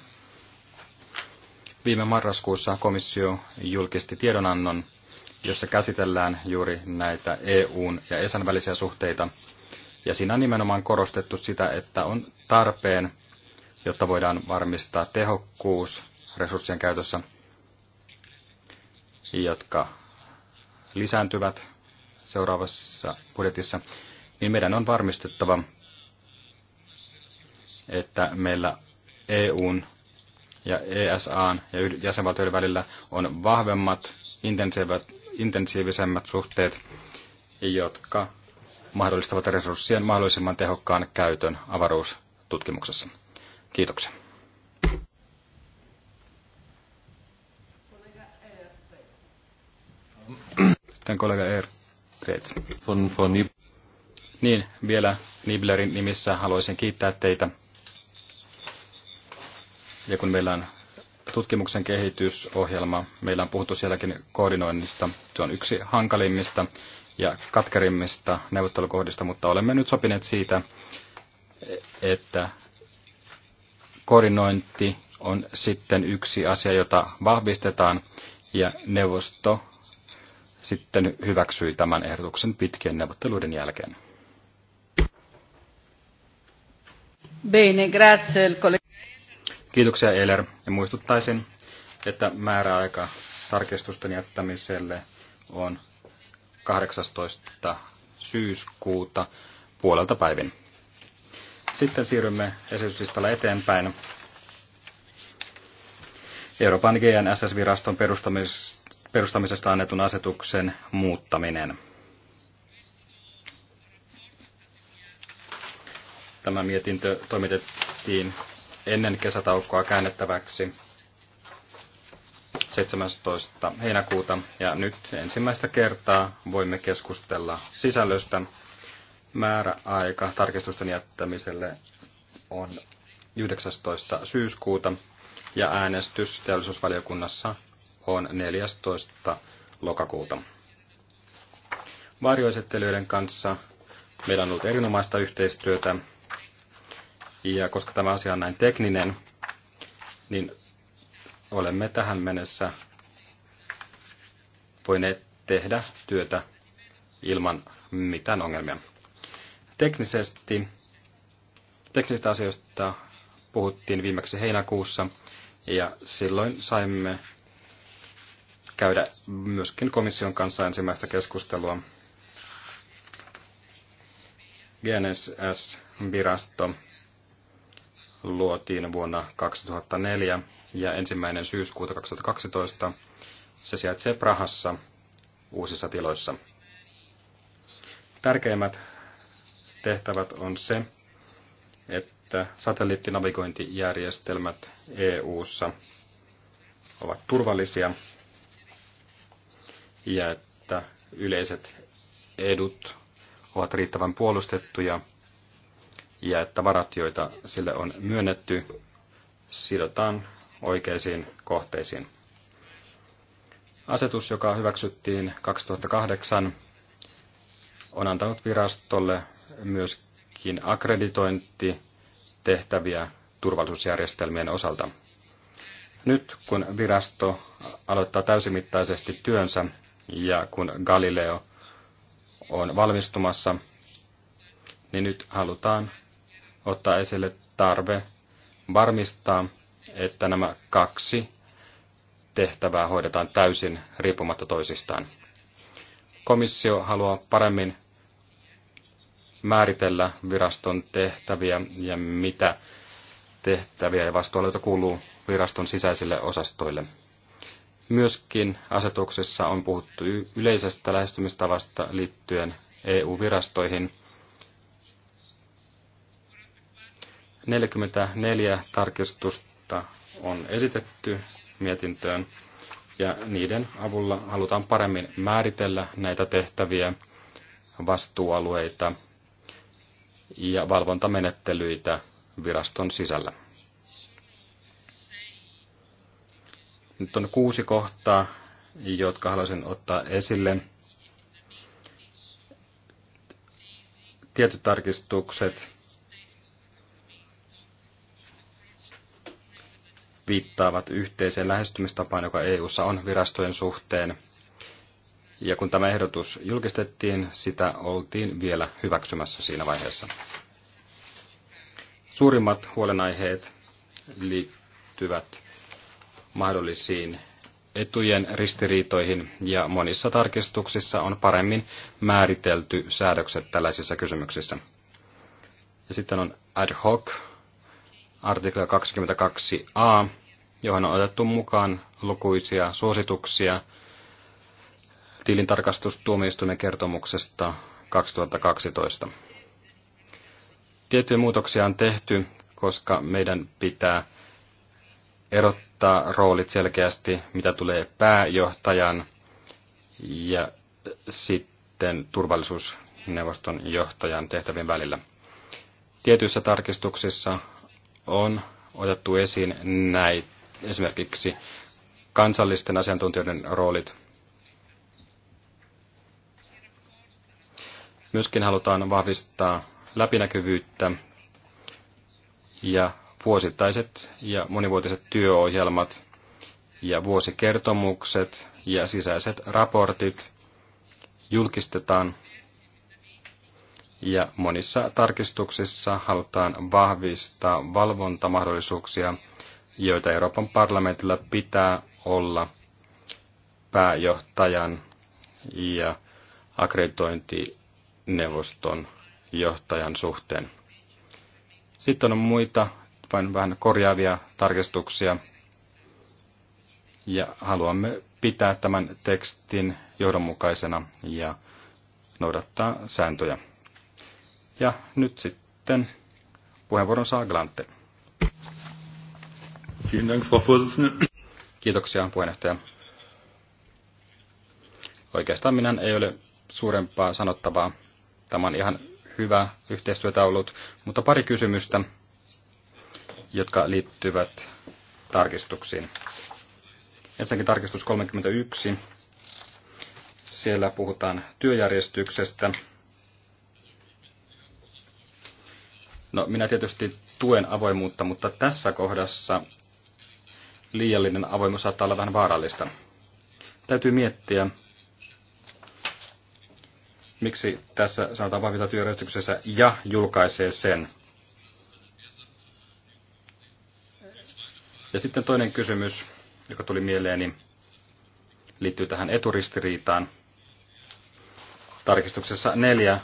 Viime marraskuussa komissio julkisti tiedonannon, jossa käsitellään juuri näitä EUn ja ESAn välisiä suhteita. Ja siinä on nimenomaan korostettu sitä, että on tarpeen, jotta voidaan varmistaa tehokkuus resurssien käytössä, jotka lisääntyvät seuraavassa budjetissa, niin meidän on varmistettava, että meillä EUn ja ESAn ja jäsenvaltioiden välillä on vahvemmat, intensiivisemmät suhteet, jotka mahdollistavat resurssien mahdollisimman tehokkaan käytön avaruustutkimuksessa. Kiitoksia. Sitten kollega Er Kreitz. Von, von Nib- niin, vielä Niblerin nimissä haluaisin kiittää teitä. Ja kun meillä on tutkimuksen kehitysohjelma. Meillä on puhuttu sielläkin koordinoinnista. Se on yksi hankalimmista ja katkerimmista neuvottelukohdista, mutta olemme nyt sopineet siitä, että koordinointi on sitten yksi asia, jota vahvistetaan, ja neuvosto sitten hyväksyi tämän ehdotuksen pitkien neuvotteluiden jälkeen. Bene, grazie. Kiitoksia Eler ja muistuttaisin, että määräaika tarkistusten jättämiselle on 18. syyskuuta puolelta päivin. Sitten siirrymme esityslistalla eteenpäin. Euroopan GNSS-viraston perustamis, perustamisesta annetun asetuksen muuttaminen. Tämä mietintö toimitettiin ennen kesätaukoa käännettäväksi 17. heinäkuuta. Ja nyt ensimmäistä kertaa voimme keskustella sisällöstä. Määräaika tarkistusten jättämiselle on 19. syyskuuta ja äänestys teollisuusvaliokunnassa on 14. lokakuuta. Varjoesittelyiden kanssa meillä on ollut erinomaista yhteistyötä ja koska tämä asia on näin tekninen, niin olemme tähän mennessä voineet tehdä työtä ilman mitään ongelmia. Teknisesti, teknisistä asioista puhuttiin viimeksi heinäkuussa ja silloin saimme käydä myöskin komission kanssa ensimmäistä keskustelua. GNSS-virasto luotiin vuonna 2004 ja ensimmäinen syyskuuta 2012 se sijaitsee Prahassa uusissa tiloissa. Tärkeimmät tehtävät on se, että satelliittinavigointijärjestelmät EU:ssa ovat turvallisia ja että yleiset edut ovat riittävän puolustettuja – ja että varat, joita sille on myönnetty, sidotaan oikeisiin kohteisiin. Asetus, joka hyväksyttiin 2008, on antanut virastolle myöskin akkreditointitehtäviä turvallisuusjärjestelmien osalta. Nyt kun virasto aloittaa täysimittaisesti työnsä ja kun Galileo on valmistumassa, niin nyt halutaan ottaa esille tarve varmistaa, että nämä kaksi tehtävää hoidetaan täysin riippumatta toisistaan. Komissio haluaa paremmin määritellä viraston tehtäviä ja mitä tehtäviä ja vastuualueita kuuluu viraston sisäisille osastoille. Myöskin asetuksessa on puhuttu yleisestä lähestymistavasta liittyen EU-virastoihin – 44 tarkistusta on esitetty mietintöön ja niiden avulla halutaan paremmin määritellä näitä tehtäviä, vastuualueita ja valvontamenettelyitä viraston sisällä. Nyt on kuusi kohtaa, jotka haluaisin ottaa esille. Tietyt tarkistukset viittaavat yhteiseen lähestymistapaan, joka EU:ssa on virastojen suhteen. Ja kun tämä ehdotus julkistettiin, sitä oltiin vielä hyväksymässä siinä vaiheessa. Suurimmat huolenaiheet liittyvät mahdollisiin etujen ristiriitoihin ja monissa tarkistuksissa on paremmin määritelty säädökset tällaisissa kysymyksissä. Ja sitten on ad hoc artikla 22a, johon on otettu mukaan lukuisia suosituksia tilintarkastustuomioistuimen kertomuksesta 2012. Tiettyjä muutoksia on tehty, koska meidän pitää erottaa roolit selkeästi, mitä tulee pääjohtajan ja sitten turvallisuusneuvoston johtajan tehtävien välillä. Tietyissä tarkistuksissa on otettu esiin näitä, esimerkiksi kansallisten asiantuntijoiden roolit. Myöskin halutaan vahvistaa läpinäkyvyyttä ja vuosittaiset ja monivuotiset työohjelmat ja vuosikertomukset ja sisäiset raportit julkistetaan – ja monissa tarkistuksissa halutaan vahvistaa valvontamahdollisuuksia, joita Euroopan parlamentilla pitää olla pääjohtajan ja akreditointineuvoston johtajan suhteen. Sitten on muita, vain vähän korjaavia tarkistuksia, ja haluamme pitää tämän tekstin johdonmukaisena ja noudattaa sääntöjä. Ja nyt sitten puheenvuoron saa Glante. Kiitoksia puheenjohtaja. Oikeastaan minä ei ole suurempaa sanottavaa. Tämä on ihan hyvä yhteistyötä ollut, mutta pari kysymystä, jotka liittyvät tarkistuksiin. Ensinnäkin tarkistus 31. Siellä puhutaan työjärjestyksestä No, minä tietysti tuen avoimuutta, mutta tässä kohdassa liiallinen avoimuus saattaa olla vähän vaarallista. Täytyy miettiä, miksi tässä sanotaan vahvista työjärjestyksessä ja julkaisee sen. Ja sitten toinen kysymys, joka tuli mieleeni, liittyy tähän eturistiriitaan. Tarkistuksessa neljä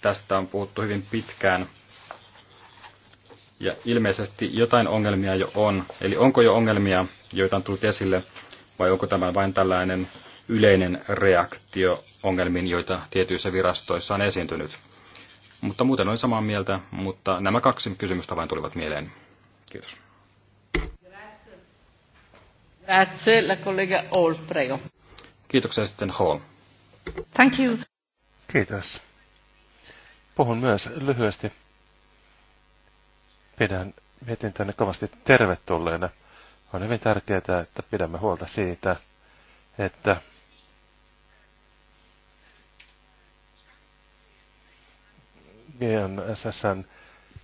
tästä on puhuttu hyvin pitkään – ja ilmeisesti jotain ongelmia jo on. Eli onko jo ongelmia, joita on tullut esille, vai onko tämä vain tällainen yleinen reaktio ongelmiin, joita tietyissä virastoissa on esiintynyt? Mutta muuten olen samaa mieltä, mutta nämä kaksi kysymystä vain tulivat mieleen. Kiitos. Grazie, la collega Hall, prego. Kiitoksia sitten Hall. Thank you. Kiitos. Puhun myös lyhyesti Pidän mietintönne kovasti tervetulleena. On hyvin tärkeää, että pidämme huolta siitä, että GNSSn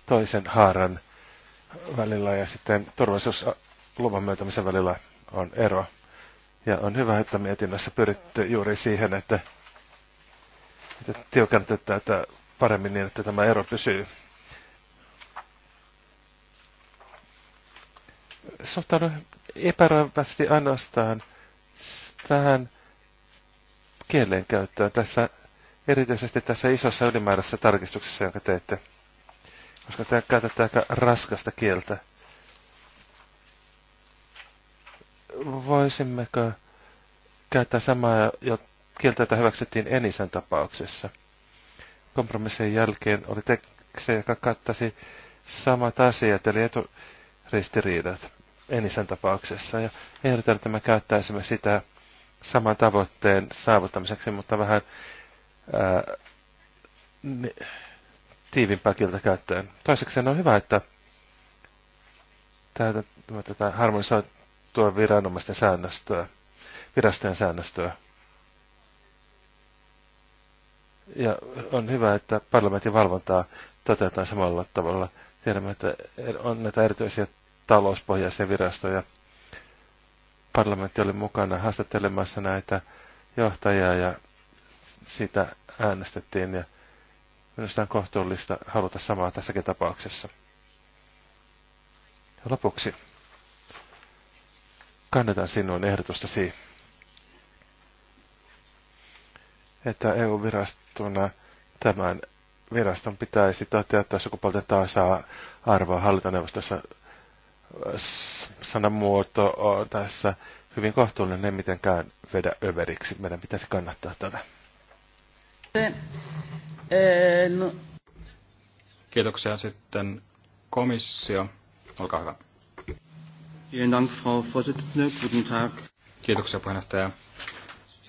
toisen haaran välillä ja sitten turvallisuusluvan myöntämisen välillä on ero. Ja on hyvä, että mietinnässä pyritte juuri siihen, että, että tiukennetaan tätä paremmin niin, että tämä ero pysyy suhtaudun epäröivästi ainoastaan tähän kielen käyttöön tässä, erityisesti tässä isossa ylimääräisessä tarkistuksessa, jonka teette, koska tämä käytetään aika raskasta kieltä. Voisimmeko käyttää samaa jo kieltä, jota hyväksyttiin enisän tapauksessa? Kompromissin jälkeen oli tekstejä, joka kattasi samat asiat, eli etu, ristiriidat Enisan tapauksessa. Ja ehdotan, että me käyttäisimme sitä saman tavoitteen saavuttamiseksi, mutta vähän ää, tiivimpää kieltä käyttäen. Toiseksi on hyvä, että täytämme tätä harmonisoitua viranomaisten säännöstöä, virastojen säännöstöä. Ja on hyvä, että parlamentin valvontaa toteutetaan samalla tavalla Tiedämme, että on näitä erityisiä talouspohjaisia virastoja. Parlamentti oli mukana haastattelemassa näitä johtajia ja sitä äänestettiin ja minusta on kohtuullista haluta samaa tässäkin tapauksessa. Ja lopuksi kannatan sinun ehdotusta siihen, että EU-virastona tämän viraston pitäisi toteuttaa sukupuolten tasa-arvoa hallintoneuvostossa. Sanamuoto on tässä hyvin kohtuullinen, ei mitenkään vedä överiksi. Meidän pitäisi kannattaa tätä. Kiitoksia sitten komissio. Olkaa hyvä. Kiitoksia puheenjohtaja.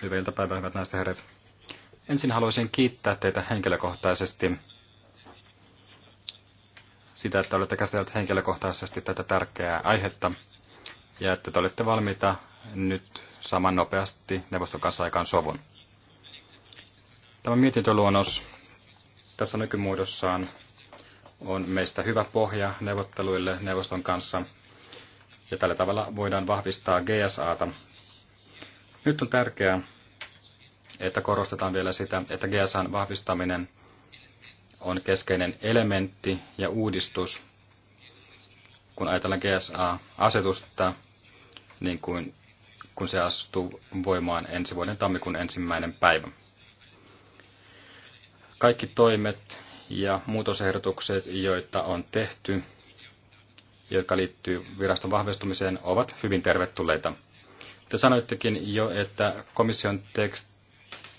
Hyvää iltapäivää, hyvät naiset ja herrat. Ensin haluaisin kiittää teitä henkilökohtaisesti sitä, että olette käsitelleet henkilökohtaisesti tätä tärkeää aihetta ja että te olette valmiita nyt saman nopeasti neuvoston kanssa aikaan sovun. Tämä mietintöluonnos tässä nykymuodossaan on meistä hyvä pohja neuvotteluille neuvoston kanssa, ja tällä tavalla voidaan vahvistaa GSAta. Nyt on tärkeää, että korostetaan vielä sitä, että GSAn vahvistaminen on keskeinen elementti ja uudistus, kun ajatellaan GSA-asetusta, niin kuin kun se astuu voimaan ensi vuoden tammikuun ensimmäinen päivä. Kaikki toimet ja muutosehdotukset, joita on tehty, jotka liittyy viraston vahvistumiseen, ovat hyvin tervetulleita. Te sanoittekin jo, että komission teksti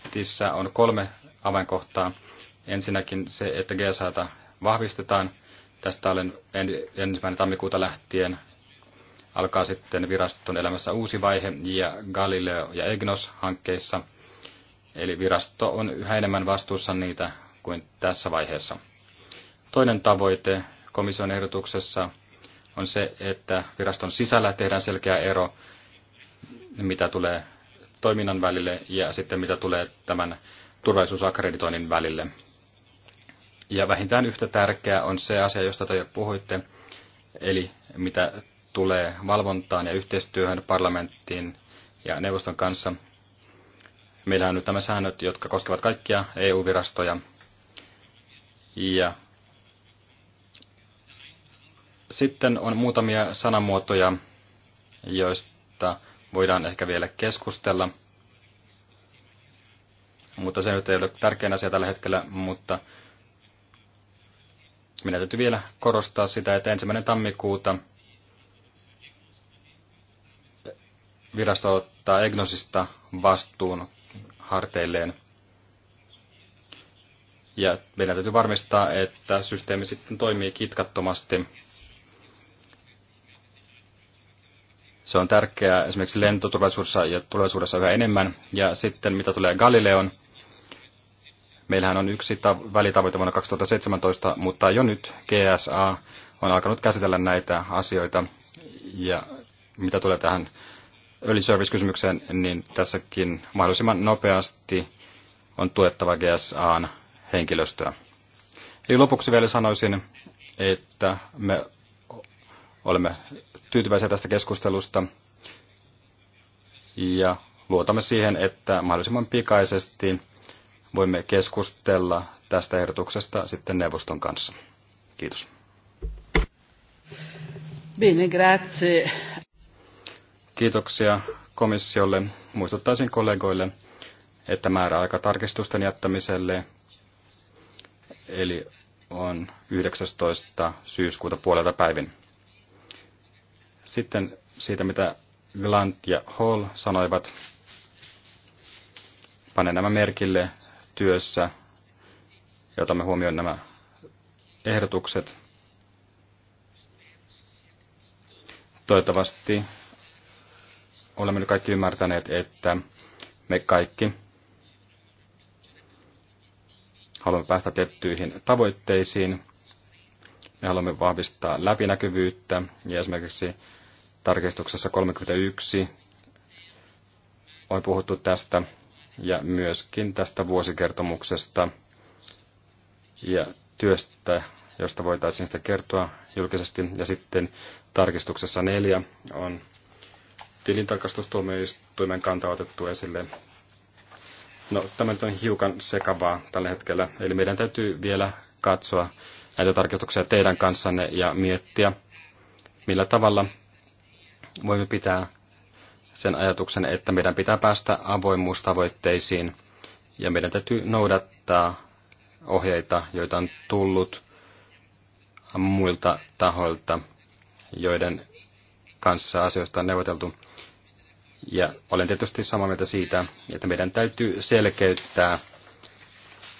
paketissa on kolme avainkohtaa. Ensinnäkin se, että GSAta vahvistetaan. Tästä olen ensimmäinen tammikuuta lähtien alkaa sitten viraston elämässä uusi vaihe ja Galileo ja EGNOS hankkeissa. Eli virasto on yhä enemmän vastuussa niitä kuin tässä vaiheessa. Toinen tavoite komission ehdotuksessa on se, että viraston sisällä tehdään selkeä ero, mitä tulee toiminnan välille ja sitten mitä tulee tämän turvallisuusakkreditoinnin välille. Ja vähintään yhtä tärkeää on se asia, josta te jo puhuitte, eli mitä tulee valvontaan ja yhteistyöhön parlamenttiin ja neuvoston kanssa. Meillähän on nyt nämä säännöt, jotka koskevat kaikkia EU-virastoja. Ja sitten on muutamia sanamuotoja, joista voidaan ehkä vielä keskustella. Mutta se nyt ei ole tärkein asia tällä hetkellä, mutta minä täytyy vielä korostaa sitä, että ensimmäinen tammikuuta virasto ottaa Egnosista vastuun harteilleen. Ja meidän täytyy varmistaa, että systeemi sitten toimii kitkattomasti Se on tärkeää esimerkiksi lentoturvallisuudessa ja tulevaisuudessa yhä enemmän. Ja sitten mitä tulee Galileon, meillähän on yksi ta- välitavoite vuonna 2017, mutta jo nyt GSA on alkanut käsitellä näitä asioita. Ja mitä tulee tähän early service-kysymykseen, niin tässäkin mahdollisimman nopeasti on tuettava GSAn henkilöstöä. Eli lopuksi vielä sanoisin, että me Olemme tyytyväisiä tästä keskustelusta ja luotamme siihen, että mahdollisimman pikaisesti voimme keskustella tästä ehdotuksesta sitten neuvoston kanssa. Kiitos. Bene, grazie. Kiitoksia komissiolle. Muistuttaisin kollegoille, että määräaika tarkistusten jättämiselle eli on 19. syyskuuta puolelta päivin. Sitten siitä, mitä Glant ja Hall sanoivat, pane nämä merkille työssä ja otamme huomioon nämä ehdotukset. Toivottavasti olemme nyt kaikki ymmärtäneet, että me kaikki haluamme päästä tiettyihin tavoitteisiin. Me haluamme vahvistaa läpinäkyvyyttä ja esimerkiksi Tarkistuksessa 31 on puhuttu tästä ja myöskin tästä vuosikertomuksesta ja työstä, josta voitaisiin sitä kertoa julkisesti. Ja sitten tarkistuksessa neljä on tilintarkastustuomioistuimen kanta otettu esille. No, tämä nyt on hiukan sekavaa tällä hetkellä, eli meidän täytyy vielä katsoa näitä tarkistuksia teidän kanssanne ja miettiä, millä tavalla voimme pitää sen ajatuksen, että meidän pitää päästä avoimuustavoitteisiin ja meidän täytyy noudattaa ohjeita, joita on tullut muilta tahoilta, joiden kanssa asioista on neuvoteltu. Ja olen tietysti samaa mieltä siitä, että meidän täytyy selkeyttää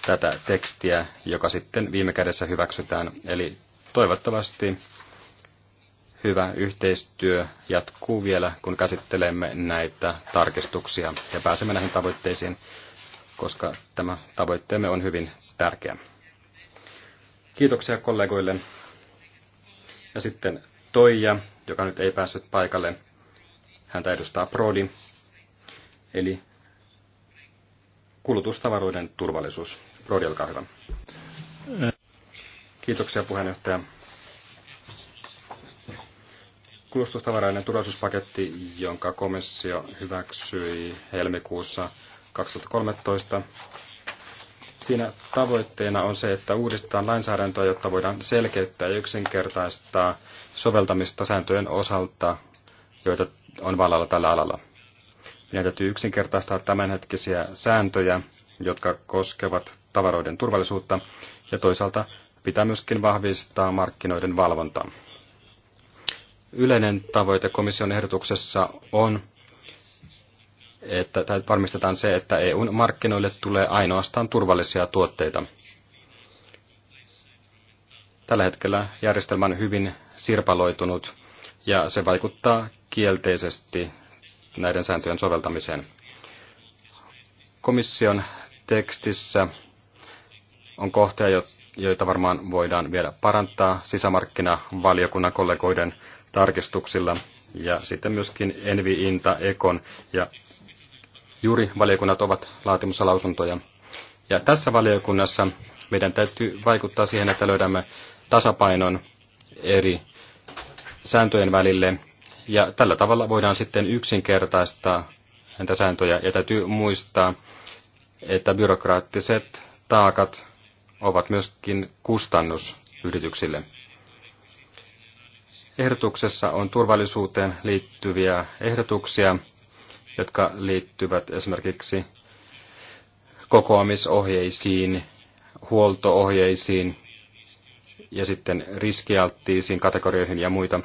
tätä tekstiä, joka sitten viime kädessä hyväksytään. Eli toivottavasti hyvä yhteistyö jatkuu vielä, kun käsittelemme näitä tarkistuksia ja pääsemme näihin tavoitteisiin, koska tämä tavoitteemme on hyvin tärkeä. Kiitoksia kollegoille. Ja sitten Toija, joka nyt ei päässyt paikalle. Häntä edustaa Prodi, eli kulutustavaroiden turvallisuus. Prodi, olkaa hyvä. Äh. Kiitoksia puheenjohtaja kulustustavaroiden turvallisuuspaketti, jonka komissio hyväksyi helmikuussa 2013. Siinä tavoitteena on se, että uudistetaan lainsäädäntöä, jotta voidaan selkeyttää ja yksinkertaistaa soveltamista sääntöjen osalta, joita on vallalla tällä alalla. Meidän täytyy yksinkertaistaa tämänhetkisiä sääntöjä, jotka koskevat tavaroiden turvallisuutta, ja toisaalta pitää myöskin vahvistaa markkinoiden valvontaa. Yleinen tavoite komission ehdotuksessa on, että varmistetaan se, että EUn markkinoille tulee ainoastaan turvallisia tuotteita. Tällä hetkellä järjestelmä on hyvin sirpaloitunut ja se vaikuttaa kielteisesti näiden sääntöjen soveltamiseen. Komission tekstissä on kohtia, joita varmaan voidaan vielä parantaa sisämarkkinavaliokunnan kollegoiden tarkistuksilla ja sitten myöskin Envi, Inta, Ekon ja juuri valiokunnat ovat laatimassa lausuntoja. Ja tässä valiokunnassa meidän täytyy vaikuttaa siihen, että löydämme tasapainon eri sääntöjen välille. Ja tällä tavalla voidaan sitten yksinkertaistaa näitä sääntöjä. Ja täytyy muistaa, että byrokraattiset taakat ovat myöskin kustannus yrityksille. Ehdotuksessa on turvallisuuteen liittyviä ehdotuksia, jotka liittyvät esimerkiksi kokoamisohjeisiin, huoltoohjeisiin ja sitten riskialttiisiin kategorioihin ja muita.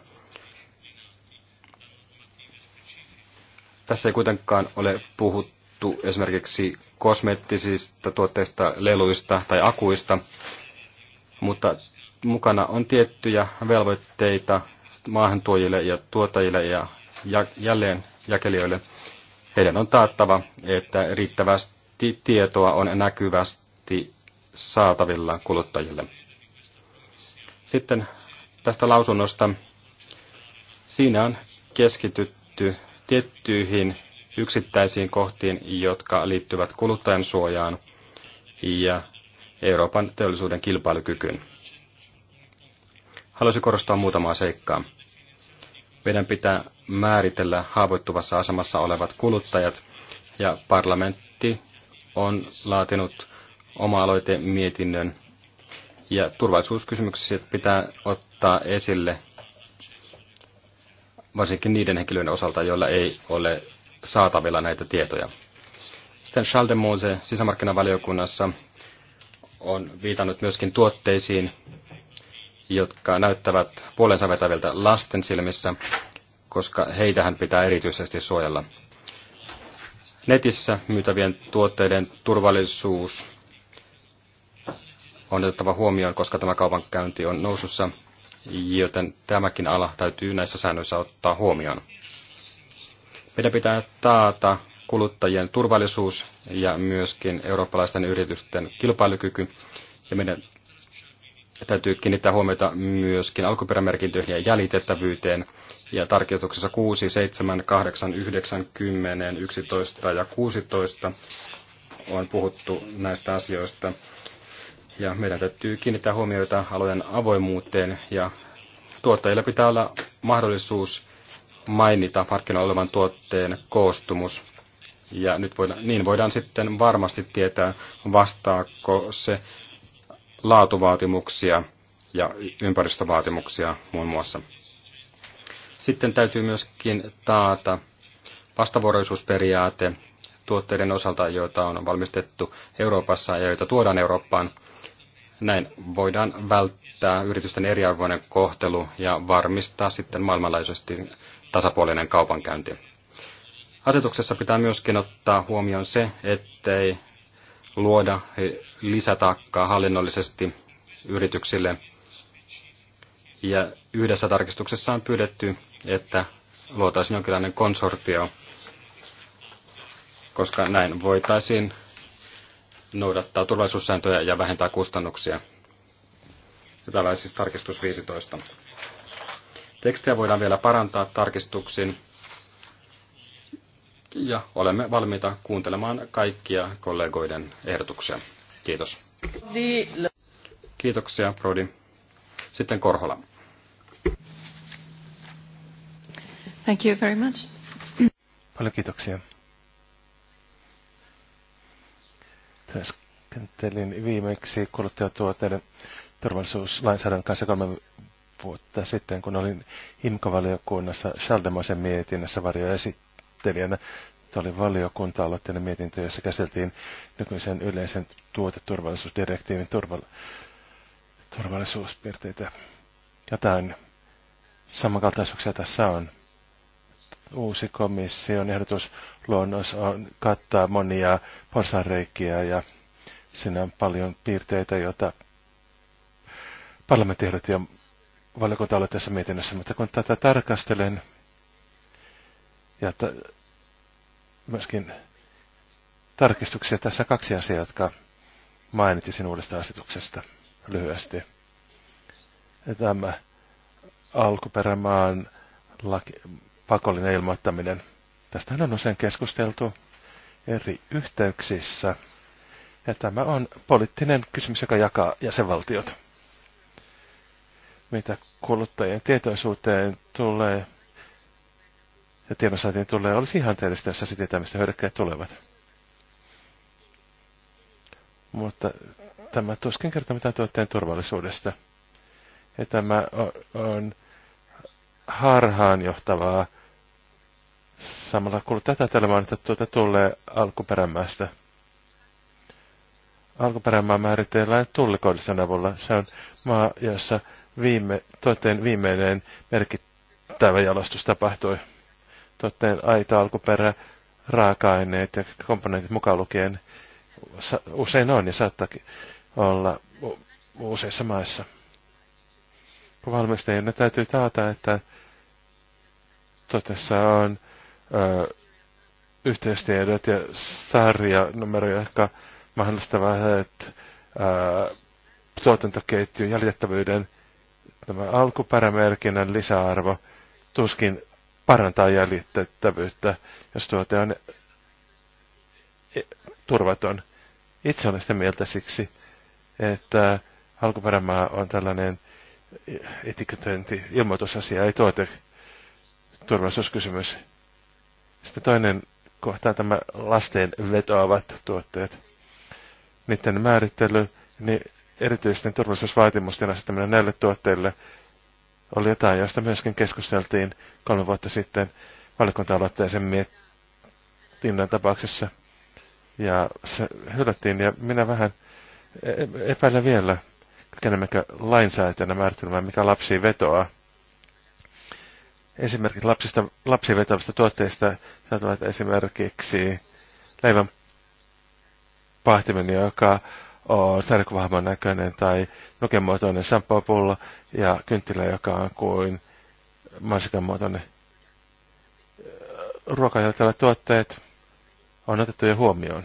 Tässä ei kuitenkaan ole puhuttu esimerkiksi kosmeettisista tuotteista, leluista tai akuista, mutta mukana on tiettyjä velvoitteita maahantuojille ja tuottajille ja jälleen jakelijoille. Heidän on taattava, että riittävästi tietoa on näkyvästi saatavilla kuluttajille. Sitten tästä lausunnosta. Siinä on keskitytty tiettyihin yksittäisiin kohtiin, jotka liittyvät kuluttajan suojaan ja Euroopan teollisuuden kilpailukykyyn. Haluaisin korostaa muutamaa seikkaa. Meidän pitää määritellä haavoittuvassa asemassa olevat kuluttajat, ja parlamentti on laatinut oma-aloitemietinnön, ja turvallisuuskysymykset pitää ottaa esille varsinkin niiden henkilöiden osalta, joilla ei ole saatavilla näitä tietoja. Sitten Charles de Mose sisämarkkinavaliokunnassa on viitannut myöskin tuotteisiin, jotka näyttävät puolensa vetäviltä lasten silmissä, koska heitähän pitää erityisesti suojella. Netissä myytävien tuotteiden turvallisuus on otettava huomioon, koska tämä kaupankäynti on nousussa, joten tämäkin ala täytyy näissä säännöissä ottaa huomioon. Meidän pitää taata kuluttajien turvallisuus ja myöskin eurooppalaisten yritysten kilpailukyky, ja meidän täytyy kiinnittää huomiota myöskin alkuperämerkintöihin ja jäljitettävyyteen. Ja tarkistuksessa 6, 7, 8, 9, 10, 11 ja 16 on puhuttu näistä asioista. Ja meidän täytyy kiinnittää huomioita alojen avoimuuteen ja tuottajilla pitää olla mahdollisuus mainita markkinoilla olevan tuotteen koostumus. Ja nyt voidaan, niin voidaan sitten varmasti tietää, vastaako se laatuvaatimuksia ja ympäristövaatimuksia muun muassa. Sitten täytyy myöskin taata vastavuoroisuusperiaate tuotteiden osalta, joita on valmistettu Euroopassa ja joita tuodaan Eurooppaan. Näin voidaan välttää yritysten eriarvoinen kohtelu ja varmistaa sitten maailmanlaajuisesti tasapuolinen kaupankäynti. Asetuksessa pitää myöskin ottaa huomioon se, ettei luoda lisätaakkaa hallinnollisesti yrityksille. Ja yhdessä tarkistuksessa on pyydetty, että luotaisiin jonkinlainen konsortio, koska näin voitaisiin noudattaa turvallisuussääntöjä ja vähentää kustannuksia. Ja siis tarkistus 15. Tekstiä voidaan vielä parantaa tarkistuksiin, ja olemme valmiita kuuntelemaan kaikkia kollegoiden ehdotuksia. Kiitos. Kiitoksia, Prodi. Sitten Korhola. Thank you very much. Paljon kiitoksia. Työskentelin viimeksi kuluttajatuotteiden turvallisuuslainsäädännön kanssa kolme vuotta sitten, kun olin IMCO-valiokunnassa Schaldemosen mietinnässä varjoesittelijä esittelijänä. Tämä oli valiokunta-aloitteinen mietintö, jossa käsiteltiin nykyisen yleisen tuoteturvallisuusdirektiivin turval- turvallisuuspiirteitä. Jotain samankaltaisuuksia tässä on. Uusi komission luonnos on, kattaa monia porsanreikiä ja siinä on paljon piirteitä, joita parlamentti ehdotti jo valiokunta-aloitteessa mietinnössä, mutta kun tätä tarkastelen, ja että myöskin tarkistuksia. Tässä kaksi asiaa, jotka mainitsin uudesta asetuksesta lyhyesti. Tämä alkuperämaan laki, pakollinen ilmoittaminen. Tästähän on usein keskusteltu eri yhteyksissä. Ja tämä on poliittinen kysymys, joka jakaa jäsenvaltiot. Mitä kuluttajien tietoisuuteen tulee, ja tiedonsaantiin tulee, olisi ihan teellistä, jos se tietää, mistä hyödykkeet tulevat. Mutta tämä tuskin kertoo mitään tuotteen turvallisuudesta. Ja tämä on harhaanjohtavaa. Samalla kun tätä tällä että tuota tulee alkuperämästä. Alkuperämaa määritellään tullikoodiston avulla. Se on maa, jossa viime, tuotteen viimeinen merkittävä jalostus tapahtui tuotteen aito alkuperä, raaka-aineet ja komponentit mukaan lukien usein on ja saattaakin olla useissa maissa. Kun valmistajien täytyy taata, että tuotteessa on ö, yhteystiedot ja sarjanumeroja, jotka mahdollistavat ö, tuotantoketjun jäljettävyyden tämä alkuperämerkinnän lisäarvo. Tuskin parantaa jäljitettävyyttä, jos tuote on e- turvaton. Itse olen sitä mieltä siksi, että alkuperämaa on tällainen etiketöinti, ilmoitusasia, ei tuote turvallisuuskysymys. Sitten toinen kohta on tämä lasten vetoavat tuotteet. Niiden määrittely, niin erityisten turvallisuusvaatimusten asettaminen näille tuotteille – oli jotain, josta myöskin keskusteltiin kolme vuotta sitten valikunta-aloitteisen mietinnän tapauksessa. Ja se hylättiin, ja minä vähän e- epäilen vielä, kenemmekö lainsäätäjänä määrittelemään, mikä lapsiin vetoaa. esimerkiksi lapsista, lapsiin vetävistä tuotteista saattavat esimerkiksi leivän pahtimen, joka on näköinen tai nukemuotoinen shampoopulla ja kynttilä, joka on kuin mansikan muotoinen. tuotteet on otettu jo huomioon.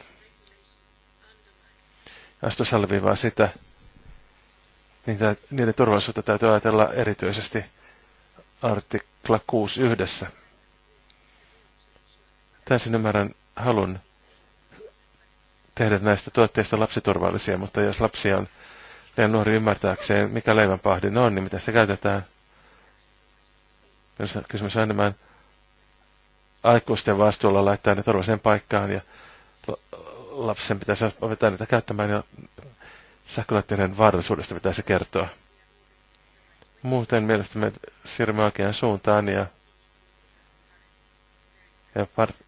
Astu salviivaa sitä. Niitä, niiden turvallisuutta täytyy ajatella erityisesti artikla 6 yhdessä. Täysin ymmärrän halun tehdä näistä tuotteista lapsiturvallisia, mutta jos lapsi on liian nuori ymmärtääkseen, mikä leivänpahdin on, niin mitä se käytetään. kysymys on enemmän aikuisten vastuulla laittaa ne turvalliseen paikkaan ja lapsen pitäisi opettaa niitä käyttämään ja sähkölaitteiden vaarallisuudesta pitäisi kertoa. Muuten me siirrymme oikeaan suuntaan ja, ja par-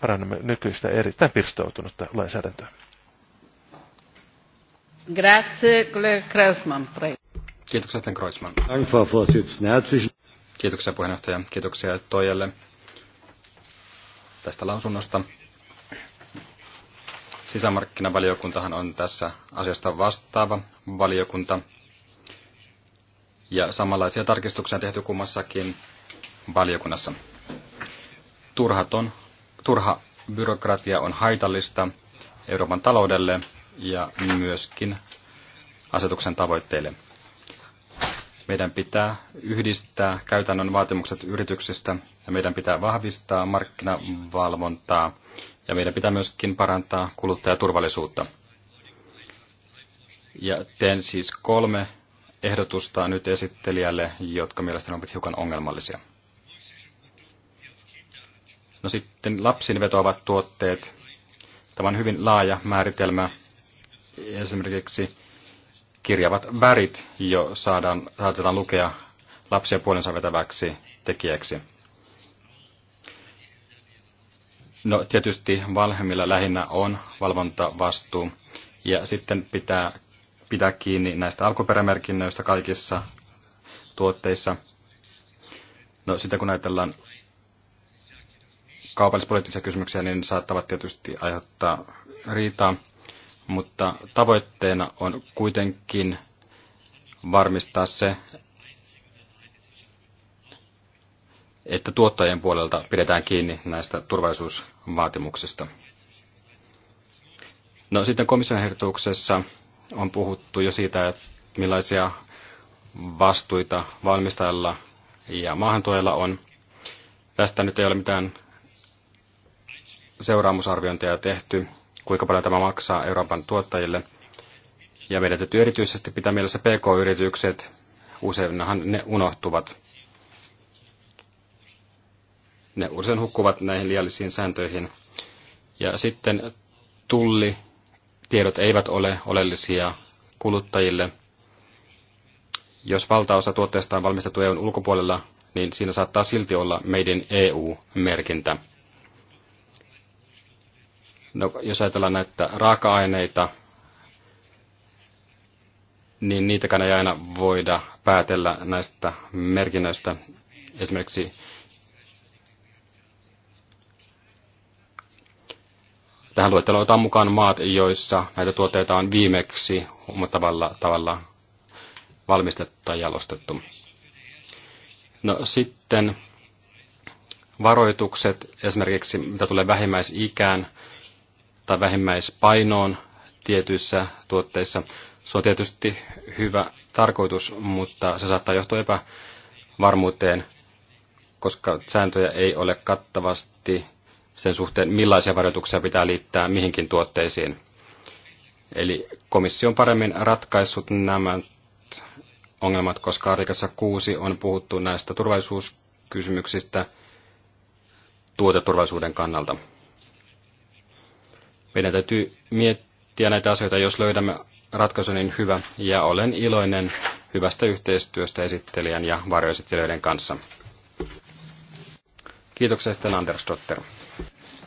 parannamme nykyistä erittäin pirstoutunutta lainsäädäntöä. Grazie, kollega Kiitoksia, Sten Kreuzmann. Kiitoksia puheenjohtaja. Kiitoksia Toijalle tästä lausunnosta. Sisämarkkinavaliokuntahan on tässä asiasta vastaava valiokunta. Ja samanlaisia tarkistuksia on tehty kummassakin valiokunnassa. Turhat on turha byrokratia on haitallista Euroopan taloudelle ja myöskin asetuksen tavoitteille. Meidän pitää yhdistää käytännön vaatimukset yrityksistä ja meidän pitää vahvistaa markkinavalvontaa ja meidän pitää myöskin parantaa kuluttajaturvallisuutta. Ja teen siis kolme ehdotusta nyt esittelijälle, jotka mielestäni ovat hiukan ongelmallisia. No sitten lapsiin vetoavat tuotteet. Tämä on hyvin laaja määritelmä. Esimerkiksi kirjavat värit jo saadaan, saatetaan lukea lapsia puolensa vetäväksi tekijäksi. No tietysti valhemmilla lähinnä on valvontavastuu ja sitten pitää pitää kiinni näistä alkuperämerkinnöistä kaikissa tuotteissa. No sitten kun ajatellaan kaupallispoliittisia kysymyksiä, niin saattavat tietysti aiheuttaa riitaa, mutta tavoitteena on kuitenkin varmistaa se, että tuottajien puolelta pidetään kiinni näistä turvallisuusvaatimuksista. No sitten komission ehdotuksessa on puhuttu jo siitä, että millaisia vastuita valmistajalla ja maahantuojalla on. Tästä nyt ei ole mitään seuraamusarviointeja tehty, kuinka paljon tämä maksaa Euroopan tuottajille. Ja meidän täytyy erityisesti pitää mielessä PK-yritykset, useinhan ne unohtuvat. Ne usein hukkuvat näihin liiallisiin sääntöihin. Ja sitten tulli tiedot eivät ole oleellisia kuluttajille. Jos valtaosa tuotteesta on valmistettu EUn ulkopuolella, niin siinä saattaa silti olla meidän EU-merkintä. No, jos ajatellaan näitä raaka-aineita, niin niitäkään ei aina voida päätellä näistä merkinnöistä. Esimerkiksi tähän luetteloon otetaan mukaan maat, joissa näitä tuotteita on viimeksi tavalla, tavalla valmistettu tai jalostettu. No sitten varoitukset, esimerkiksi mitä tulee vähimmäisikään, tai vähimmäispainoon tietyissä tuotteissa. Se on tietysti hyvä tarkoitus, mutta se saattaa johtua epävarmuuteen, koska sääntöjä ei ole kattavasti sen suhteen, millaisia varoituksia pitää liittää mihinkin tuotteisiin. Eli komissio on paremmin ratkaissut nämä ongelmat, koska artikassa 6 on puhuttu näistä turvallisuuskysymyksistä tuoteturvallisuuden kannalta. Meidän täytyy miettiä näitä asioita, jos löydämme ratkaisu niin hyvä, ja olen iloinen hyvästä yhteistyöstä esittelijän ja varjoesittelijöiden kanssa. Kiitoksia sitten Anders Dotter.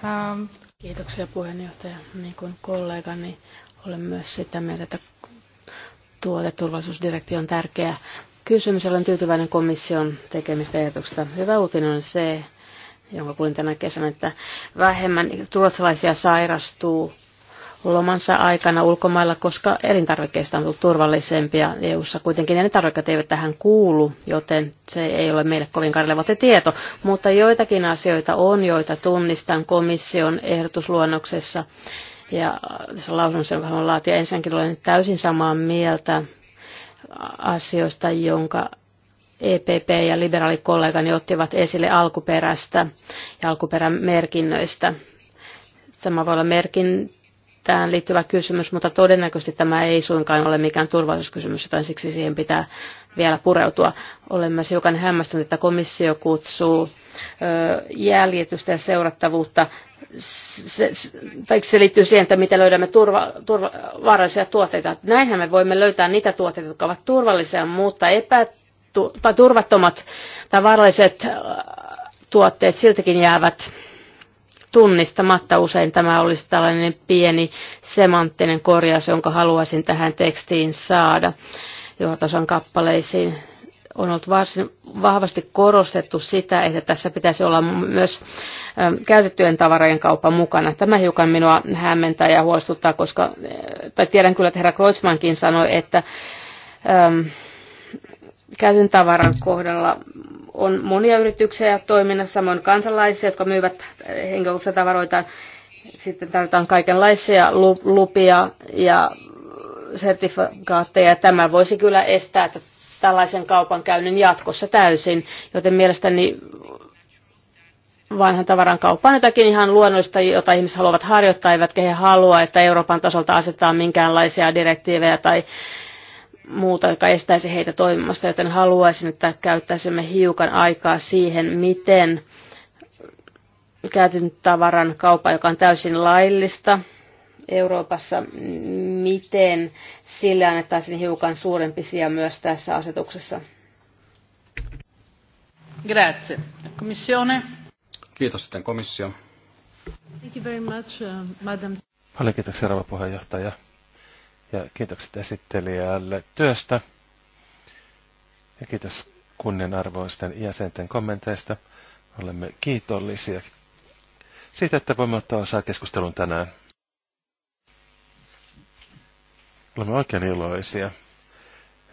Ähm, kiitoksia puheenjohtaja. Niin kuin kollegani olen myös sitä mieltä, että tuoteturvallisuusdirekti on tärkeä kysymys. Olen tyytyväinen komission tekemistä ehdotuksesta. Hyvä uutinen on se, jonka kuulin tänä kesänä, että vähemmän ruotsalaisia sairastuu lomansa aikana ulkomailla, koska elintarvikkeista on tullut turvallisempia EU-ssa. Kuitenkin ne tarvikkeet eivät tähän kuulu, joten se ei ole meille kovin karlevate tieto. Mutta joitakin asioita on, joita tunnistan komission ehdotusluonnoksessa. Ja tässä lausun sen vähän laatia, ensinnäkin olen täysin samaa mieltä asioista, jonka EPP ja liberaalikollegani ottivat esille alkuperästä ja alkuperän merkinnöistä. Tämä voi olla merkintään liittyvä kysymys, mutta todennäköisesti tämä ei suinkaan ole mikään turvallisuuskysymys, joten siksi siihen pitää vielä pureutua. Olen myös hiukan hämmästynyt, että komissio kutsuu jäljitystä ja seurattavuutta. Se, se, tai se liittyy siihen, että miten löydämme turva, turva, vaarallisia tuotteita. Näinhän me voimme löytää niitä tuotteita, jotka ovat turvallisia, mutta epä tu- tai turvattomat tai vaaralliset äh, tuotteet siltikin jäävät tunnistamatta. Usein tämä olisi tällainen pieni semanttinen korjaus, jonka haluaisin tähän tekstiin saada johtosan kappaleisiin. On ollut varsin vahvasti korostettu sitä, että tässä pitäisi olla myös ähm, käytettyjen tavarojen kauppa mukana. Tämä hiukan minua hämmentää ja huolestuttaa, koska, äh, tai tiedän kyllä, että herra Kreutzmannkin sanoi, että ähm, käytön tavaran kohdalla on monia yrityksiä toiminnassa, samoin kansalaisia, jotka myyvät henkilökohtaisia tavaroita, Sitten tarvitaan kaikenlaisia lupia ja sertifikaatteja. Tämä voisi kyllä estää että tällaisen kaupankäynnin jatkossa täysin, joten mielestäni vanhan tavaran on jotakin ihan luonnollista, jota ihmiset haluavat harjoittaa, eivätkä he halua, että Euroopan tasolta asetetaan minkäänlaisia direktiivejä tai muuta, joka estäisi heitä toimimasta, joten haluaisin, että käyttäisimme hiukan aikaa siihen, miten käytyn tavaran kauppa, joka on täysin laillista Euroopassa, miten sille annettaisiin hiukan suurempi sija myös tässä asetuksessa. Grazie. Komissione. Kiitos sitten komissio. Thank you very much, uh, madam. Paljon kiitoksia, rouva puheenjohtaja ja kiitokset esittelijälle työstä. Ja kiitos kunnianarvoisten jäsenten kommenteista. Olemme kiitollisia siitä, että voimme ottaa osaa keskustelun tänään. Olemme oikein iloisia,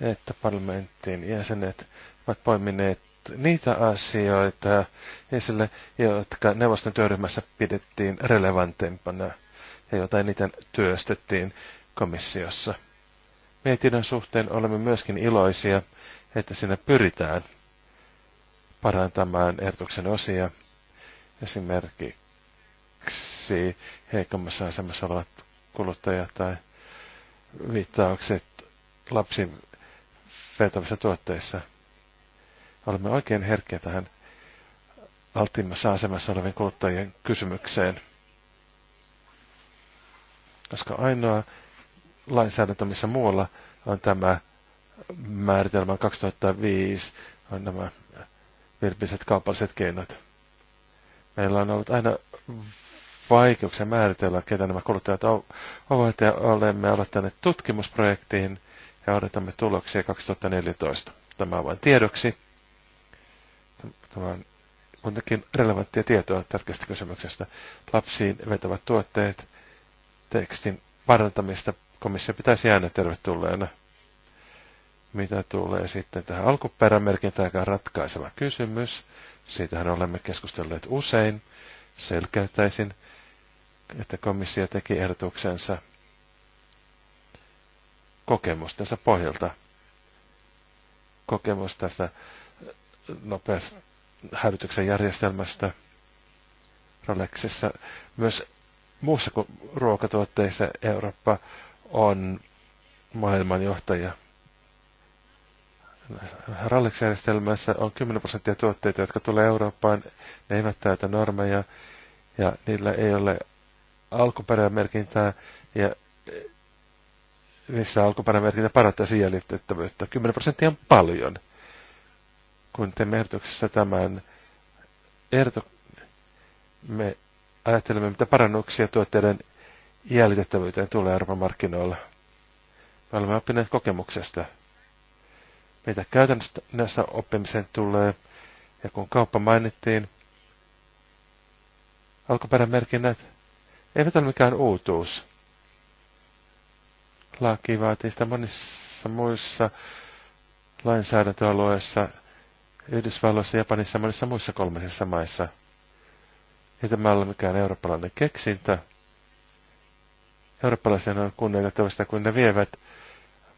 että parlamentin jäsenet ovat poimineet niitä asioita esille, jotka neuvoston työryhmässä pidettiin relevantempana ja joita eniten työstettiin komissiossa. Mietinnön suhteen olemme myöskin iloisia, että sinne pyritään parantamaan ehdotuksen osia, esimerkiksi heikommassa asemassa olevat kuluttajat tai viittaukset lapsiin vetävissä tuotteissa. Olemme oikein herkkiä tähän alttiimmassa asemassa olevien kuluttajien kysymykseen, koska ainoa lainsäädäntö, missä muualla on tämä määritelmä 2005, on nämä virpiset kaupalliset keinot. Meillä on ollut aina vaikeuksia määritellä, ketä nämä kuluttajat ovat, ja olemme aloittaneet tutkimusprojektiin ja odotamme tuloksia 2014. Tämä on vain tiedoksi. Tämä on kuitenkin relevanttia tietoa tärkeästä kysymyksestä. Lapsiin vetävät tuotteet, tekstin parantamista komissio pitäisi jäädä tervetulleena. Mitä tulee sitten tähän alkuperämerkintään, joka on ratkaiseva kysymys. Siitähän olemme keskustelleet usein. Selkeyttäisin, että komissio teki ehdotuksensa kokemustensa pohjalta. Kokemus tästä nopeasta hälytyksen järjestelmästä Rolexissa. Myös muussa kuin ruokatuotteissa Eurooppa on maailmanjohtaja. Rallex-järjestelmässä on 10 prosenttia tuotteita, jotka tulee Eurooppaan. Ne eivät täytä normeja ja niillä ei ole alkuperämerkintää ja niissä alkuperämerkintä parantaa jäljitettävyyttä. 10 prosenttia on paljon. Kun te ehdotuksessa tämän ehdotuksen, me ajattelemme, mitä parannuksia tuotteiden jäljitettävyyteen tulee Euroopan markkinoilla. Me olemme oppineet kokemuksesta. Mitä käytännössä oppimiseen tulee, ja kun kauppa mainittiin, alkuperämerkinnät eivät ole mikään uutuus. Laki vaatii sitä monissa muissa lainsäädäntöalueissa, Yhdysvalloissa, Japanissa ja monissa muissa kolmessa maissa. Ei tämä ole mikään eurooppalainen keksintö eurooppalaisen on sitä, kun ne vievät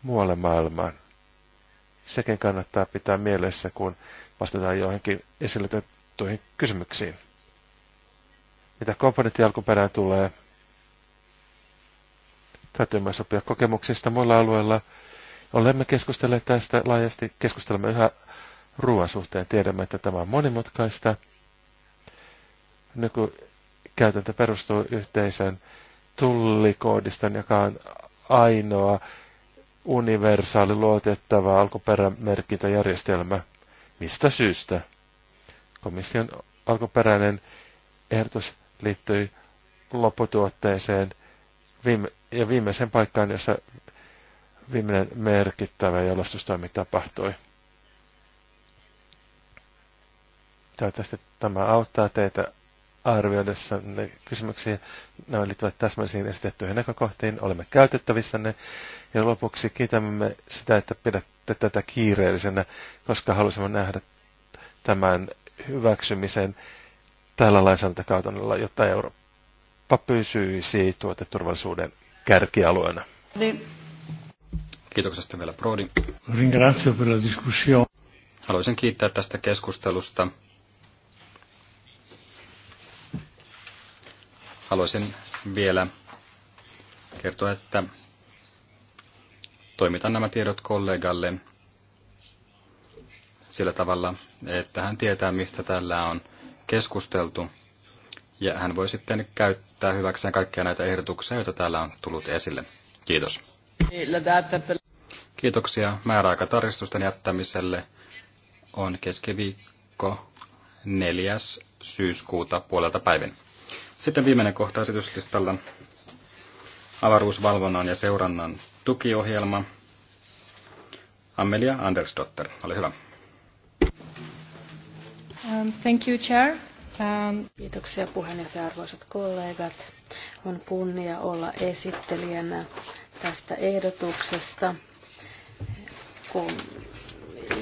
muualle maailmaan. Sekin kannattaa pitää mielessä, kun vastataan johonkin esille tuohon kysymyksiin. Mitä komponentti alkuperään tulee, täytyy myös sopia kokemuksista muilla alueilla. Olemme keskustelleet tästä laajasti, keskustelemme yhä ruoan suhteen. Tiedämme, että tämä on monimutkaista. Nykykäytäntö perustuu yhteisön tullikoodiston, joka on ainoa universaali luotettava alkuperämerkintäjärjestelmä. Mistä syystä? Komission alkuperäinen ehdotus liittyi lopputuotteeseen viime, ja viimeiseen paikkaan, jossa viimeinen merkittävä jalostustoimi tapahtui. Toivottavasti tämä auttaa teitä ne kysymyksiä. Nämä liittyvät täsmällisiin esitettyihin näkökohtiin. Olemme käytettävissänne. Ja lopuksi kiitämme sitä, että pidätte tätä kiireellisenä, koska halusimme nähdä tämän hyväksymisen tällä lainsäädäntökautanolla, jotta Eurooppa pysyisi tuoteturvallisuuden kärkialueena. Niin. Kiitoksesta vielä Brody. Haluaisin kiittää tästä keskustelusta haluaisin vielä kertoa, että toimitan nämä tiedot kollegalle sillä tavalla, että hän tietää, mistä tällä on keskusteltu. Ja hän voi sitten käyttää hyväkseen kaikkia näitä ehdotuksia, joita täällä on tullut esille. Kiitos. Kiitoksia. Määräaika tarkistusten jättämiselle on keskiviikko 4. syyskuuta puolelta päivin. Sitten viimeinen kohta esityslistalla avaruusvalvonnan ja seurannan tukiohjelma. Amelia Andersdotter, ole hyvä. Um, thank you, Chair. Um, Kiitoksia puheenjohtaja, arvoisat kollegat. On kunnia olla esittelijänä tästä ehdotuksesta, kun,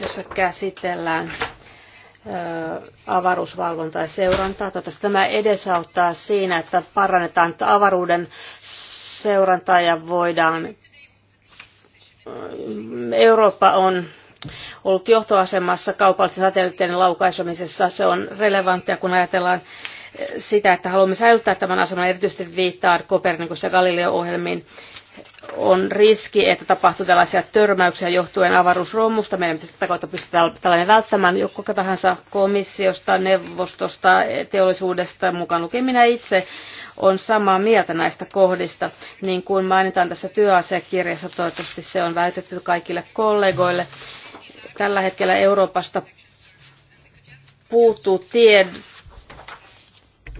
jossa käsitellään Avaruusvalvonta ja seurantaa. Toivottavasti tämä edesauttaa siinä, että parannetaan avaruuden seurantaa ja voidaan. Eurooppa on ollut johtoasemassa kaupallisten satelliittien laukaisemisessa. Se on relevanttia, kun ajatellaan sitä, että haluamme säilyttää tämän aseman erityisesti viittaan Kopernikus ja Galileo-ohjelmiin on riski, että tapahtuu tällaisia törmäyksiä johtuen avaruusromusta. Meidän pitäisi tätä kautta pystyä tällainen välttämään joka tahansa komissiosta, neuvostosta, teollisuudesta, mukaan lukien minä itse, on samaa mieltä näistä kohdista. Niin kuin mainitaan tässä työasiakirjassa, toivottavasti se on väitetty kaikille kollegoille. Tällä hetkellä Euroopasta puuttuu tied...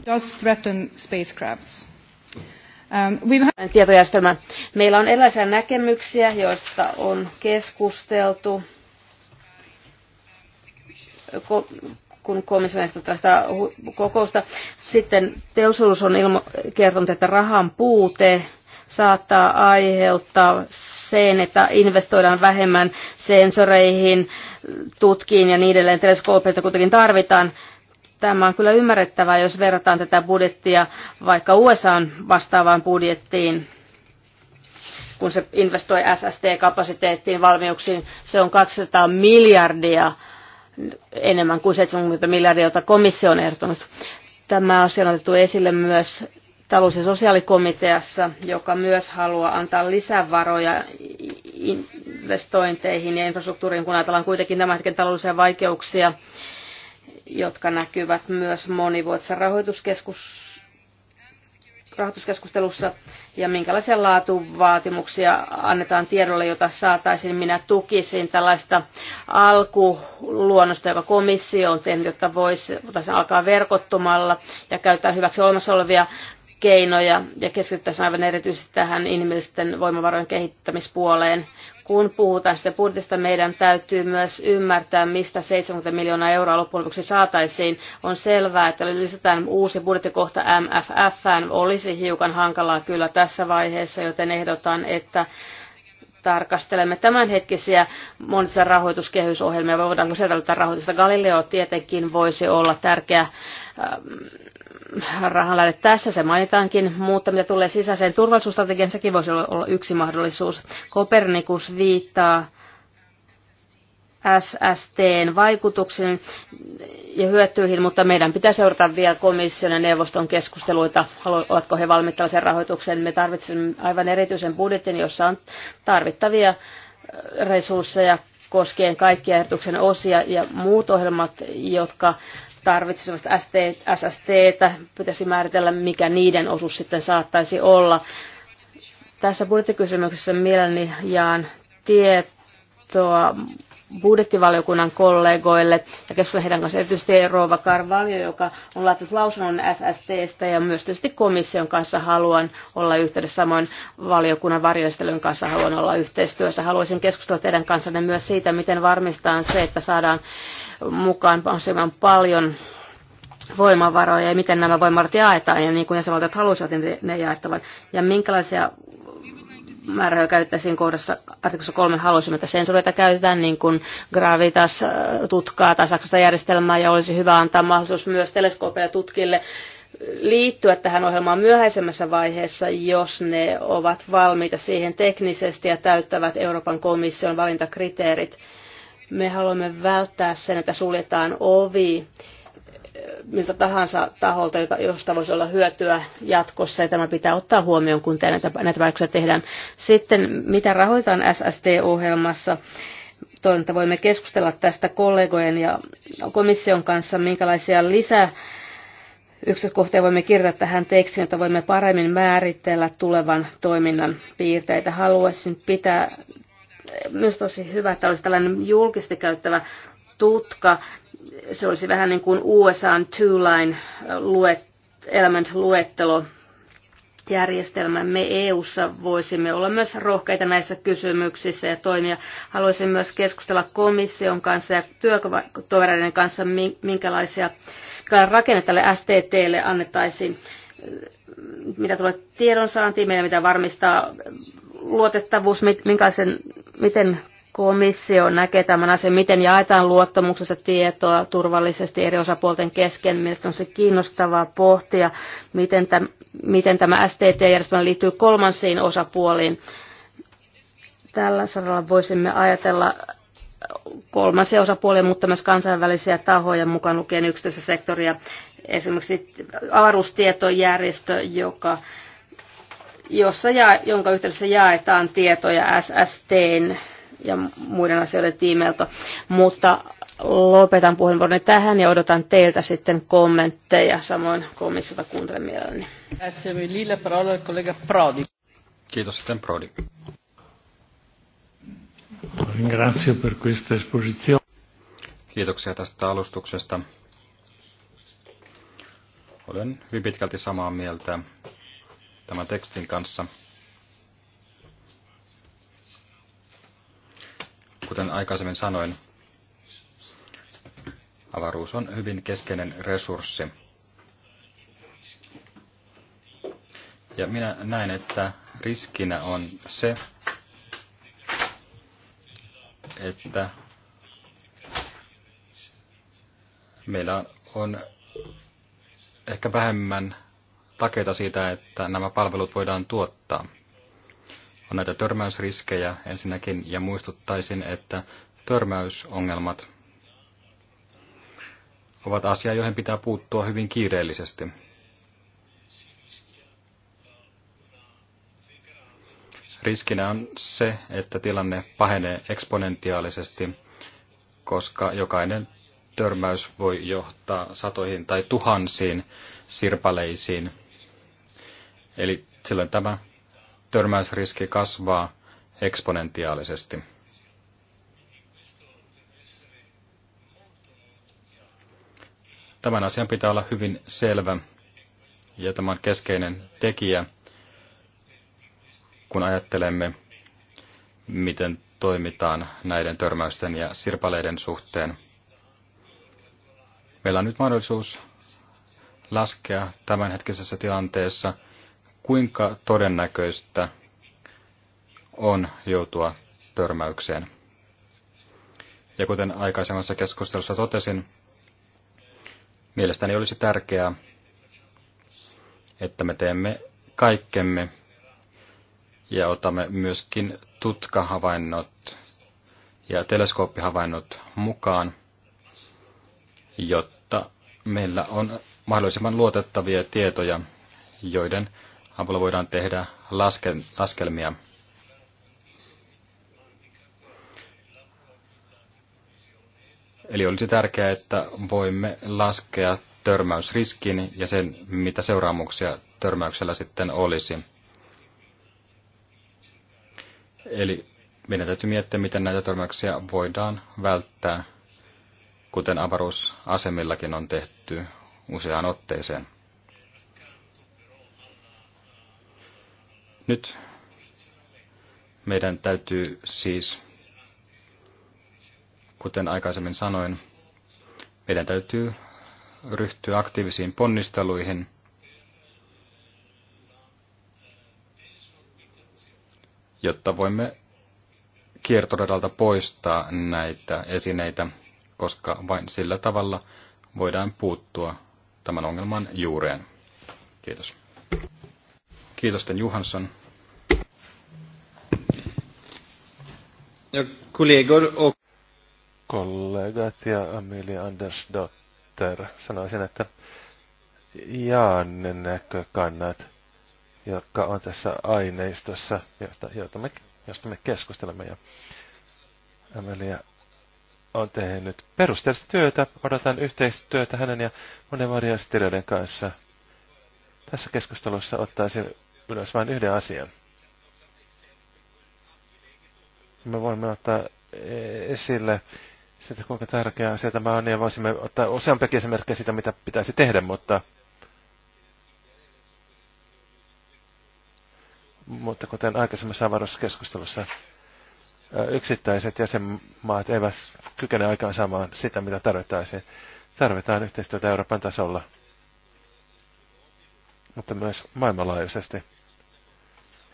Does threaten spacecrafts. Ähm, tietojärjestelmä. Meillä on erilaisia näkemyksiä, joista on keskusteltu kun komissio tästä kokousta. Sitten teollisuus on ilmo- kertonut, että rahan puute saattaa aiheuttaa sen, että investoidaan vähemmän sensoreihin, tutkiin ja niin edelleen. Teleskoopeita kuitenkin tarvitaan. Tämä on kyllä ymmärrettävää, jos verrataan tätä budjettia vaikka USA vastaavaan budjettiin, kun se investoi SST-kapasiteettiin, valmiuksiin. Se on 200 miljardia enemmän kuin 70 miljardia, jota komissio on ehdottanut. Tämä asia on otettu esille myös talous- ja sosiaalikomiteassa, joka myös haluaa antaa lisävaroja investointeihin ja infrastruktuuriin, kun ajatellaan kuitenkin tämän hetken taloudellisia vaikeuksia jotka näkyvät myös monivuotisessa rahoituskeskus, rahoituskeskustelussa ja minkälaisia laatuvaatimuksia annetaan tiedolle, jota saataisiin. Minä tukisin tällaista alkuluonnosta, joka komissio on tehnyt, jotta voisi, alkaa verkottumalla ja käyttää hyväksi olemassa olevia keinoja ja keskittäisiin aivan erityisesti tähän inhimillisten voimavarojen kehittämispuoleen kun puhutaan sitten budjetista, meidän täytyy myös ymmärtää, mistä 70 miljoonaa euroa loppujen lopuksi saataisiin. On selvää, että lisätään uusi budjettikohta MFF, olisi hiukan hankalaa kyllä tässä vaiheessa, joten ehdotan, että tarkastelemme tämänhetkisiä monissa rahoituskehysohjelmia, voidaanko sieltä löytää rahoitusta. Galileo tietenkin voisi olla tärkeä ähm, rahanlähde tässä, se mainitaankin, mutta mitä tulee sisäiseen turvallisuusstrategiaan, sekin voisi olla yksi mahdollisuus. Kopernikus viittaa SSTn vaikutuksen ja hyötyihin, mutta meidän pitää seurata vielä komission ja neuvoston keskusteluita, ovatko he valmiit tällaisen rahoitukseen. Me tarvitsemme aivan erityisen budjetin, jossa on tarvittavia resursseja koskien kaikkia ehdotuksen osia ja muut ohjelmat, jotka tarvitsevat SSTtä, pitäisi määritellä, mikä niiden osuus sitten saattaisi olla. Tässä budjettikysymyksessä mielelläni jaan tietoa budjettivaliokunnan kollegoille ja keskustella heidän kanssa erityisesti Rova Carvalho, joka on laittanut lausunnon SSTstä ja myös tietysti komission kanssa haluan olla yhteydessä, samoin valiokunnan varjoistelun kanssa haluan olla yhteistyössä. Haluaisin keskustella teidän kanssanne myös siitä, miten varmistetaan se, että saadaan mukaan mahdollisimman paljon voimavaroja ja miten nämä voimavarat jaetaan ja niin kuin jäsenvaltiot haluaisivat, niin ne jaettavan. Ja minkälaisia käytetään siinä kohdassa artikossa kolme halusimme että sensureita käytetään niin kuin gravitas äh, tutkaa tasakasta järjestelmää ja olisi hyvä antaa mahdollisuus myös teleskoopeja tutkille liittyä tähän ohjelmaan myöhäisemmässä vaiheessa, jos ne ovat valmiita siihen teknisesti ja täyttävät Euroopan komission valintakriteerit. Me haluamme välttää sen, että suljetaan ovi miltä tahansa taholta, josta voisi olla hyötyä jatkossa, ja tämä pitää ottaa huomioon, kun näitä, näitä päätöksiä tehdään. Sitten, mitä rahoitetaan SST-ohjelmassa? Toivon, että voimme keskustella tästä kollegojen ja komission kanssa, minkälaisia lisää yksityiskohtia voimme kirjata tähän tekstiin, jotta voimme paremmin määritellä tulevan toiminnan piirteitä. Haluaisin pitää eh, myös tosi hyvä, että olisi tällainen julkisesti käyttävä tutka. Se olisi vähän niin kuin USAn two-line luet, element-luettelo järjestelmän. Me EU:ssa voisimme olla myös rohkeita näissä kysymyksissä ja toimia. Haluaisin myös keskustella komission kanssa ja työtovereiden kanssa, minkälaisia rakennetta tälle STTlle annettaisiin mitä tulee tiedonsaantiin, meidän mitä varmistaa luotettavuus, minkälaisen, miten komissio näkee tämän asian, miten jaetaan luottamuksessa tietoa turvallisesti eri osapuolten kesken. Mielestäni on se kiinnostavaa pohtia, miten tämä, miten tämä STT-järjestelmä liittyy kolmansiin osapuoliin. Tällä saralla voisimme ajatella kolmansia osapuolia, mutta myös kansainvälisiä tahoja, mukaan lukien yksityistä sektoria. Esimerkiksi avaruustietojärjestö, joka jossa ja, jonka yhteydessä jaetaan tietoja SSTn ja muiden asioiden tiimeiltä. Mutta lopetan puheenvuoroni tähän ja odotan teiltä sitten kommentteja. Samoin komissiota kuuntelen mielelläni. Kiitos sitten Prodi. Ringrazio per questa esposizione. Kiitoksia tästä alustuksesta. Olen hyvin pitkälti samaa mieltä tämän tekstin kanssa. Kuten aikaisemmin sanoin, avaruus on hyvin keskeinen resurssi. Ja minä näen, että riskinä on se, että meillä on ehkä vähemmän takeita siitä, että nämä palvelut voidaan tuottaa on näitä törmäysriskejä ensinnäkin ja muistuttaisin, että törmäysongelmat ovat asia, joihin pitää puuttua hyvin kiireellisesti. Riskinä on se, että tilanne pahenee eksponentiaalisesti, koska jokainen törmäys voi johtaa satoihin tai tuhansiin sirpaleisiin. Eli silloin tämä törmäysriski kasvaa eksponentiaalisesti. Tämän asian pitää olla hyvin selvä ja tämä on keskeinen tekijä, kun ajattelemme, miten toimitaan näiden törmäysten ja sirpaleiden suhteen. Meillä on nyt mahdollisuus laskea tämänhetkisessä tilanteessa kuinka todennäköistä on joutua törmäykseen. Ja kuten aikaisemmassa keskustelussa totesin, mielestäni olisi tärkeää, että me teemme kaikkemme ja otamme myöskin tutkahavainnot ja teleskooppihavainnot mukaan, jotta meillä on mahdollisimman luotettavia tietoja, joiden avulla voidaan tehdä laske, laskelmia. Eli olisi tärkeää, että voimme laskea törmäysriskin ja sen, mitä seuraamuksia törmäyksellä sitten olisi. Eli meidän täytyy miettiä, miten näitä törmäyksiä voidaan välttää, kuten avaruusasemillakin on tehty useaan otteeseen. Nyt meidän täytyy siis, kuten aikaisemmin sanoin, meidän täytyy ryhtyä aktiivisiin ponnisteluihin jotta voimme kiertoradalta poistaa näitä esineitä, koska vain sillä tavalla voidaan puuttua tämän ongelman juureen. Kiitos. Kiitosten Johansson. Ja kollegor och... Kollegat ja Amelia Andersdotter. Sanoisin, että jaan ne näkökannat, jotka on tässä aineistossa, josta, josta, me, josta me keskustelemme. Ja Amelia on tehnyt perusteellista työtä. Odotan yhteistyötä hänen ja monen varjoistelijoiden kanssa. Tässä keskustelussa ottaisin ylös vain yhden asian. Me voimme ottaa eh, esille sitä, kuinka tärkeä asia tämä on, ja voisimme ottaa useampiakin esimerkkejä siitä, mitä pitäisi tehdä, mutta, mutta kuten aikaisemmassa keskustelussa, eh, yksittäiset jäsenmaat eivät kykene aikaan saamaan sitä, mitä tarvittaisiin. Tarvitaan yhteistyötä Euroopan tasolla, mutta myös maailmanlaajuisesti.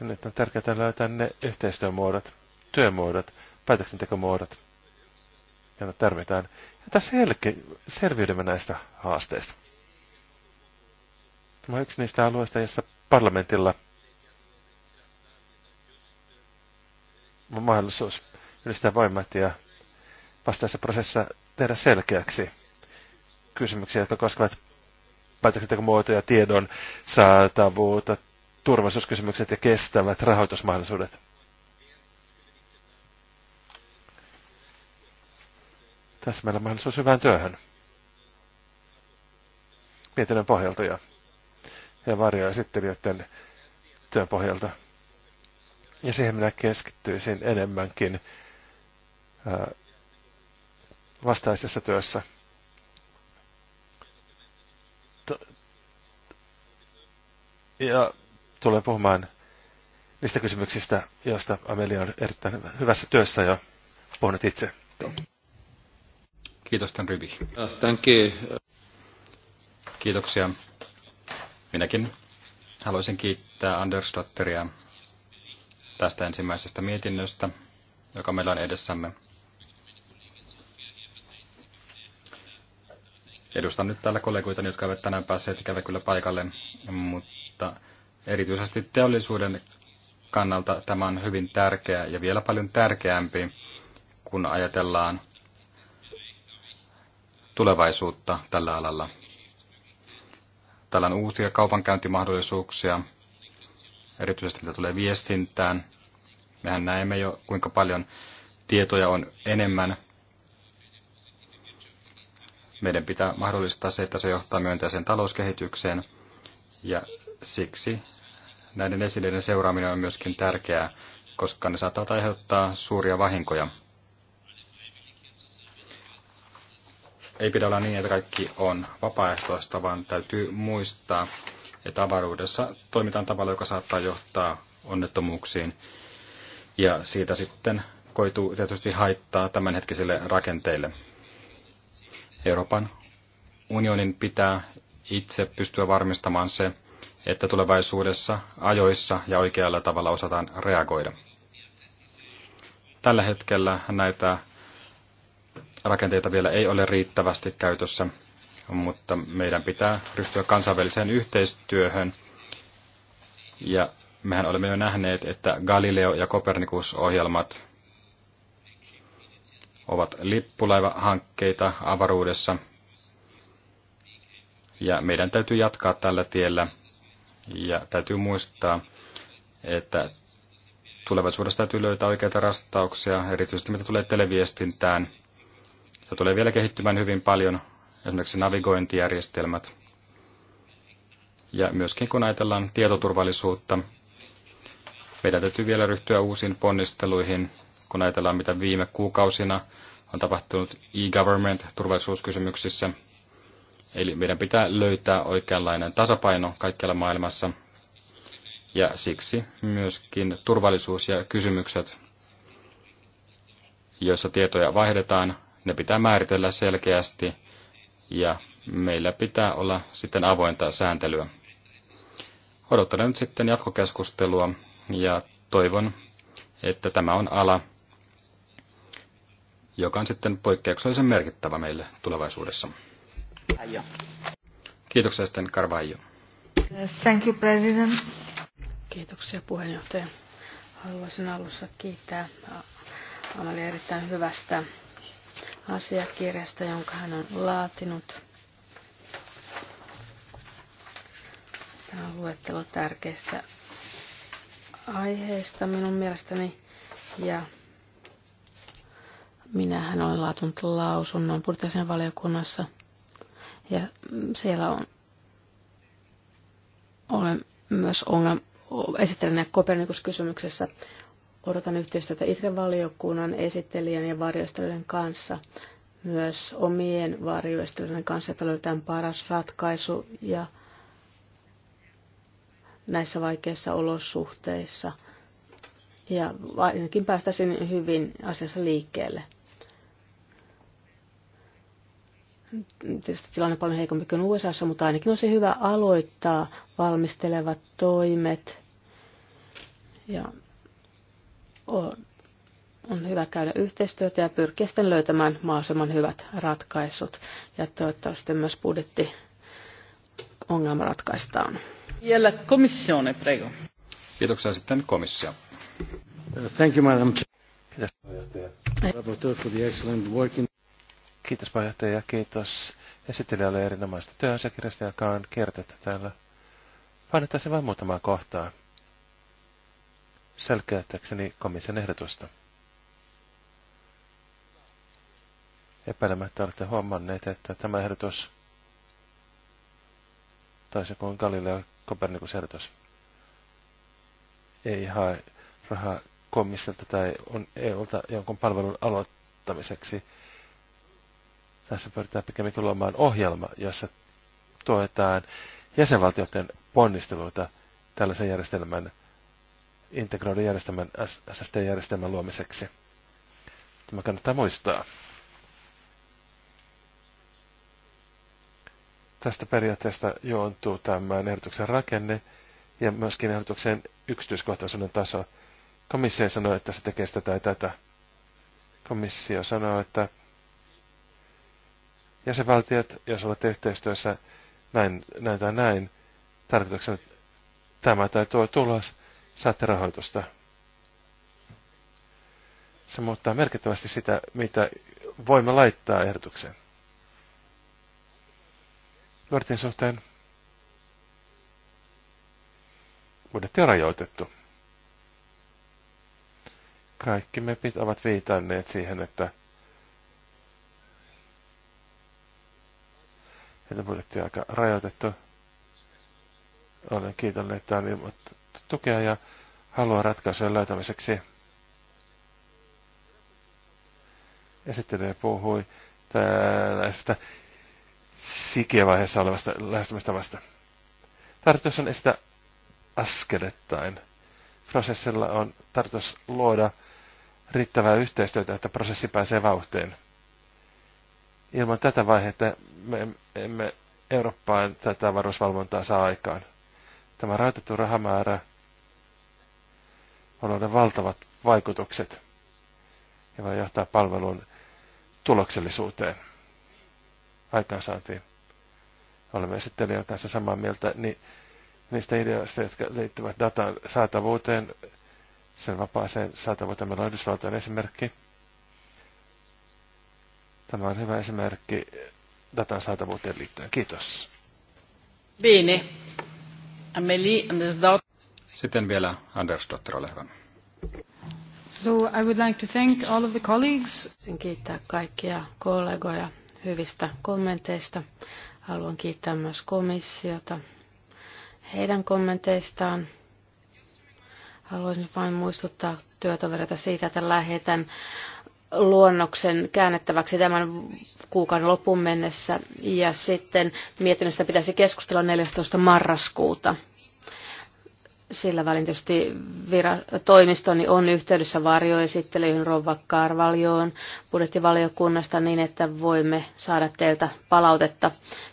Ja nyt on tärkeää löytää ne yhteistyömuodot, työmuodot, päätöksentekomuodot, joita tarvitaan. Ja tässä selke- selviydymme näistä haasteista. Tämä on yksi niistä alueista, jossa parlamentilla on mahdollisuus yhdistää voimat ja vastaessa prosessissa tehdä selkeäksi kysymyksiä, jotka koskevat päätöksentekomuotoja, tiedon saatavuutta, turvallisuuskysymykset ja kestävät rahoitusmahdollisuudet. Tässä meillä on mahdollisuus hyvään työhön. Mietinnön pohjalta ja, ja sitten, työn pohjalta. Ja siihen minä keskittyisin enemmänkin vastaisessa työssä. ja tulen puhumaan niistä kysymyksistä, joista Amelia on erittäin hyvässä työssä ja puhunut itse. Kiitos, tämän Rivi. Thank you. Kiitoksia. Minäkin haluaisin kiittää Andersdotteria tästä ensimmäisestä mietinnöstä, joka meillä on edessämme. Edustan nyt täällä kollegoita, jotka eivät tänään päässeet ikävä kyllä paikalle, mutta Erityisesti teollisuuden kannalta tämä on hyvin tärkeä ja vielä paljon tärkeämpi, kun ajatellaan tulevaisuutta tällä alalla. Täällä on uusia kaupankäyntimahdollisuuksia, erityisesti mitä tulee viestintään. Mehän näemme jo, kuinka paljon tietoja on enemmän. Meidän pitää mahdollistaa se, että se johtaa myönteiseen talouskehitykseen ja siksi näiden esineiden seuraaminen on myöskin tärkeää, koska ne saattavat aiheuttaa suuria vahinkoja. Ei pidä olla niin, että kaikki on vapaaehtoista, vaan täytyy muistaa, että avaruudessa toimitaan tavalla, joka saattaa johtaa onnettomuuksiin. Ja siitä sitten koituu tietysti haittaa tämänhetkisille rakenteille. Euroopan unionin pitää itse pystyä varmistamaan se, että tulevaisuudessa ajoissa ja oikealla tavalla osataan reagoida. Tällä hetkellä näitä rakenteita vielä ei ole riittävästi käytössä, mutta meidän pitää ryhtyä kansainväliseen yhteistyöhön. Ja mehän olemme jo nähneet, että Galileo- ja Kopernikus-ohjelmat ovat lippulaivahankkeita avaruudessa. Ja meidän täytyy jatkaa tällä tiellä – ja täytyy muistaa, että tulevaisuudessa täytyy löytää oikeita rastauksia, erityisesti mitä tulee televiestintään. Se tulee vielä kehittymään hyvin paljon, esimerkiksi navigointijärjestelmät. Ja myöskin kun ajatellaan tietoturvallisuutta, meidän täytyy vielä ryhtyä uusiin ponnisteluihin, kun ajatellaan mitä viime kuukausina on tapahtunut e-government turvallisuuskysymyksissä – Eli meidän pitää löytää oikeanlainen tasapaino kaikkialla maailmassa. Ja siksi myöskin turvallisuus ja kysymykset, joissa tietoja vaihdetaan, ne pitää määritellä selkeästi ja meillä pitää olla sitten avointa sääntelyä. Odottelen nyt sitten jatkokeskustelua ja toivon, että tämä on ala, joka on sitten poikkeuksellisen merkittävä meille tulevaisuudessa. Kiitoksia sitten Carvalho. Thank you, President. Kiitoksia puheenjohtaja. Haluaisin alussa kiittää äh, Amalia erittäin hyvästä asiakirjasta, jonka hän on laatinut. Tämä on luettelo tärkeistä aiheista minun mielestäni. Ja minähän olen laatunut lausunnon purtaisen valiokunnassa – ja siellä on, olen myös ongelma, esittelen Kopernikus-kysymyksessä. Odotan yhteistyötä ITRE-valiokunnan esittelijän ja varjoistelijan kanssa myös omien varjoistelijan kanssa, että löydetään paras ratkaisu ja näissä vaikeissa olosuhteissa. Ja ainakin päästäisiin hyvin asiassa liikkeelle. Tietysti tilanne on paljon heikompi kuin USA, mutta ainakin olisi hyvä aloittaa valmistelevat toimet. Ja on, on hyvä käydä yhteistyötä ja pyrkiä sitten löytämään mahdollisimman hyvät ratkaisut. Ja toivottavasti myös budjetti ongelma ratkaistaan. Vielä komissione, prego. Kiitoksia sitten komissio. Thank you, madam. Kiitos. Kiitos puheenjohtaja, kiitos esittelijälle erinomaista työasiakirjasta, joka on kiertetty täällä. Painettaisiin vain muutamaa kohtaa selkeyttäkseni komission ehdotusta. Epäilemättä olette huomanneet, että tämä ehdotus, toisin kuin Galileo Kopernikus ehdotus, ei hae rahaa komissilta tai on EUlta jonkun palvelun aloittamiseksi, tässä pyritään pikemminkin luomaan ohjelma, jossa tuetaan jäsenvaltioiden ponnisteluita tällaisen järjestelmän, integroidun järjestelmän, SST-järjestelmän luomiseksi. Tämä kannattaa muistaa. Tästä periaatteesta joontuu tämän ehdotuksen rakenne ja myöskin ehdotuksen yksityiskohtaisuuden taso. Komissio sanoi, että se tekee sitä tai tätä. Komissio sanoi, että jäsenvaltiot, jos olette yhteistyössä näin, näin tai näin, tarkoituksena tämä tai tuo tulos, saatte rahoitusta. Se muuttaa merkittävästi sitä, mitä voimme laittaa ehdotukseen. Nuorten suhteen budjetti on rajoitettu. Kaikki mepit ovat viitanneet siihen, että Joten budjetti on aika rajoitettu. Olen kiitollinen, että on ilmoittu tukea ja haluaa ratkaisujen löytämiseksi. Esittelijä puhui tällaisesta sikiövaiheessa olevasta lähestymistavasta. Tartus on sitä askelettain. Prosessilla on tarkoitus luoda riittävää yhteistyötä, että prosessi pääsee vauhteen. Ilman tätä vaihetta me emme Eurooppaan tätä varusvalvontaa saa aikaan. Tämä rajoitettu rahamäärä on ollut valtavat vaikutukset ja voi johtaa palvelun tuloksellisuuteen, aikaansaantiin. Olemme esittelijän kanssa samaa mieltä niin niistä ideoista, jotka liittyvät datan saatavuuteen, sen vapaaseen saatavuuteen. Meillä on Yhdysvaltojen esimerkki. Tämä on hyvä esimerkki datan saatavuuteen liittyen. Kiitos. Bene. Amelie Andersdott. Sitten vielä Andersdotter, ole hyvä. So I would like to thank all of the colleagues. Kiittää kaikkia kollegoja hyvistä kommenteista. Haluan kiittää myös komissiota heidän kommenteistaan. Haluaisin vain muistuttaa työtovereita siitä, että lähetän luonnoksen käännettäväksi tämän kuukauden lopun mennessä ja sitten mietinnöstä pitäisi keskustella 14. marraskuuta. Sillä välin tietysti vira- toimistoni on yhteydessä varjoesittelyyn Rova Karvaljoon budjettivaliokunnasta niin, että voimme saada teiltä palautetta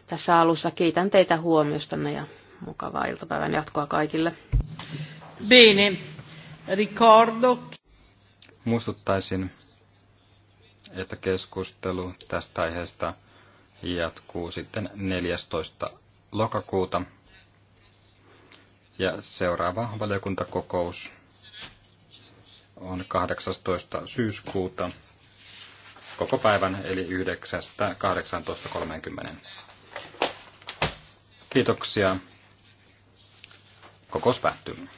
tässä alussa. Kiitän teitä huomiostanne ja mukavaa iltapäivän jatkoa kaikille. Bene. Ricordo. Muistuttaisin että keskustelu tästä aiheesta jatkuu sitten 14. lokakuuta. Ja seuraava valiokuntakokous on 18. syyskuuta koko päivän eli 9.18.30. Kiitoksia. Kokous päättyy.